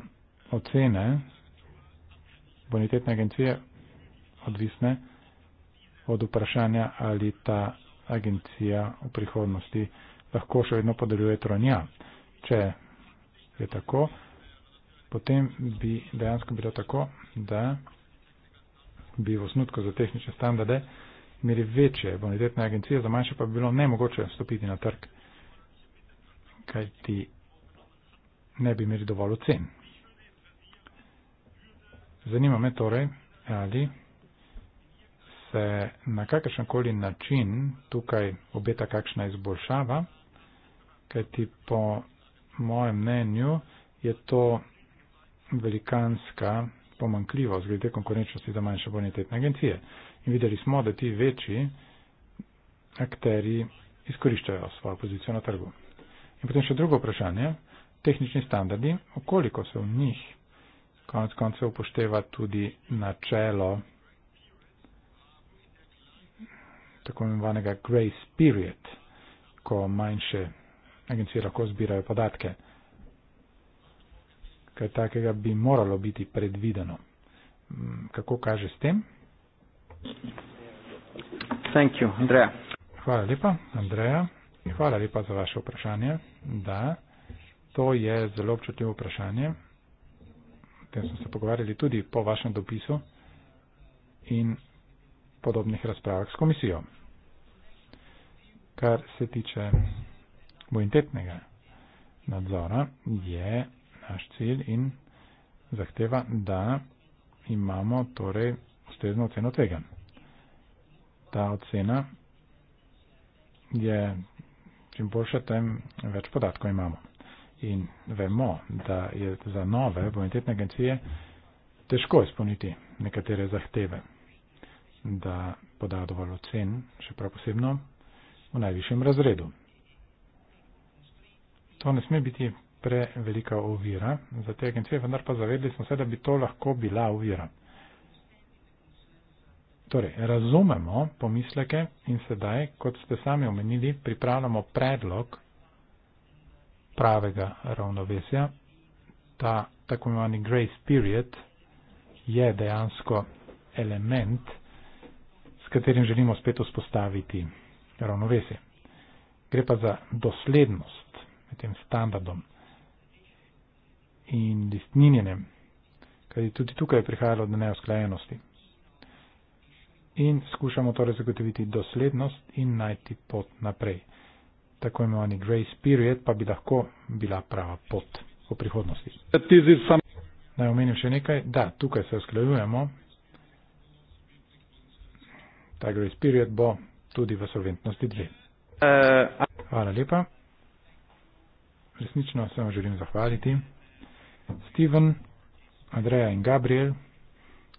ocene bonitetne agencije odvisne od vprašanja ali ta agencija v prihodnosti lahko še vedno podeljuje tronja. Če je tako, potem bi dejansko bilo tako, da bi v osnutku za tehnične standarde imeli večje bonitetne agencije, za manjše pa bi bilo nemogoče stopiti na trg kaj ti ne bi imeli dovolj ocen. Zanima me torej, ali se na kakršen koli način tukaj obeta kakšna izboljšava, kaj ti po mojem mnenju je to velikanska pomankljivost glede konkurenčnosti za manjše bonitetne agencije. In videli smo, da ti večji akteri izkoriščajo svojo pozicijo na trgu. In potem še drugo vprašanje, tehnični standardi, koliko se v njih konec konca upošteva tudi načelo tako imenovanega grace period, ko manjše agencije lahko zbirajo podatke. Kaj takega bi moralo biti predvideno? Mm, kako kaže s tem? Thank you, Andrea. Hvala lepa, Andreja. Hvala lepa za vaše vprašanje. Da, to je zelo občutljivo vprašanje. O tem smo se pogovarjali tudi po vašem dopisu in podobnih razpravah s komisijo. Kar se tiče bonitetnega nadzora, je naš cilj in zahteva, da imamo torej ustrezno oceno tega. Ta ocena je čim boljše, tem več podatkov imamo. In vemo, da je za nove bonitetne agencije težko izpolniti nekatere zahteve, da poda dovolj ocen, še prav posebno v najvišjem razredu. To ne sme biti prevelika ovira za te agencije, vendar pa zavedli smo se, da bi to lahko bila ovira. Torej, razumemo pomisleke in sedaj, kot ste sami omenili, pripravljamo predlog pravega ravnovesja. Ta tako imenovani grace period je dejansko element, s katerim želimo spet vzpostaviti ravnovesje. Gre pa za doslednost med tem standardom in listninjenjem, kajti tudi tukaj je prihajalo do neusklajenosti in skušamo torej zagotoviti doslednost in najti pot naprej. Tako imenovani grace period pa bi lahko bila prava pot v prihodnosti. Naj omenim še nekaj. Da, tukaj se usklajujemo. Ta grace period bo tudi v solventnosti dve. Hvala lepa. Resnično se vam želim zahvaliti. Steven, Andreja in Gabriel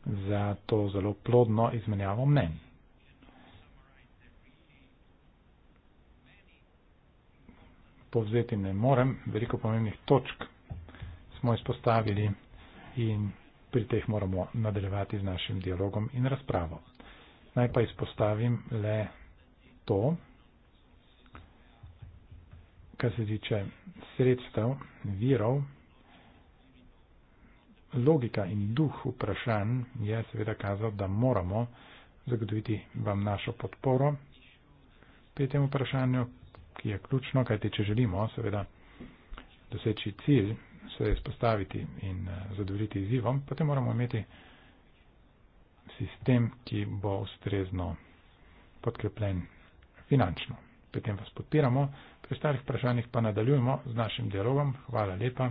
za to zelo plodno izmenjavo mnen. Povzeti ne morem, veliko pomembnih točk smo izpostavili in pri teh moramo nadaljevati z našim dialogom in razpravo. Naj pa izpostavim le to, kar se tiče sredstev, virov, logika in duh vprašanj je seveda kazal, da moramo zagotoviti vam našo podporo pri tem vprašanju, ki je ključno, kajti če želimo seveda doseči cilj, se izpostaviti in eh, zadovoljiti izzivom, potem moramo imeti sistem, ki bo ustrezno podkrepljen finančno. Potem vas podpiramo, pri starih vprašanjih pa nadaljujemo z našim dialogom. Hvala lepa.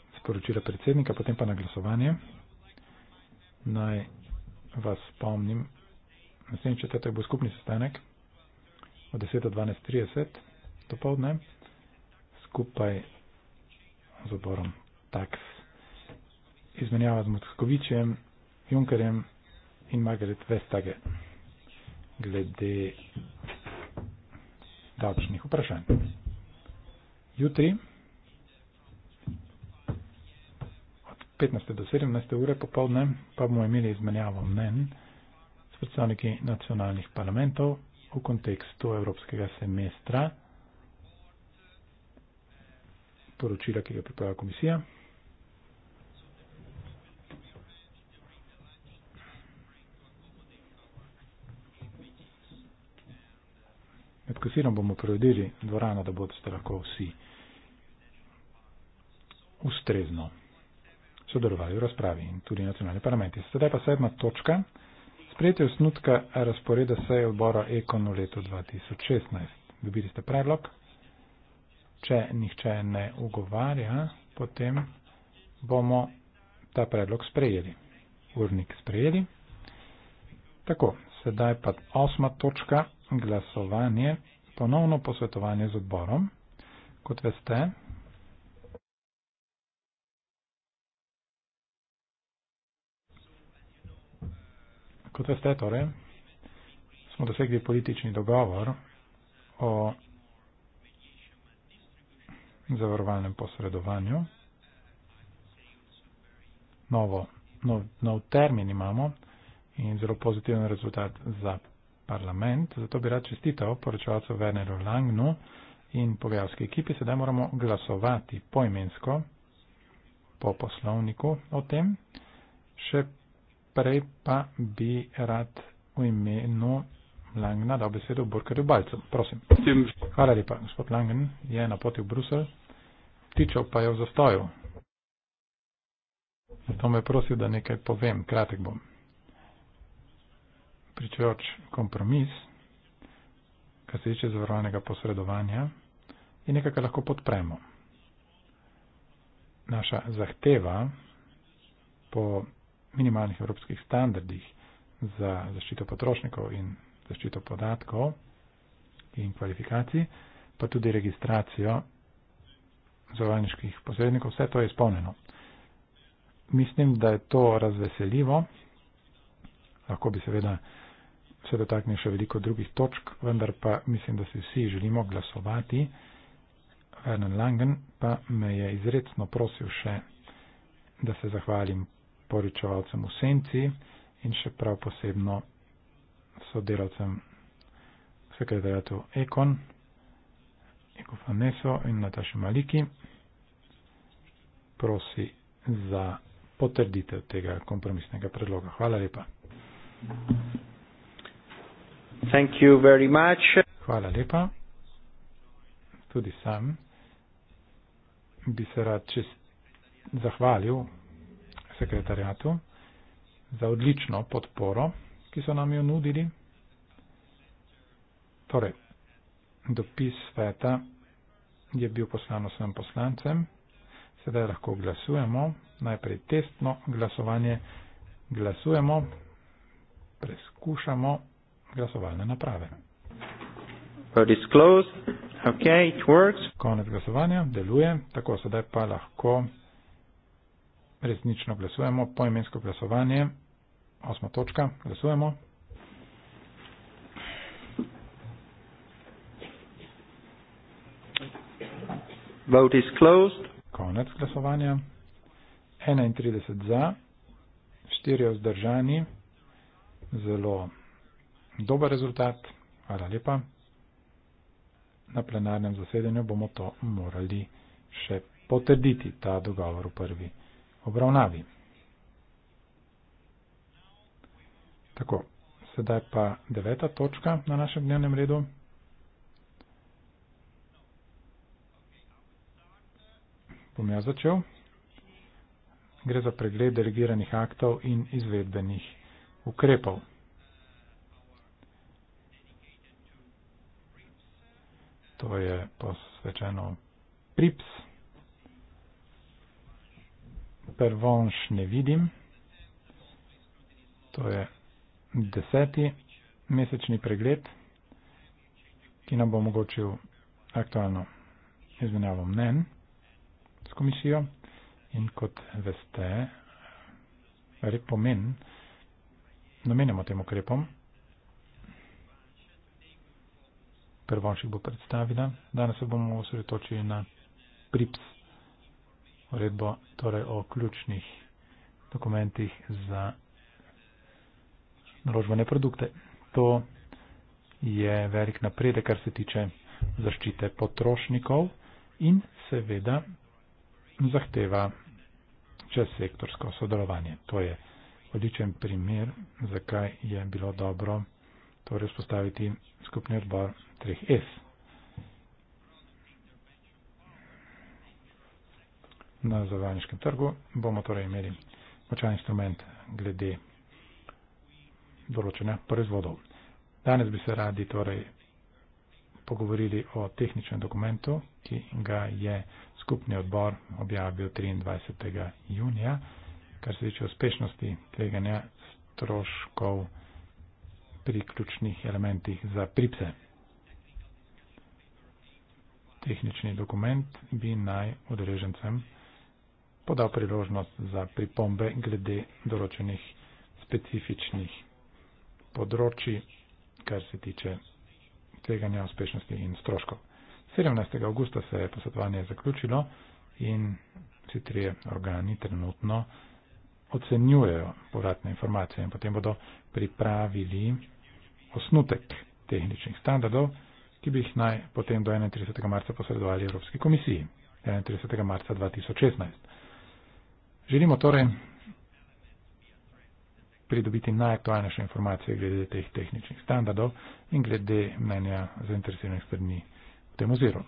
sporočila predsednika, potem pa na glasovanje. Naj vas spomnim, naslednji četrtek bo skupni sestanek od 10 do 12.30 do povdne skupaj z oborom taks. Izmenjava z Moskovičem, Junkerjem in Margaret Vestage glede davčnih vprašanj. Jutri. 15. do 17. ure popovdne pa bomo imeli izmenjavo mnen s predstavniki nacionalnih parlamentov v kontekstu evropskega semestra, poročila, ki ga pripravlja komisija. Med kosilom bomo prevedili dvorano, da boste lahko vsi ustrezno sodelovali v razpravi in tudi nacionalni parlamenti. Sedaj pa sedma točka. Sprejete osnutka razporeda seje odbora Ekon v letu 2016. Dobili ste predlog. Če nihče ne ugovarja, potem bomo ta predlog sprejeli. Urnik sprejeli. Tako, sedaj pa osma točka, glasovanje, ponovno posvetovanje z odborom. Kot veste, Kot veste, torej, smo dosegli politični dogovor o zavarovalnem posredovanju. Novo, nov, nov termin imamo in zelo pozitiven rezultat za parlament. Zato bi rad čestital poročevalcu Werneru Langnu in pogajalski ekipi. Sedaj moramo glasovati poimensko po poslovniku o tem. Še prej pa bi rad v imenu Langna dal besedo Burkerju Balcu. Prosim. Hvala lepa. Gospod Langen je na poti v Brusel, tičal pa je v zastoju. Zato me je prosil, da nekaj povem, kratek bom. Pričujoč kompromis, kar se tiče zavarovanega posredovanja, je nekaj, kar lahko podpremo. Naša zahteva po minimalnih evropskih standardih za zaščito potrošnikov in zaščito podatkov in kvalifikacij, pa tudi registracijo zavarovalniških posrednikov, vse to je izpolneno. Mislim, da je to razveseljivo, lahko bi seveda se dotaknil še veliko drugih točk, vendar pa mislim, da si vsi želimo glasovati. Vernon Langen pa me je izredno prosil še, da se zahvalim poročevalcem v senci in še prav posebno sodelavcem sekretarjatu Ekon, Eko Faneso in Nataši Maliki. Prosi za potrditev tega kompromisnega predloga. Hvala lepa. Thank you very much. Hvala lepa. Tudi sam bi se rad čest zahvalil sekretarjatu za odlično podporo, ki so nam jo nudili. Torej, dopis sveta je bil poslan vsem poslancem. Sedaj lahko glasujemo. Najprej testno glasovanje. Glasujemo. Preskušamo glasovalne naprave. Okay, Konec glasovanja deluje. Tako sedaj pa lahko resnično glasujemo, poimensko glasovanje, osma točka, glasujemo. Vote is closed. Konec glasovanja. 31 za, 4 vzdržani, zelo dober rezultat. Hvala lepa. Na plenarnem zasedanju bomo to morali še potrditi, ta dogovor v prvi obravnavi. Tako, sedaj pa deveta točka na našem dnevnem redu. Bom jaz začel. Gre za pregled delegiranih aktov in izvedbenih ukrepov. To je posvečeno PRIPS, prvonš ne vidim. To je deseti mesečni pregled, ki nam bo omogočil aktualno izmenjavo mnen s komisijo. In kot veste, rep pomen namenjamo tem ukrepom. Prvonš jih bo predstavila. Danes se bomo osredotočili na PRIPS uredbo torej o ključnih dokumentih za naložbene produkte. To je velik napredek, kar se tiče zaščite potrošnikov in seveda zahteva čez sektorsko sodelovanje. To je odličen primer, zakaj je bilo dobro torej spostaviti skupni odbor 3S. na zavarovalniškem trgu, bomo torej imeli močan instrument glede določenja proizvodov. Danes bi se radi torej pogovorili o tehničnem dokumentu, ki ga je skupni odbor objavil 23. junija, kar se tiče uspešnosti tveganja stroškov pri ključnih elementih za pripse. Tehnični dokument bi naj udeležencem podal priložnost za pripombe glede določenih specifičnih področji, kar se tiče tveganja uspešnosti in stroškov. 17. augusta se je posvetovanje zaključilo in vsi trije organi trenutno ocenjujejo povratne informacije in potem bodo pripravili osnutek tehničnih standardov, ki bi jih naj potem do 31. marca posredovali Evropski komisiji. 31. marca 2016. Želimo torej pridobiti najaktualnejše informacije glede teh tehničnih standardov in glede mnenja zainteresiranih strani v tem oziru.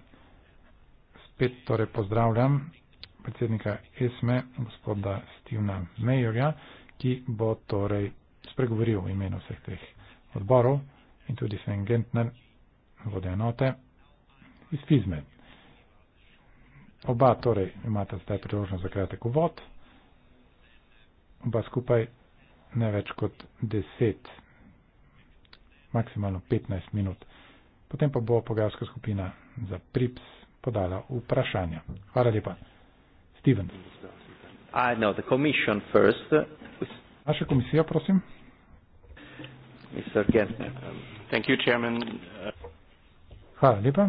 Spet torej pozdravljam predsednika ESME, gospoda Stevena Mayorja, ki bo torej spregovoril v imenu vseh teh odborov in tudi Sven Gentner, vode enote iz FIZME. Oba torej imata zdaj priložnost za kratek uvod oba skupaj ne več kot 10, maksimalno 15 minut. Potem pa bo pogajalska skupina za PRIPS podala vprašanja. Hvala lepa. Steven. I know the commission first. Naša komisija, prosim. Mr. Gen. Thank you, Chairman. Hvala lepa.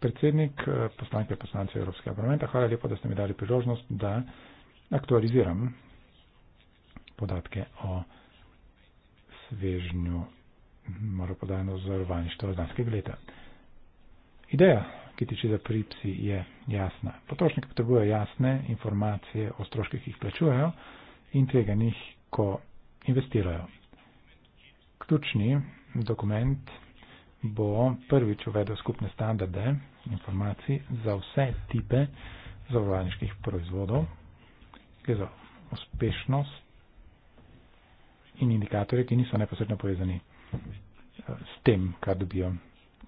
Predsednik, eh, poslanke poslance Evropskega parlamenta, hvala lepa, da ste mi dali priložnost, da aktualiziram podatke o svežnju maropodajno zavarovanje štorodanskega leta. Ideja, ki tiče za pripsi, je jasna. Potrošniki potrebujejo jasne informacije o stroških, ki jih plačujejo in tveganih, ko investirajo. Ključni dokument bo prvič uvedel skupne standarde informacij za vse tipe zavarovanjskih proizvodov, gre za uspešnost in indikatorje, ki niso neposredno povezani eh, s tem, kar dobijo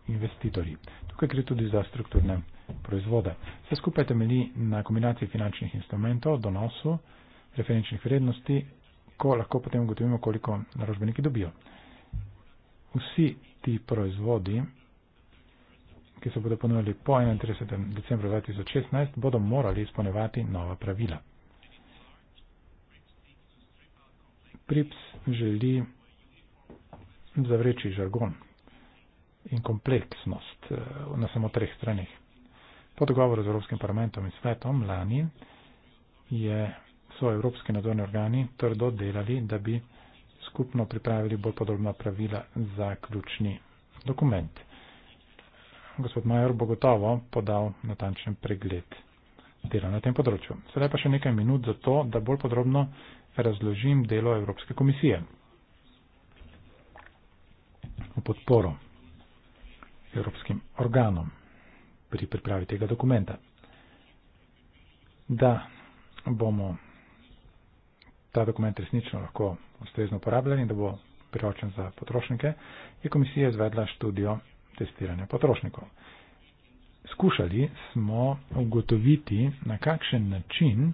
investitorji. Tukaj gre tudi za strukturne proizvode. Vse skupaj temelji na kombinaciji finančnih instrumentov, donosu, referenčnih vrednosti, ko lahko potem ugotovimo, koliko naročbeniki dobijo. Vsi ti proizvodi, ki se bodo ponovili po 31. decembru 2016, bodo morali izpolnevati nova pravila. Prips želi zavreči žargon in kompleksnost eh, na samo treh stranih. Po dogovoru z Evropskim parlamentom in svetom lani je, so evropski nadzorni organi trdo delali, da bi skupno pripravili bolj podrobna pravila za ključni dokument. Gospod Major bo gotovo podal natančen pregled dela na tem področju. Sedaj pa še nekaj minut za to, da bolj podrobno razložim delo Evropske komisije. V podporo evropskim organom pri pripravi tega dokumenta, da bomo ta dokument resnično lahko ustrezno uporabljali in da bo priročen za potrošnike, je komisija izvedla študijo testiranja potrošnikov. Skušali smo ugotoviti, na kakšen način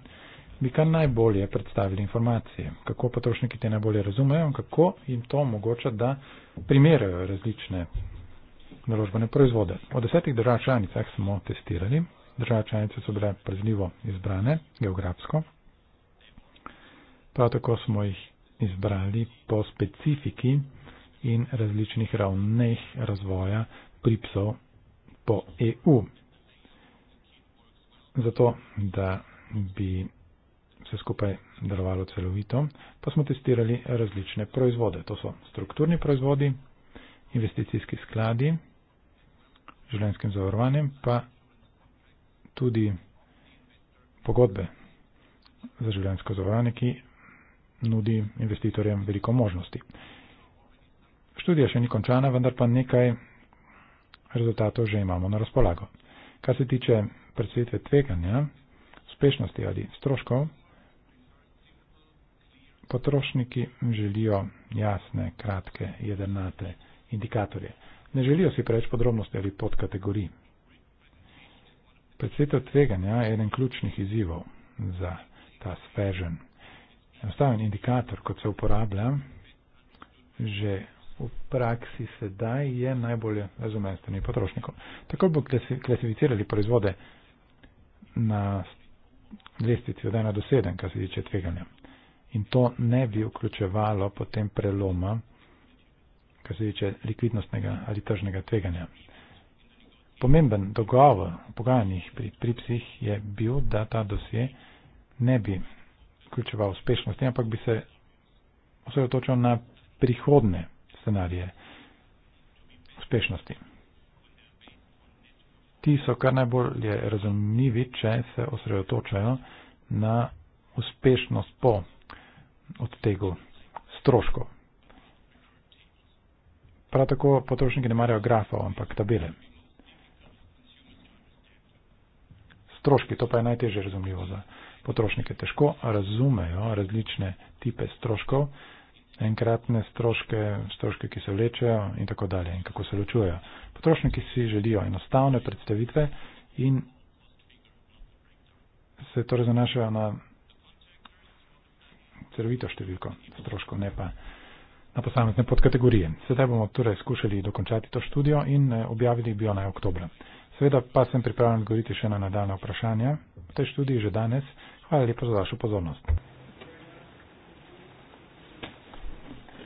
bi kar najbolje predstavili informacije, kako potrošniki te najbolje razumejo in kako jim to omogoča, da primerjajo različne naložbene proizvode. Od desetih držav članicah smo testirali, države članice so bile prezljivo izbrane geografsko, prav tako smo jih izbrali po specifiki in različnih ravneh razvoja pripsov po EU. Zato, da bi vse skupaj delovalo celovito, pa smo testirali različne proizvode. To so strukturni proizvodi, investicijski skladi, življenskim zavarovanjem, pa tudi pogodbe za življenjsko zavarovanje, ki nudi investitorjem veliko možnosti. Študija še ni končana, vendar pa nekaj rezultatov že imamo na razpolago. Kar se tiče predsvetve tveganja, uspešnosti ali stroškov, potrošniki želijo jasne, kratke, jedrnate indikatorje. Ne želijo si preveč podrobnosti ali podkategorij. Predsedstvo tveganja je eden ključnih izzivov za ta svežen. Enostaven indikator, kot se uporablja, že v praksi sedaj je najbolje razumen strani potrošnikov. Tako bo klasificirali proizvode na lestvici od 1 do 7, kar se tiče tveganja in to ne bi vključevalo potem preloma, kar se tiče likvidnostnega ali tržnega tveganja. Pomemben dogovor v pogajanjih pri tripsih je bil, da ta dosje ne bi vključeval uspešnosti, ampak bi se osredotočil na prihodne scenarije uspešnosti. Ti so kar najbolj razumljivi, če se osredotočajo na uspešnost po od tega stroškov. Prav tako potrošniki ne marajo grafov, ampak tabele. Stroški, to pa je najtežje razumljivo za potrošnike. Težko razumejo različne type stroškov, enkratne stroške, stroške, ki se vlečejo in tako dalje in kako se ločujejo. Potrošniki si želijo enostavne predstavitve in se torej zanašajo na celovito številko stroškov, ne pa na posamezne podkategorije. Sedaj bomo torej skušali dokončati to študijo in eh, objavili bi jo naj oktobra. Seveda pa sem pripravljen odgovoriti še na nadaljne vprašanja v tej študiji že danes. Hvala lepa za vašo pozornost.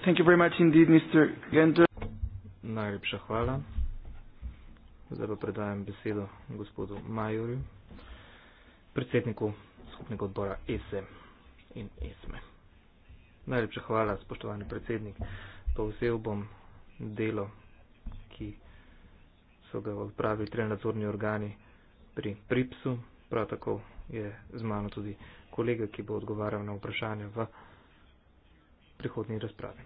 Thank you very much indeed, Mr. Gender. Najlepša hvala. Zdaj pa predajam besedo gospodu Majorju, predsedniku skupnega odbora ESE e in ESME. Najlepša hvala, spoštovani predsednik. Povzel bom delo, ki so ga odpravili trenadzorni organi pri PRIPSu. Prav tako je z mano tudi kolega, ki bo odgovarjal na vprašanje v prihodnji razpravi.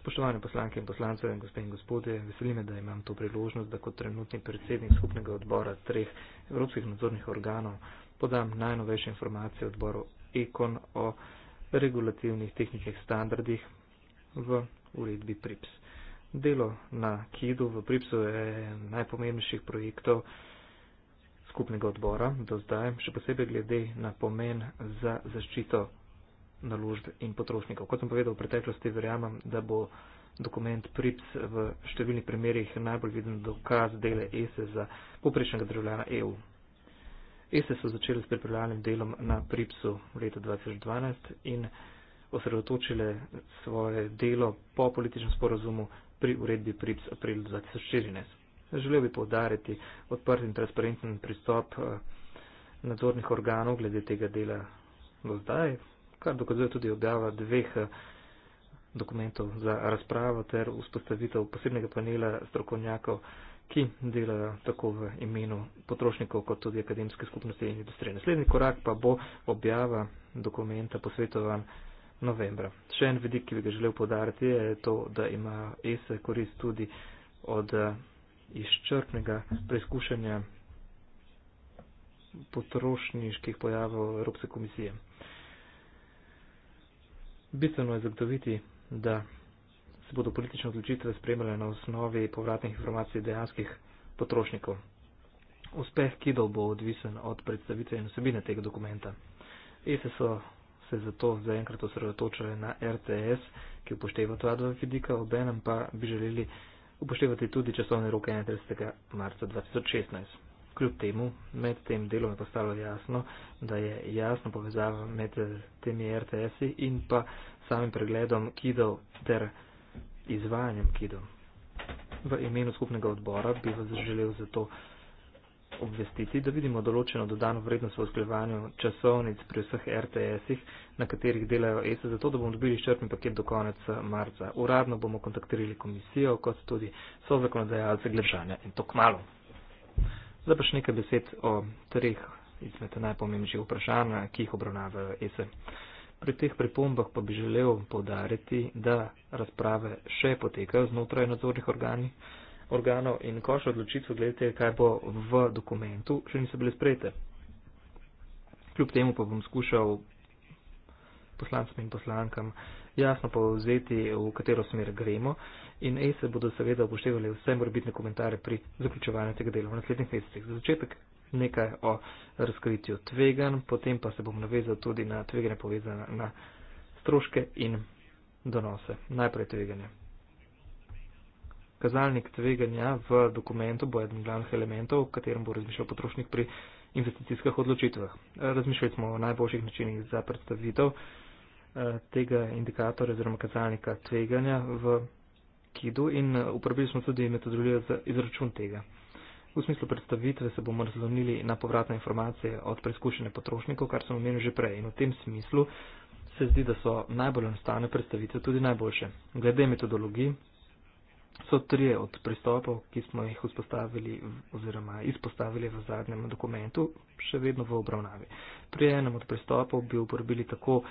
Spoštovane poslanke in poslance, gospe in gospode, veselime, da imam to priložnost, da kot trenutni predsednik skupnega odbora treh evropskih nadzornih organov podam najnovejše informacije odboru Ekon o regulativnih tehničnih standardih v uredbi PRIPS. Delo na KID-u v PRIPS-u je najpomembnejših projektov skupnega odbora do zdaj, še posebej glede na pomen za zaščito naložb in potrošnikov. Kot sem povedal v preteklosti, verjamem, da bo dokument PRIPS v številnih primerjih najbolj viden dokaz dele ESE e za poprečnega državljana EU. ESE so začele s pripravljalnim delom na PRIPS-u v letu 2012 in osredotočile svoje delo po političnem sporazumu pri uredbi PRIPS april 2014. Želel bi povdariti odprt in transparenten pristop eh, nadzornih organov glede tega dela do zdaj, kar dokazuje tudi objava dveh eh, dokumentov za razpravo ter vzpostavitev posebnega panela strokovnjakov ki delajo tako v imenu potrošnikov kot tudi akademske skupnosti in industrije. Naslednji korak pa bo objava dokumenta posvetovan novembra. Še en vidik, ki bi ga želel podariti, je to, da ima ESE korist tudi od eh, izčrpnega preizkušanja potrošniških pojavov Evropske komisije. Bistveno je zagotoviti, da se bodo politične odločitve spremljale na osnovi povratnih informacij dejanskih potrošnikov. Uspeh KIDL bo odvisen od predstavitve in osebine tega dokumenta. ESE so se zato zaenkrat osredotočali na RTS, ki upošteva ta dva vidika, obenem pa bi želeli upoštevati tudi časovne roke 31. marca 2016. Kljub temu, med tem delom je postalo jasno, da je jasna povezava med temi RTS-i in pa samim pregledom KIDL ter RTS izvajanjem kido. V imenu skupnega odbora bi vas želel zato obvestiti, da vidimo določeno dodano vrednost v usklevanju časovnic pri vseh RTS-ih, na katerih delajo ESE, e, zato da bomo dobili črpni paket do konca marca. Uradno bomo kontaktirali komisijo, kot tudi so zakonodajalce glebšanja in to kmalo. Zdaj pa še nekaj besed o treh izmed najpomembnejših vprašanj, ki jih obravnavajo ESE. Pri teh pripombah pa bi želel podariti, da razprave še potekajo znotraj nadzornih organi, organov in koš odločitve glede, kaj bo v dokumentu, še niso bile sprejete. Kljub temu pa bom skušal poslancem in poslankam jasno povzeti, v katero smer gremo in ESE bodo seveda upoštevali vse morbitne komentare pri zaključevanju tega dela v naslednjih mesecih. Za začetek nekaj o razkritju tvegan, potem pa se bom navezal tudi na tvegane povezane na stroške in donose. Najprej tveganje. Kazalnik tveganja v dokumentu bo eden glavnih elementov, o katerem bo razmišljal potrošnik pri investicijskih odločitvah. Razmišljali smo o najboljših načinih za predstavitev eh, tega indikatorja oziroma kazalnika tveganja v KID-u in eh, uporabili smo tudi metodologijo za izračun tega. V smislu predstavitve se bomo razlomili na povratne informacije od preizkušene potrošnikov, kar sem omenil že prej. In v tem smislu se zdi, da so najbolj enostavne predstavitve tudi najboljše. Glede metodologij so tri od pristopov, ki smo jih vzpostavili oziroma izpostavili v zadnjem dokumentu, še vedno v obravnavi. Pri enem od pristopov bi uporabili tako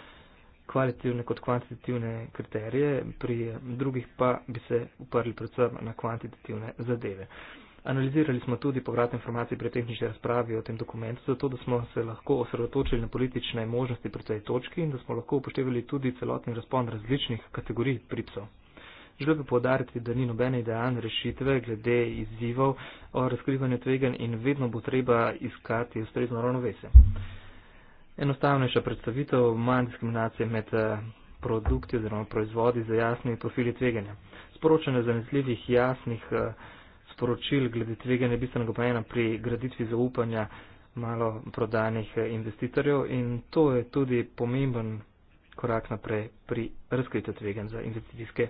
kvalitativne kot kvantitativne kriterije, pri drugih pa bi se uprli predvsem na kvantitativne zadeve. Uh, Analizirali smo tudi povratne informacije pri tehnični razpravi o tem dokumentu, zato da smo se lahko osredotočili na politične možnosti pri tej točki in da smo lahko upoštevali tudi celotni razpon različnih kategorij pripsov. Želel bi povdariti, da ni nobene idealne rešitve glede izzivov o razkrivanju tvegan in vedno bo treba iskati ustrezno ravnovesje. Enostavnejša predstavitev manj diskriminacije med eh, produkti oziroma proizvodi za jasni profili tveganja. Sporočanje zanesljivih jasnih uh, poročil glede tveganja bistvenega pomena pri graditvi zaupanja malo prodanih eh, investitorjev in to je tudi pomemben korak naprej pri razkritju tveganj za investicijske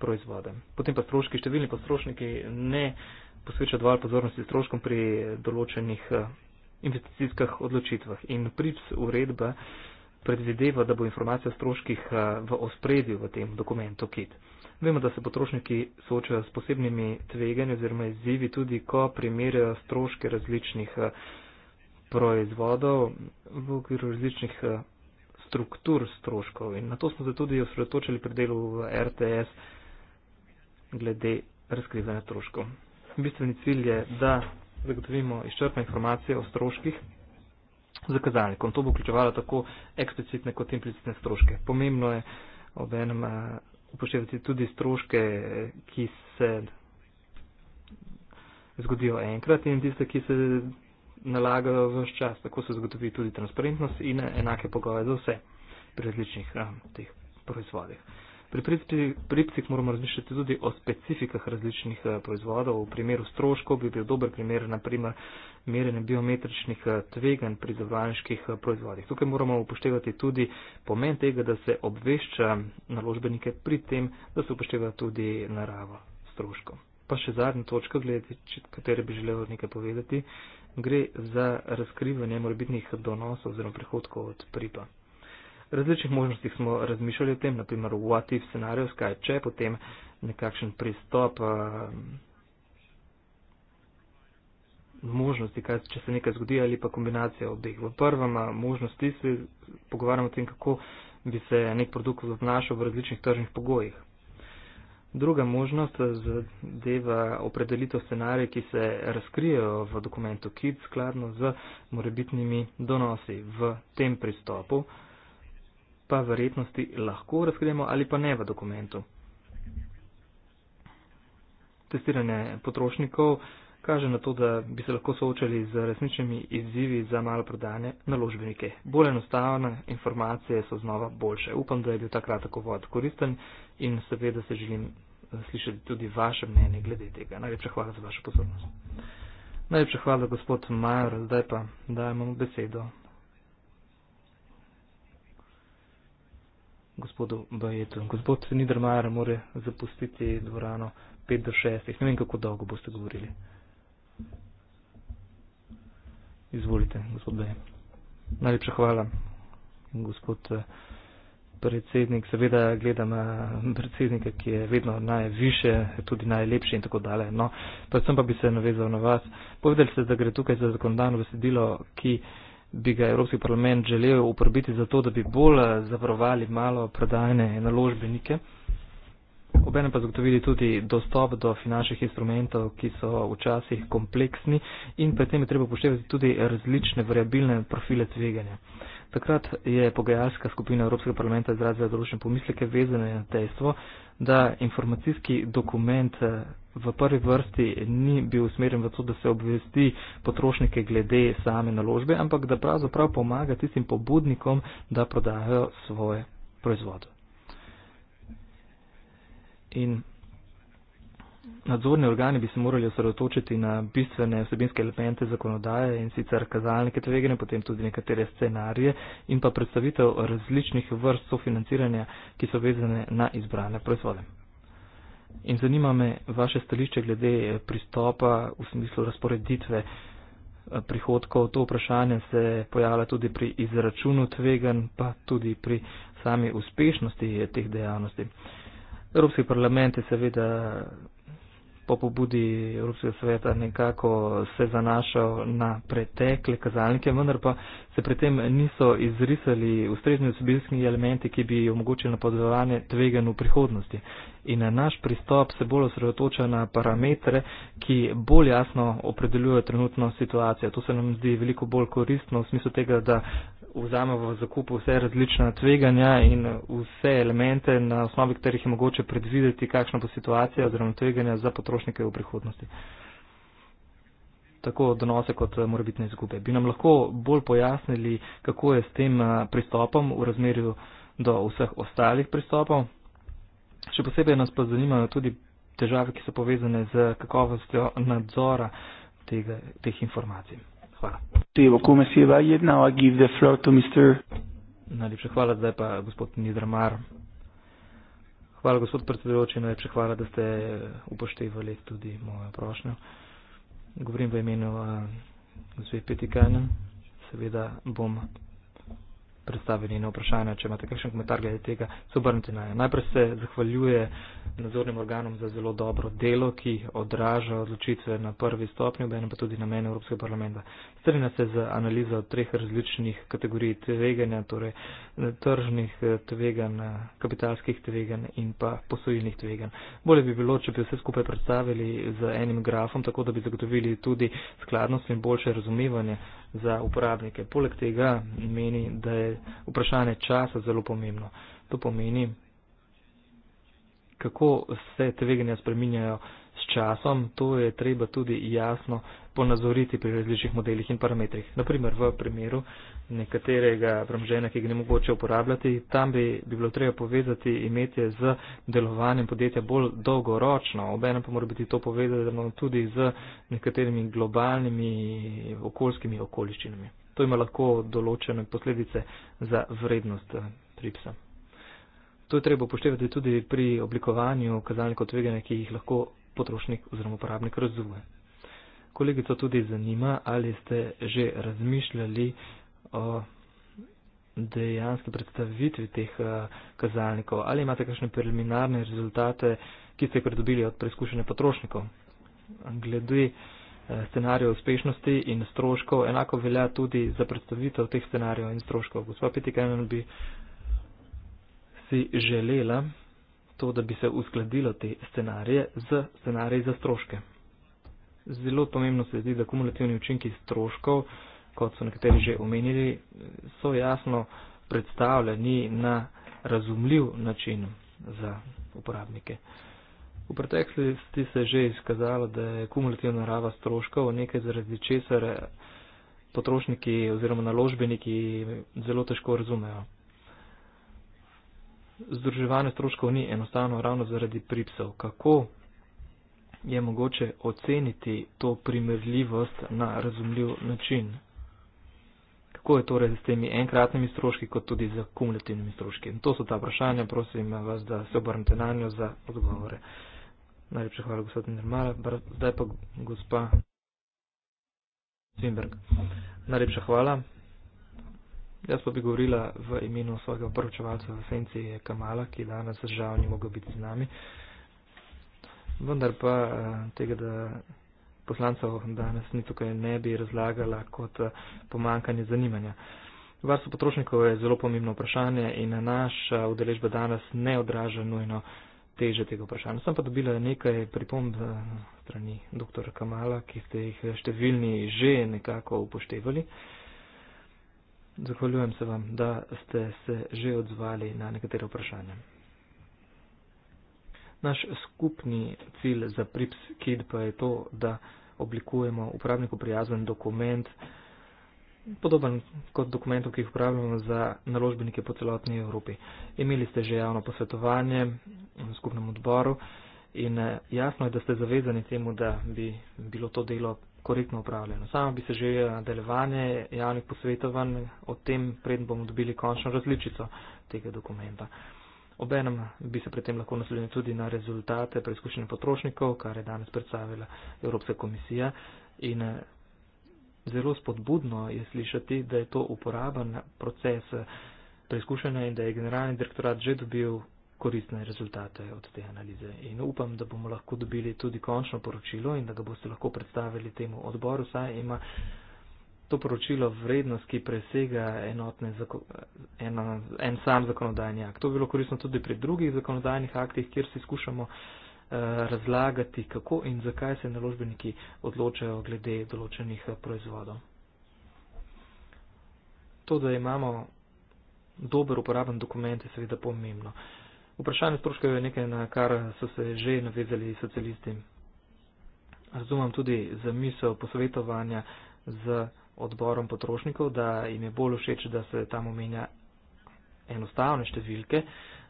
proizvode. Potem pa stroški, številni potrošniki ne posveča dovolj pozornosti stroškom pri določenih eh, investicijskih odločitvah. In PRIPS uredba predvideva, da bo informacija o stroških eh, v ospredju v tem dokumentu KIT. Vemo, da se potrošniki soočajo s posebnimi tveganji oziroma izzivi tudi, ko primerjajo stroške različnih eh, proizvodov v okviru različnih eh, struktur stroškov. In na to smo se tudi osredotočili pri delu v RTS glede razkrivanja stroškov. Bistveni cilj je, da zagotovimo izčrpne informacije o stroških za kazalnikom. To bo vključevalo tako eksplicitne kot implicitne stroške. Pomembno je ob enem eh, upoštevati tudi stroške, ki se zgodijo enkrat in tiste, ki se nalagajo vse čas. Tako se zagotovi tudi transparentnost in enake pogoje za vse pri različnih um, teh proizvodih. Pri, pripci, pri pripcih moramo razmišljati tudi o specifikah različnih eh, proizvodov. V primeru stroškov bi bil dober primer, naprimer, merjenje biometričnih eh, tvegan pri zavarovanjskih eh, proizvodih. Tukaj moramo upoštevati tudi pomen tega, da se obvešča naložbenike pri tem, da se upošteva tudi narava stroškov. Pa še zadnja točka, glede katere bi želel nekaj povedati, gre za razkrivanje morbitnih donosov oziroma prihodkov od pripa različnih možnostih smo razmišljali o tem, naprimer v what if scenariju, kaj če, potem nekakšen pristop uh, možnosti, kaj če se nekaj zgodi ali pa kombinacija obeh. V prvem eh, možnosti se pogovarjamo o tem, kako bi se nek produkt obnašal v različnih tržnih pogojih. Druga možnost eh, zadeva opredelitev scenarije, ki se razkrijejo v dokumentu KID skladno z morebitnimi donosi v tem pristopu. Uh, pa verjetnosti lahko razkrijemo ali pa ne v dokumentu. Testiranje potrošnikov kaže na to, da bi se lahko soočali z resničnimi izzivi za maloprodajne naložbenike. Bolj enostavne informacije so znova boljše. Upam, da je bil takrat tako vod koristen in seveda se želim slišati tudi vaše mnenje glede tega. Najlepša hvala za vašo pozornost. Najlepša hvala, gospod Major, zdaj pa dajemo besedo gospodu Bajetu. Gospod Niedermayer more zapustiti dvorano 5 do 6. Ne vem, kako dolgo boste govorili. Izvolite, gospod Bajet. Najlepša hvala, gospod eh, predsednik. Seveda gledam eh, predsednika, ki je vedno najviše, tudi najlepši in tako dalje. No, predvsem pa bi se navezal na vas. Povedali ste, da gre tukaj za zakonodajno besedilo, ki bi ga Evropski parlament želel uporabiti za to, da bi bolj eh, zavarovali malo predajne naložbenike. Obenem pa zagotovili tudi dostop do finančnih instrumentov, ki so včasih kompleksni in pri tem je treba upoštevati tudi različne variabilne profile tveganja. Takrat je pogajalska skupina Evropskega parlamenta izrazila določene pomisleke vezane na dejstvo, da informacijski dokument eh, v prvi vrsti ni bil usmerjen v to, da se obvesti potrošnike glede same naložbe, ampak da pravzaprav pomaga tistim pobudnikom, da prodajajo svoje proizvode. In nadzorni organi bi se morali osredotočiti na bistvene vsebinske elemente zakonodaje in sicer kazalnike tveganja, potem tudi nekatere scenarije in pa predstavitev različnih vrst sofinanciranja, ki so vezane na izbrane proizvode. In zanima me vaše stališče glede eh, pristopa v smislu razporeditve eh, prihodkov. To vprašanje se pojavlja tudi pri izračunu tvegan, pa tudi pri sami uspešnosti eh, teh dejavnosti. Evropski parlament je seveda po pobudi Evropskega sveta nekako se zanašal na pretekle kazalnike, vendar pa se pri tem niso izrisali ustrezni vsebinski elementi, ki bi omogočili napovedovanje tvegan v prihodnosti in naš pristop se bolj osredotoča na parametre, ki bolj jasno opredeljujejo trenutno situacijo. To se nam zdi veliko bolj koristno v smislu tega, da vzamemo v zakup vse različna tveganja in vse elemente, na osnovi katerih je mogoče predvideti, kakšna bo situacija oziroma tveganja za potrošnike v prihodnosti. Tako donose kot morebitne izgube. Bi nam lahko bolj pojasnili, kako je s tem pristopom v razmerju do vseh ostalih pristopov? Še posebej nas pa zanimajo tudi težave, ki so povezane z kakovostjo nadzora tega, teh informacij. Hvala. Najlepša hvala, zdaj pa gospod Nidramar. Hvala, gospod predsedujoči, najlepša hvala, da ste upoštevali tudi mojo prošnjo. Govorim v imenu uh, gospe Petikajna, seveda bom predstavili na vprašanje. Če imate kakšen komentar glede tega, se obrnite na njo. Najprej se zahvaljuje nadzornim organom za zelo dobro delo, ki odraža odločitve na prvi stopnji, obenem pa tudi na mene Evropskega parlamenta strinja se z analizo treh različnih kategorij tveganja, torej eh, tržnih eh, tvegan, eh, kapitalskih tvegan in pa posojilnih tvegan. Bolje bi bilo, če bi vse skupaj predstavili z enim grafom, tako da bi zagotovili tudi skladnost in boljše razumevanje za uporabnike. Poleg tega meni, da je vprašanje časa zelo pomembno. To pomeni, kako se tveganja spreminjajo s časom, to je treba tudi jasno ponazoriti pri različnih modelih in parametrih. Naprimer, v primeru nekaterega premoženja, ki ga ne mogoče uporabljati, tam bi, bi bilo treba povezati imetje z delovanjem podjetja bolj dolgoročno. Obenem pa mora biti to povezano tudi z nekaterimi globalnimi okoljskimi okoliščinami. To ima lahko določene posledice za vrednost eh, tripsa. To je treba upoštevati tudi pri oblikovanju kazalnikov tveganja, ki jih lahko potrošnik oziroma uporabnik razume. Kolegico tudi zanima, ali ste že razmišljali o dejanski predstavitvi teh eh, kazalnikov. Ali imate kakšne preliminarne rezultate, ki ste jih pridobili od preizkušenja potrošnikov? Glede eh, scenarijev uspešnosti in stroškov, enako velja tudi za predstavitev teh scenarijev in stroškov. Gospa Pitikajnen bi si želela to, da bi se uskladilo te scenarije z scenariji za stroške zelo pomembno se zdi, da kumulativni učinki stroškov, kot so nekateri že omenili, so jasno predstavljeni na razumljiv način za uporabnike. V preteklosti se je že izkazalo, da je kumulativna narava stroškov nekaj, zaradi česar potrošniki oziroma naložbeniki zelo težko razumejo. Združevanje stroškov ni enostavno ravno zaradi pripsov. Kako je mogoče oceniti to primerljivost na razumljiv način. Kako je torej s temi enkratnimi stroški, kot tudi z kumulativnimi stroški? In to so ta vprašanja, prosim vas, da se obrnete na njo za odgovore. Najlepša hvala, gospod Nirmala. Zdaj pa gospa Svinberg. Najlepša hvala. Jaz pa bi govorila v imenu svojega prvočevalca v senci Kamala, ki danes žal ni mogel biti z nami. Uh, vendar pa eh, tega, da poslancev danes ni tukaj, ne bi razlagala kot eh, pomankanje zanimanja. Varstvo potrošnikov je zelo pomembno vprašanje in naša udeležba danes ne odraža nujno teže tega vprašanja. Sem pa dobila nekaj pripomb eh, strani dr. Kamala, ki ste jih številni že nekako upoštevali. Zahvaljujem se vam, da ste se že odzvali na nekatere vprašanja. Naš skupni cilj za PRIPS KID pa je to, da oblikujemo uporabniku prijazen dokument, podoben kot dokumentov, ki jih uporabljamo za naložbenike po celotni Evropi. Imeli ste že javno posvetovanje na skupnem odboru in eh, jasno je, da ste zavezani temu, da bi bilo to delo korektno upravljeno. Sama bi se želela nadaljevanje javnih posvetovanj o tem, predn bomo dobili končno različico tega dokumenta. Obenem bi se pri tem lahko naslednji tudi na rezultate preizkušenja potrošnikov, kar je danes predstavila Evropska komisija. In eh, zelo spodbudno je slišati, da je to uporaben proces eh, preizkušanja in da je generalni direktorat že dobil koristne rezultate od te analize. In upam, da bomo lahko dobili tudi končno poročilo in da ga boste lahko predstavili temu odboru. Saj ima to poročilo vrednost, ki presega enotne, eno, en sam zakonodajni akt. To bi bilo koristno tudi pri drugih zakonodajnih aktih, kjer si skušamo uh, razlagati, kako in zakaj se naložbeniki odločajo glede določenih eh, proizvodov. To, da imamo dober uporaben dokument, je seveda pomembno. Vprašanje stroškov je nekaj, na kar so se že navezali socialisti. Razumem tudi zamisel posvetovanja z odborom potrošnikov, da jim je bolj všeč, da se tam omenja enostavne številke.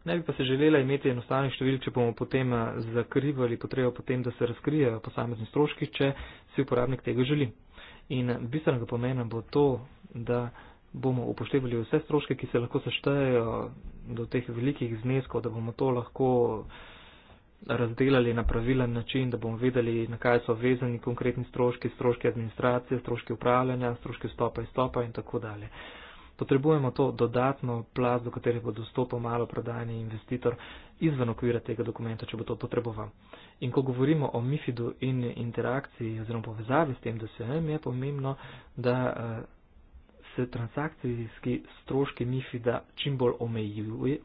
Ne bi pa se želela imeti enostavnih številk, če bomo potem eh, zakrivali potrebo potem, da se razkrijejo posamezni stroški, če si uporabnik tega želi. In bistvenega pomena bo to, da bomo upoštevali vse stroške, ki se lahko seštejejo do teh velikih zneskov, da bomo to lahko razdelali na pravilen način, da bomo vedeli, na kaj so vezani konkretni stroški, stroški administracije, stroški upravljanja, stroški stopa in stopa in tako dalje. Potrebujemo to dodatno plat, do katerih bo dostopal malo prodajni investitor izven okvira tega dokumenta, če bo to potreboval. In ko govorimo o MIFID-u in interakciji oziroma povezavi s tem, da se je pomembno, da eh, s transakcijski stroški MIFI, da čim bolj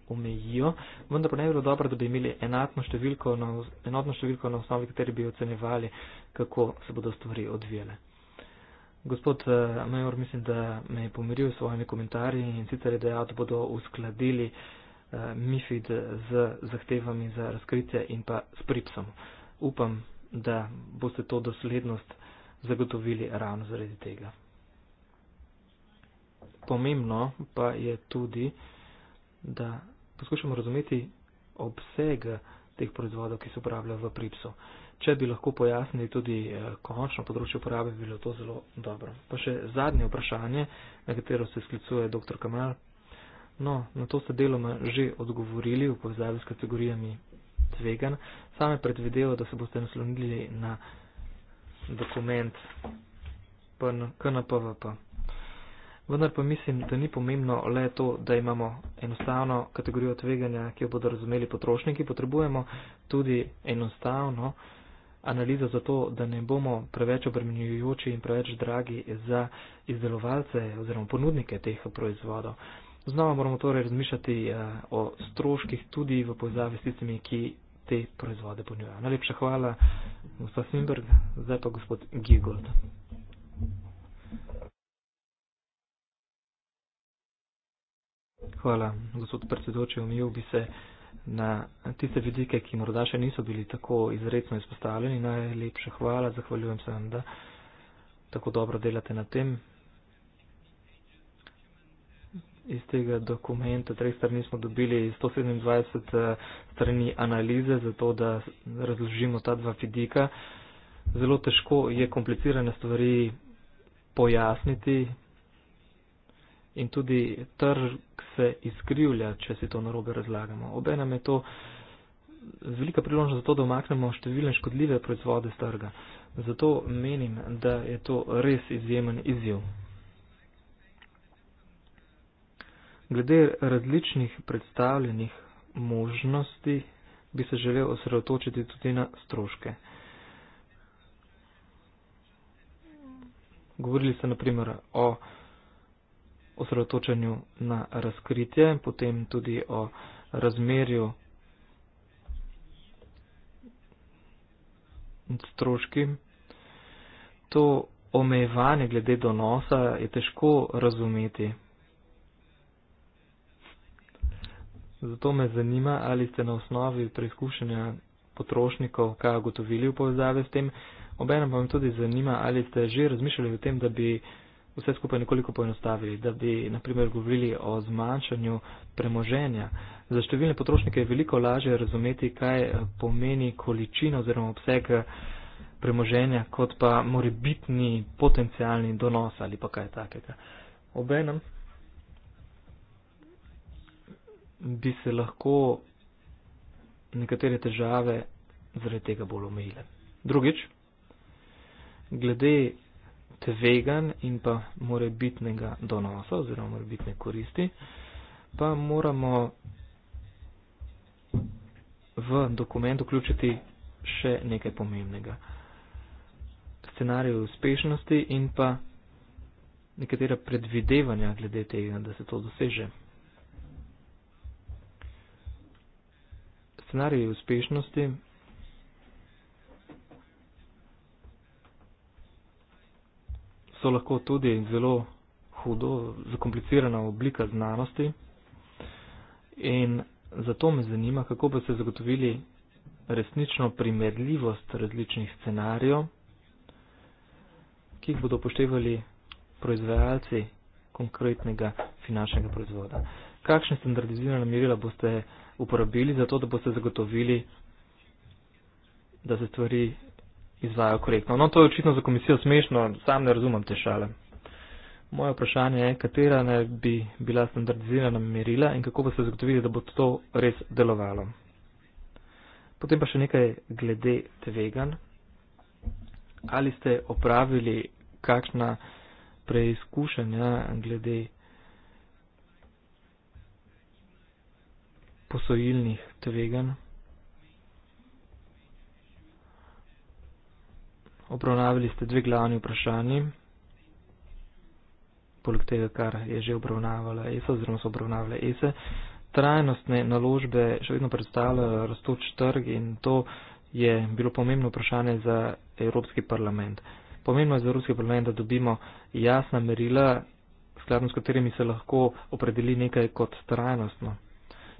omejijo, vendar pa ne bi bilo dobro, da bi imeli enotno številko na, enotno številko na osnovi, kateri bi ocenjevali, kako se bodo stvari odvijale. Gospod eh, Major, mislim, da me je pomiril s svojimi komentarji in sicer je dejal, da bodo uskladili eh, MIFID z zahtevami za razkritje in pa s pripsom. Upam, da boste to doslednost zagotovili ravno zaradi tega. Pomembno pa je tudi, da poskušamo razumeti obseg teh proizvodov, ki se uporabljajo v pripsu. Če bi lahko pojasnili tudi eh, končno področje uporabe, bi bilo to zelo dobro. Pa še zadnje vprašanje, na katero se sklicuje dr. Kamal. No, na to ste deloma že odgovorili v povezavi s kategorijami tvegan. Same predvideva, da se boste naslonili na dokument KNPVP. Na vendar pa mislim, da ni pomembno le to, da imamo enostavno kategorijo tveganja, ki jo bodo razumeli potrošniki, potrebujemo tudi enostavno analizo za to, da ne bomo preveč obremenjujoči in preveč dragi za izdelovalce oziroma ponudnike teh proizvodov. Znova moramo torej razmišljati eh, o stroških tudi v povezavi s tistimi, ki te proizvode ponujajo. Najlepša hvala, gospod Simberg, zdaj pa gospod Gigold. Hvala, gospod predsedoče. Omejil bi se na tiste vidike, ki morda še niso bili tako izredno izpostavljeni. Najlepša hvala, zahvaljujem se vam, da tako dobro delate na tem. Iz tega dokumenta, treh strani smo dobili 127 eh, strani analize, zato da razložimo ta dva vidika. Zelo težko je komplicirane stvari pojasniti in tudi trg se izkrivlja, če si to narobe razlagamo. Obenem je to velika priložnost za to, da omaknemo številne škodljive proizvode z trga. Zato menim, da je to res izjemen izziv. Glede različnih predstavljenih možnosti bi se želel osredotočiti tudi na stroške. Govorili ste naprimer o osredotočanju na razkritje, potem tudi o razmerju stroški. To omejevanje glede donosa je težko razumeti. Zato me zanima, ali ste na osnovi preizkušanja potrošnikov kaj ugotovili v povezavi s tem. Obenem pa me tudi zanima, ali ste že razmišljali o tem, da bi vse skupaj nekoliko poenostavili, da bi naprimer govorili o zmanjšanju premoženja. Za številne potrošnike je veliko lažje razumeti, kaj eh, pomeni količina oziroma obseg eh, premoženja, kot pa morebitni potencialni donos ali pa kaj takega. Obenem bi se lahko nekatere težave zaradi tega bolj omejile. Drugič, glede tvegan in pa morebitnega donosa oziroma morebitne koristi, pa moramo v dokument vključiti še nekaj pomembnega. Scenarije uspešnosti in pa nekatera predvidevanja glede tega, da se to doseže. Scenarije uspešnosti so lahko tudi zelo hudo zakomplicirana oblika znanosti. In zato me zanima, kako boste zagotovili resnično primerljivost različnih scenarijev, ki jih bodo upoštevali proizvajalci konkretnega finančnega proizvoda. Kakšne standardizirane merila boste uporabili za to, da boste zagotovili, da se stvari izvajo korektno. No, to je očitno za komisijo smešno, sam ne razumem te šale. Moje vprašanje je, katera naj bi bila standardizirana merila in kako boste zagotovili, da bo to res delovalo. Potem pa še nekaj glede tvegan. Ali ste opravili kakšna preizkušanja glede posojilnih tvegan? obravnavili ste dve glavni vprašanji, poleg tega, kar je že obravnavala ESA oziroma so obravnavale ESE. Trajnostne naložbe še vedno predstavljajo rastoč trg in to je bilo pomembno vprašanje za Evropski parlament. Pomembno je za Evropski parlament, da dobimo jasna merila, skladno s katerimi se lahko opredeli nekaj kot trajnostno.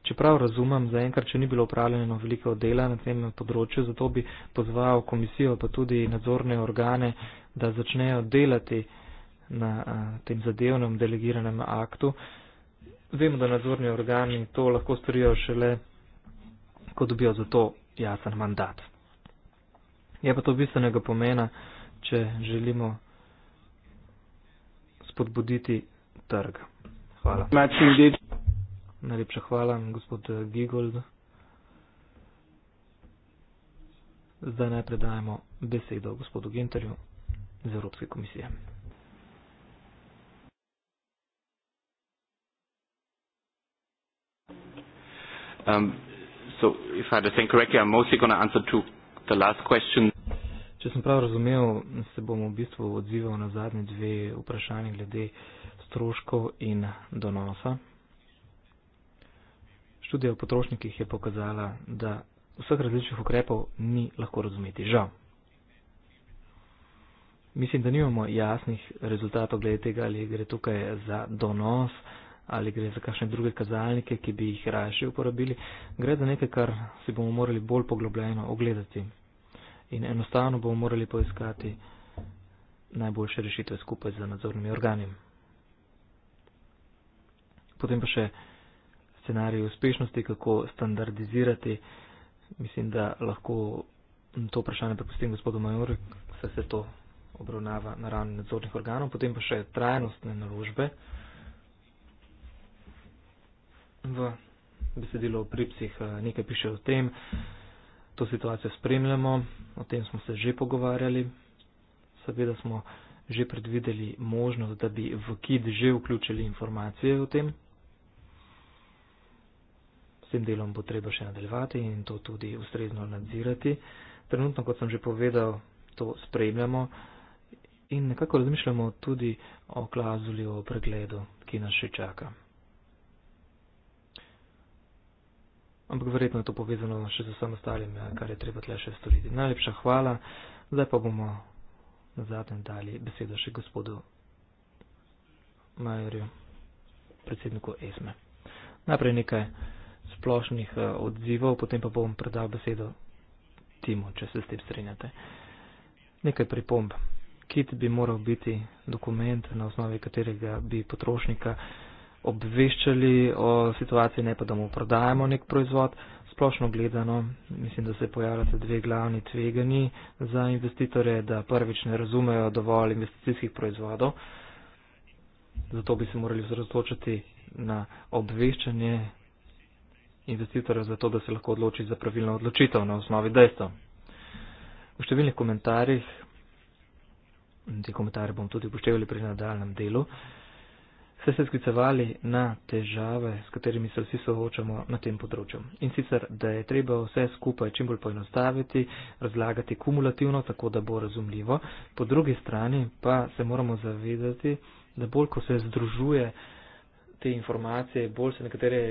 Čeprav razumem, zaenkrat še ni bilo upravljeno veliko dela na tem področju, zato bi pozval komisijo pa tudi nadzorne organe, da začnejo delati na a, eh, tem zadevnem delegiranem aktu. Vemo, da nadzorni organi to lahko storijo šele, ko dobijo za to jasen mandat. Je pa to bistvenega pomena, če želimo spodbuditi trg. Hvala. Najlepša hvala, gospod Gigold. Zdaj naj predajemo besedo gospodu Genterju iz Evropske komisije. Um, correctly, Če sem prav razumel, se bom v bistvu odzival na zadnje dve vprašanje glede stroškov in donosa. Študija o potrošnikih je pokazala, da vseh različnih ukrepov ni lahko razumeti. Žal. Mislim, da nimamo jasnih rezultatov glede tega, ali gre tukaj za donos ali gre za kakšne druge kazalnike, ki bi jih rajši uporabili. Gre za nekaj, kar si bomo morali bolj poglobljeno ogledati in enostavno bomo morali poiskati najboljše rešitve skupaj z nadzornimi organi. Potem pa še scenarij uspešnosti, kako standardizirati. Mislim, da lahko to vprašanje prepustim gospodu Majoru, saj se to obravnava na ravni nadzornih organov, potem pa še trajnostne naložbe v besedilo o pripsih eh, nekaj piše o tem. To situacijo spremljamo, o tem smo se že pogovarjali. Seveda smo že predvideli možnost, da bi v KID že vključili informacije o tem, tem delom bo treba še nadaljevati in to tudi ustrezno nadzirati. Trenutno, kot sem že povedal, to spremljamo in nekako razmišljamo tudi o klazuli, o pregledu, ki nas še čaka. Ampak verjetno je to povezano še z vsem ostalim, eh, kar je treba tle še storiti. Najlepša hvala, zdaj pa bomo na zadnjem dali besedo še gospodu Majerju, predsedniku ESME. Najprej nekaj splošnih uh, odzivov, potem pa bom predal besedo Timu, če se s tem strinjate. Nekaj pripomb. Kit bi moral biti dokument, na osnovi katerega bi potrošnika obveščali o situaciji, ne pa da mu prodajamo nek proizvod. Splošno gledano, mislim, da se pojavljate dve glavni tvegani za investitore, da prvič ne razumejo dovolj investicijskih proizvodov, zato bi se morali zrozločiti na obveščanje investitorja za to, da se lahko odloči za pravilno odločitev na osnovi dejstva. V številnih komentarjih, in te komentarje bom tudi upoštevali pri nadaljem delu, ste se sklicevali na težave, s katerimi se vsi soočamo na tem področju. In sicer, da je treba vse skupaj čim bolj poenostaviti, razlagati kumulativno, tako da bo razumljivo. Po drugi strani pa se moramo zavedati, da bolj ko se združuje te informacije, bolj se nekatere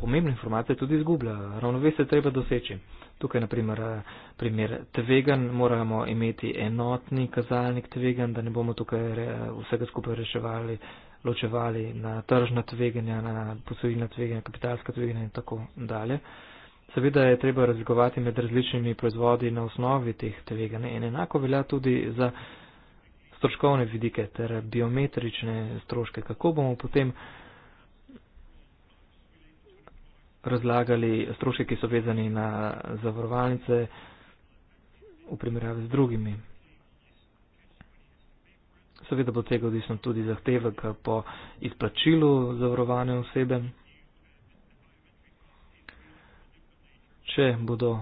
pomembne informacije tudi izgublja. Ravnovesje treba doseči. Tukaj, na eh, primer, tvegan moramo imeti enotni kazalnik tvegan, da ne bomo tukaj vsega skupaj reševali, ločevali na tržna tveganja, na posojilna tveganja, kapitalska tveganja in tako dalje. Seveda je treba razlikovati med različnimi proizvodi na osnovi teh tveganj in enako velja tudi za stroškovne vidike ter biometrične stroške. Kako bomo potem razlagali stroške, ki so vezani na zavarovalnice v primerjavi z drugimi. Seveda bo tega odvisno tudi zahtevek po izplačilu zavarovane osebe. Če bodo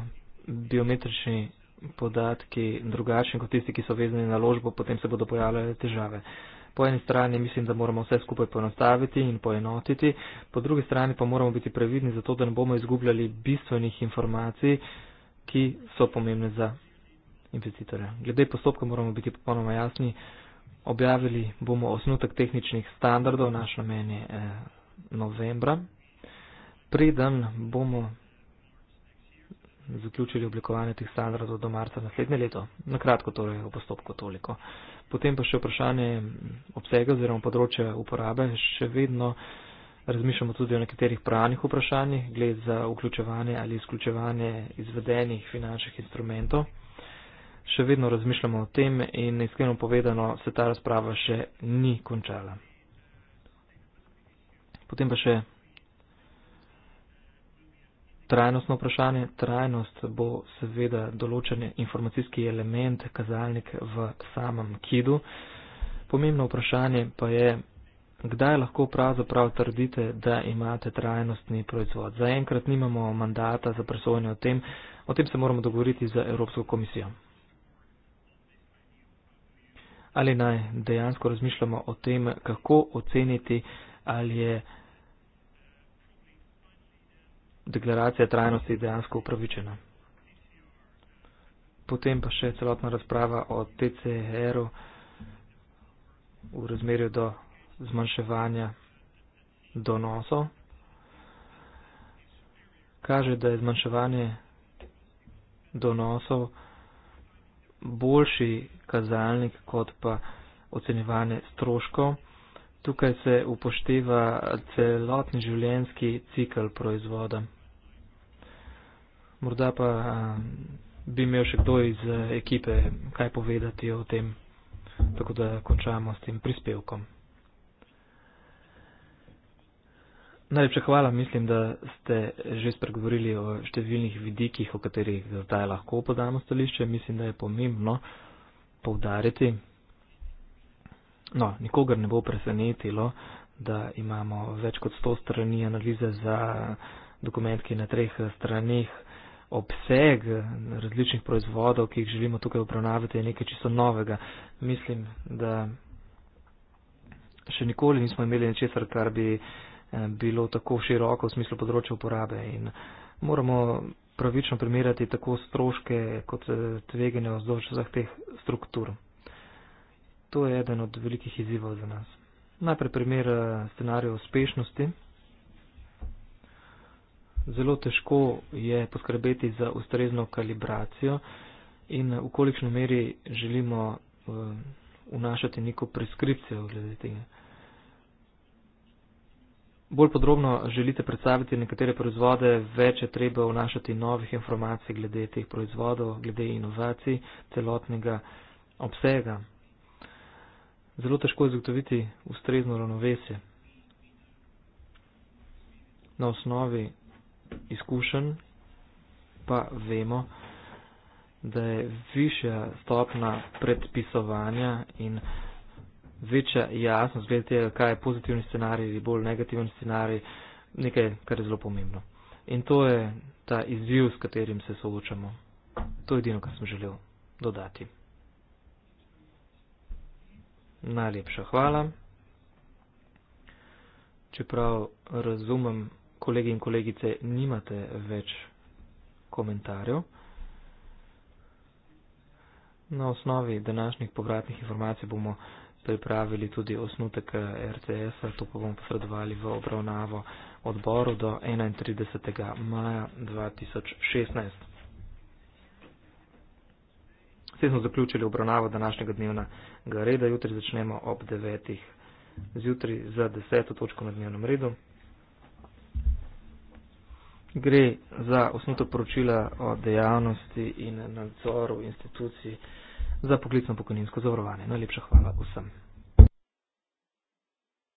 biometrični podatki drugačni kot tisti, ki so vezani na ložbo, potem se bodo pojavljale težave. Uh, Po eni strani mislim, da moramo vse skupaj ponostaviti in poenotiti, po drugi strani pa moramo biti previdni zato, da ne bomo izgubljali bistvenih informacij, ki so pomembne za investitorja. Glede postopka moramo biti popolnoma jasni. Objavili bomo osnutek tehničnih standardov, naš namen je eh, novembra. Preden bomo zaključili oblikovanje teh standardov do marca naslednje leto. Na kratko torej o postopku toliko. Potem pa še vprašanje obsega oziroma področja uporabe. Še vedno razmišljamo tudi o nekaterih pravnih vprašanjih, gled za vključevanje ali izključevanje izvedenih finančnih instrumentov. Še vedno razmišljamo o tem in iskreno povedano se ta razprava še ni končala. Potem pa še trajnostno vprašanje. Trajnost bo seveda določen informacijski element, kazalnik v samem kidu. Pomembno vprašanje pa je, kdaj lahko pravzaprav trdite, da imate trajnostni proizvod. Zaenkrat nimamo mandata za presojanje o tem, o tem se moramo dogovoriti z Evropsko komisijo. Ali naj dejansko razmišljamo o tem, kako oceniti, ali je deklaracija trajnosti dejansko upravičena. Potem pa še celotna razprava o TCR-u v razmerju do zmanjševanja donosov. Kaže, da je zmanjševanje donosov boljši kazalnik kot pa ocenjevanje stroškov. Tukaj se upošteva celotni življenski cikl proizvoda. Morda pa a, eh, bi imel še kdo iz eh, ekipe kaj povedati o tem, tako da končamo s tem prispevkom. Najlepša hvala, mislim, da ste že spregovorili o številnih vidikih, o katerih zdaj lahko podamo stališče. Mislim, da je pomembno poudariti No, nikogar ne bo presenetilo, da imamo več kot 100 strani analize za dokument, ki je na treh stranih. Obseg različnih proizvodov, ki jih želimo tukaj obravnavati, je nekaj čisto novega. Mislim, da še nikoli nismo imeli ničesar, kar bi eh, bilo tako široko v smislu področja uporabe in moramo pravično primerjati tako stroške kot eh, tveganje vzdolž vseh teh struktur. To je eden od velikih izzivov za nas. Najprej primer eh, scenarija uspešnosti. Zelo težko je poskrbeti za ustrezno kalibracijo in eh, v kolikšni meri želimo eh, vnašati neko preskripcijo glede tega. Bolj podrobno želite predstaviti nekatere proizvode, več je treba vnašati novih informacij glede teh proizvodov, glede inovacij, celotnega obsega zelo težko zagotoviti ustrezno ravnovesje. Na osnovi izkušenj pa vemo, da je višja stopna predpisovanja in večja jasnost glede tega, kaj je pozitivni scenarij ali bolj negativen scenarij, nekaj, kar je zelo pomembno. In to je ta izziv, s katerim se soočamo. To je edino, kar sem želel dodati. Najlepša hvala. Čeprav razumem, kolegi in kolegice, nimate več komentarjev. Na osnovi današnjih povratnih informacij bomo pripravili tudi osnutek eh, RCS-a, to pa bomo posredovali v obravnavo odboru do 31. maja 2016 ustrezno zaključili obravnavo današnjega dnevnega reda. Jutri začnemo ob 9. zjutraj za 10. točko na dnevnem redu. Gre za osnuto poročila o dejavnosti in nadzoru institucij za poklicno pokojninsko zavarovanje. Najlepša hvala vsem.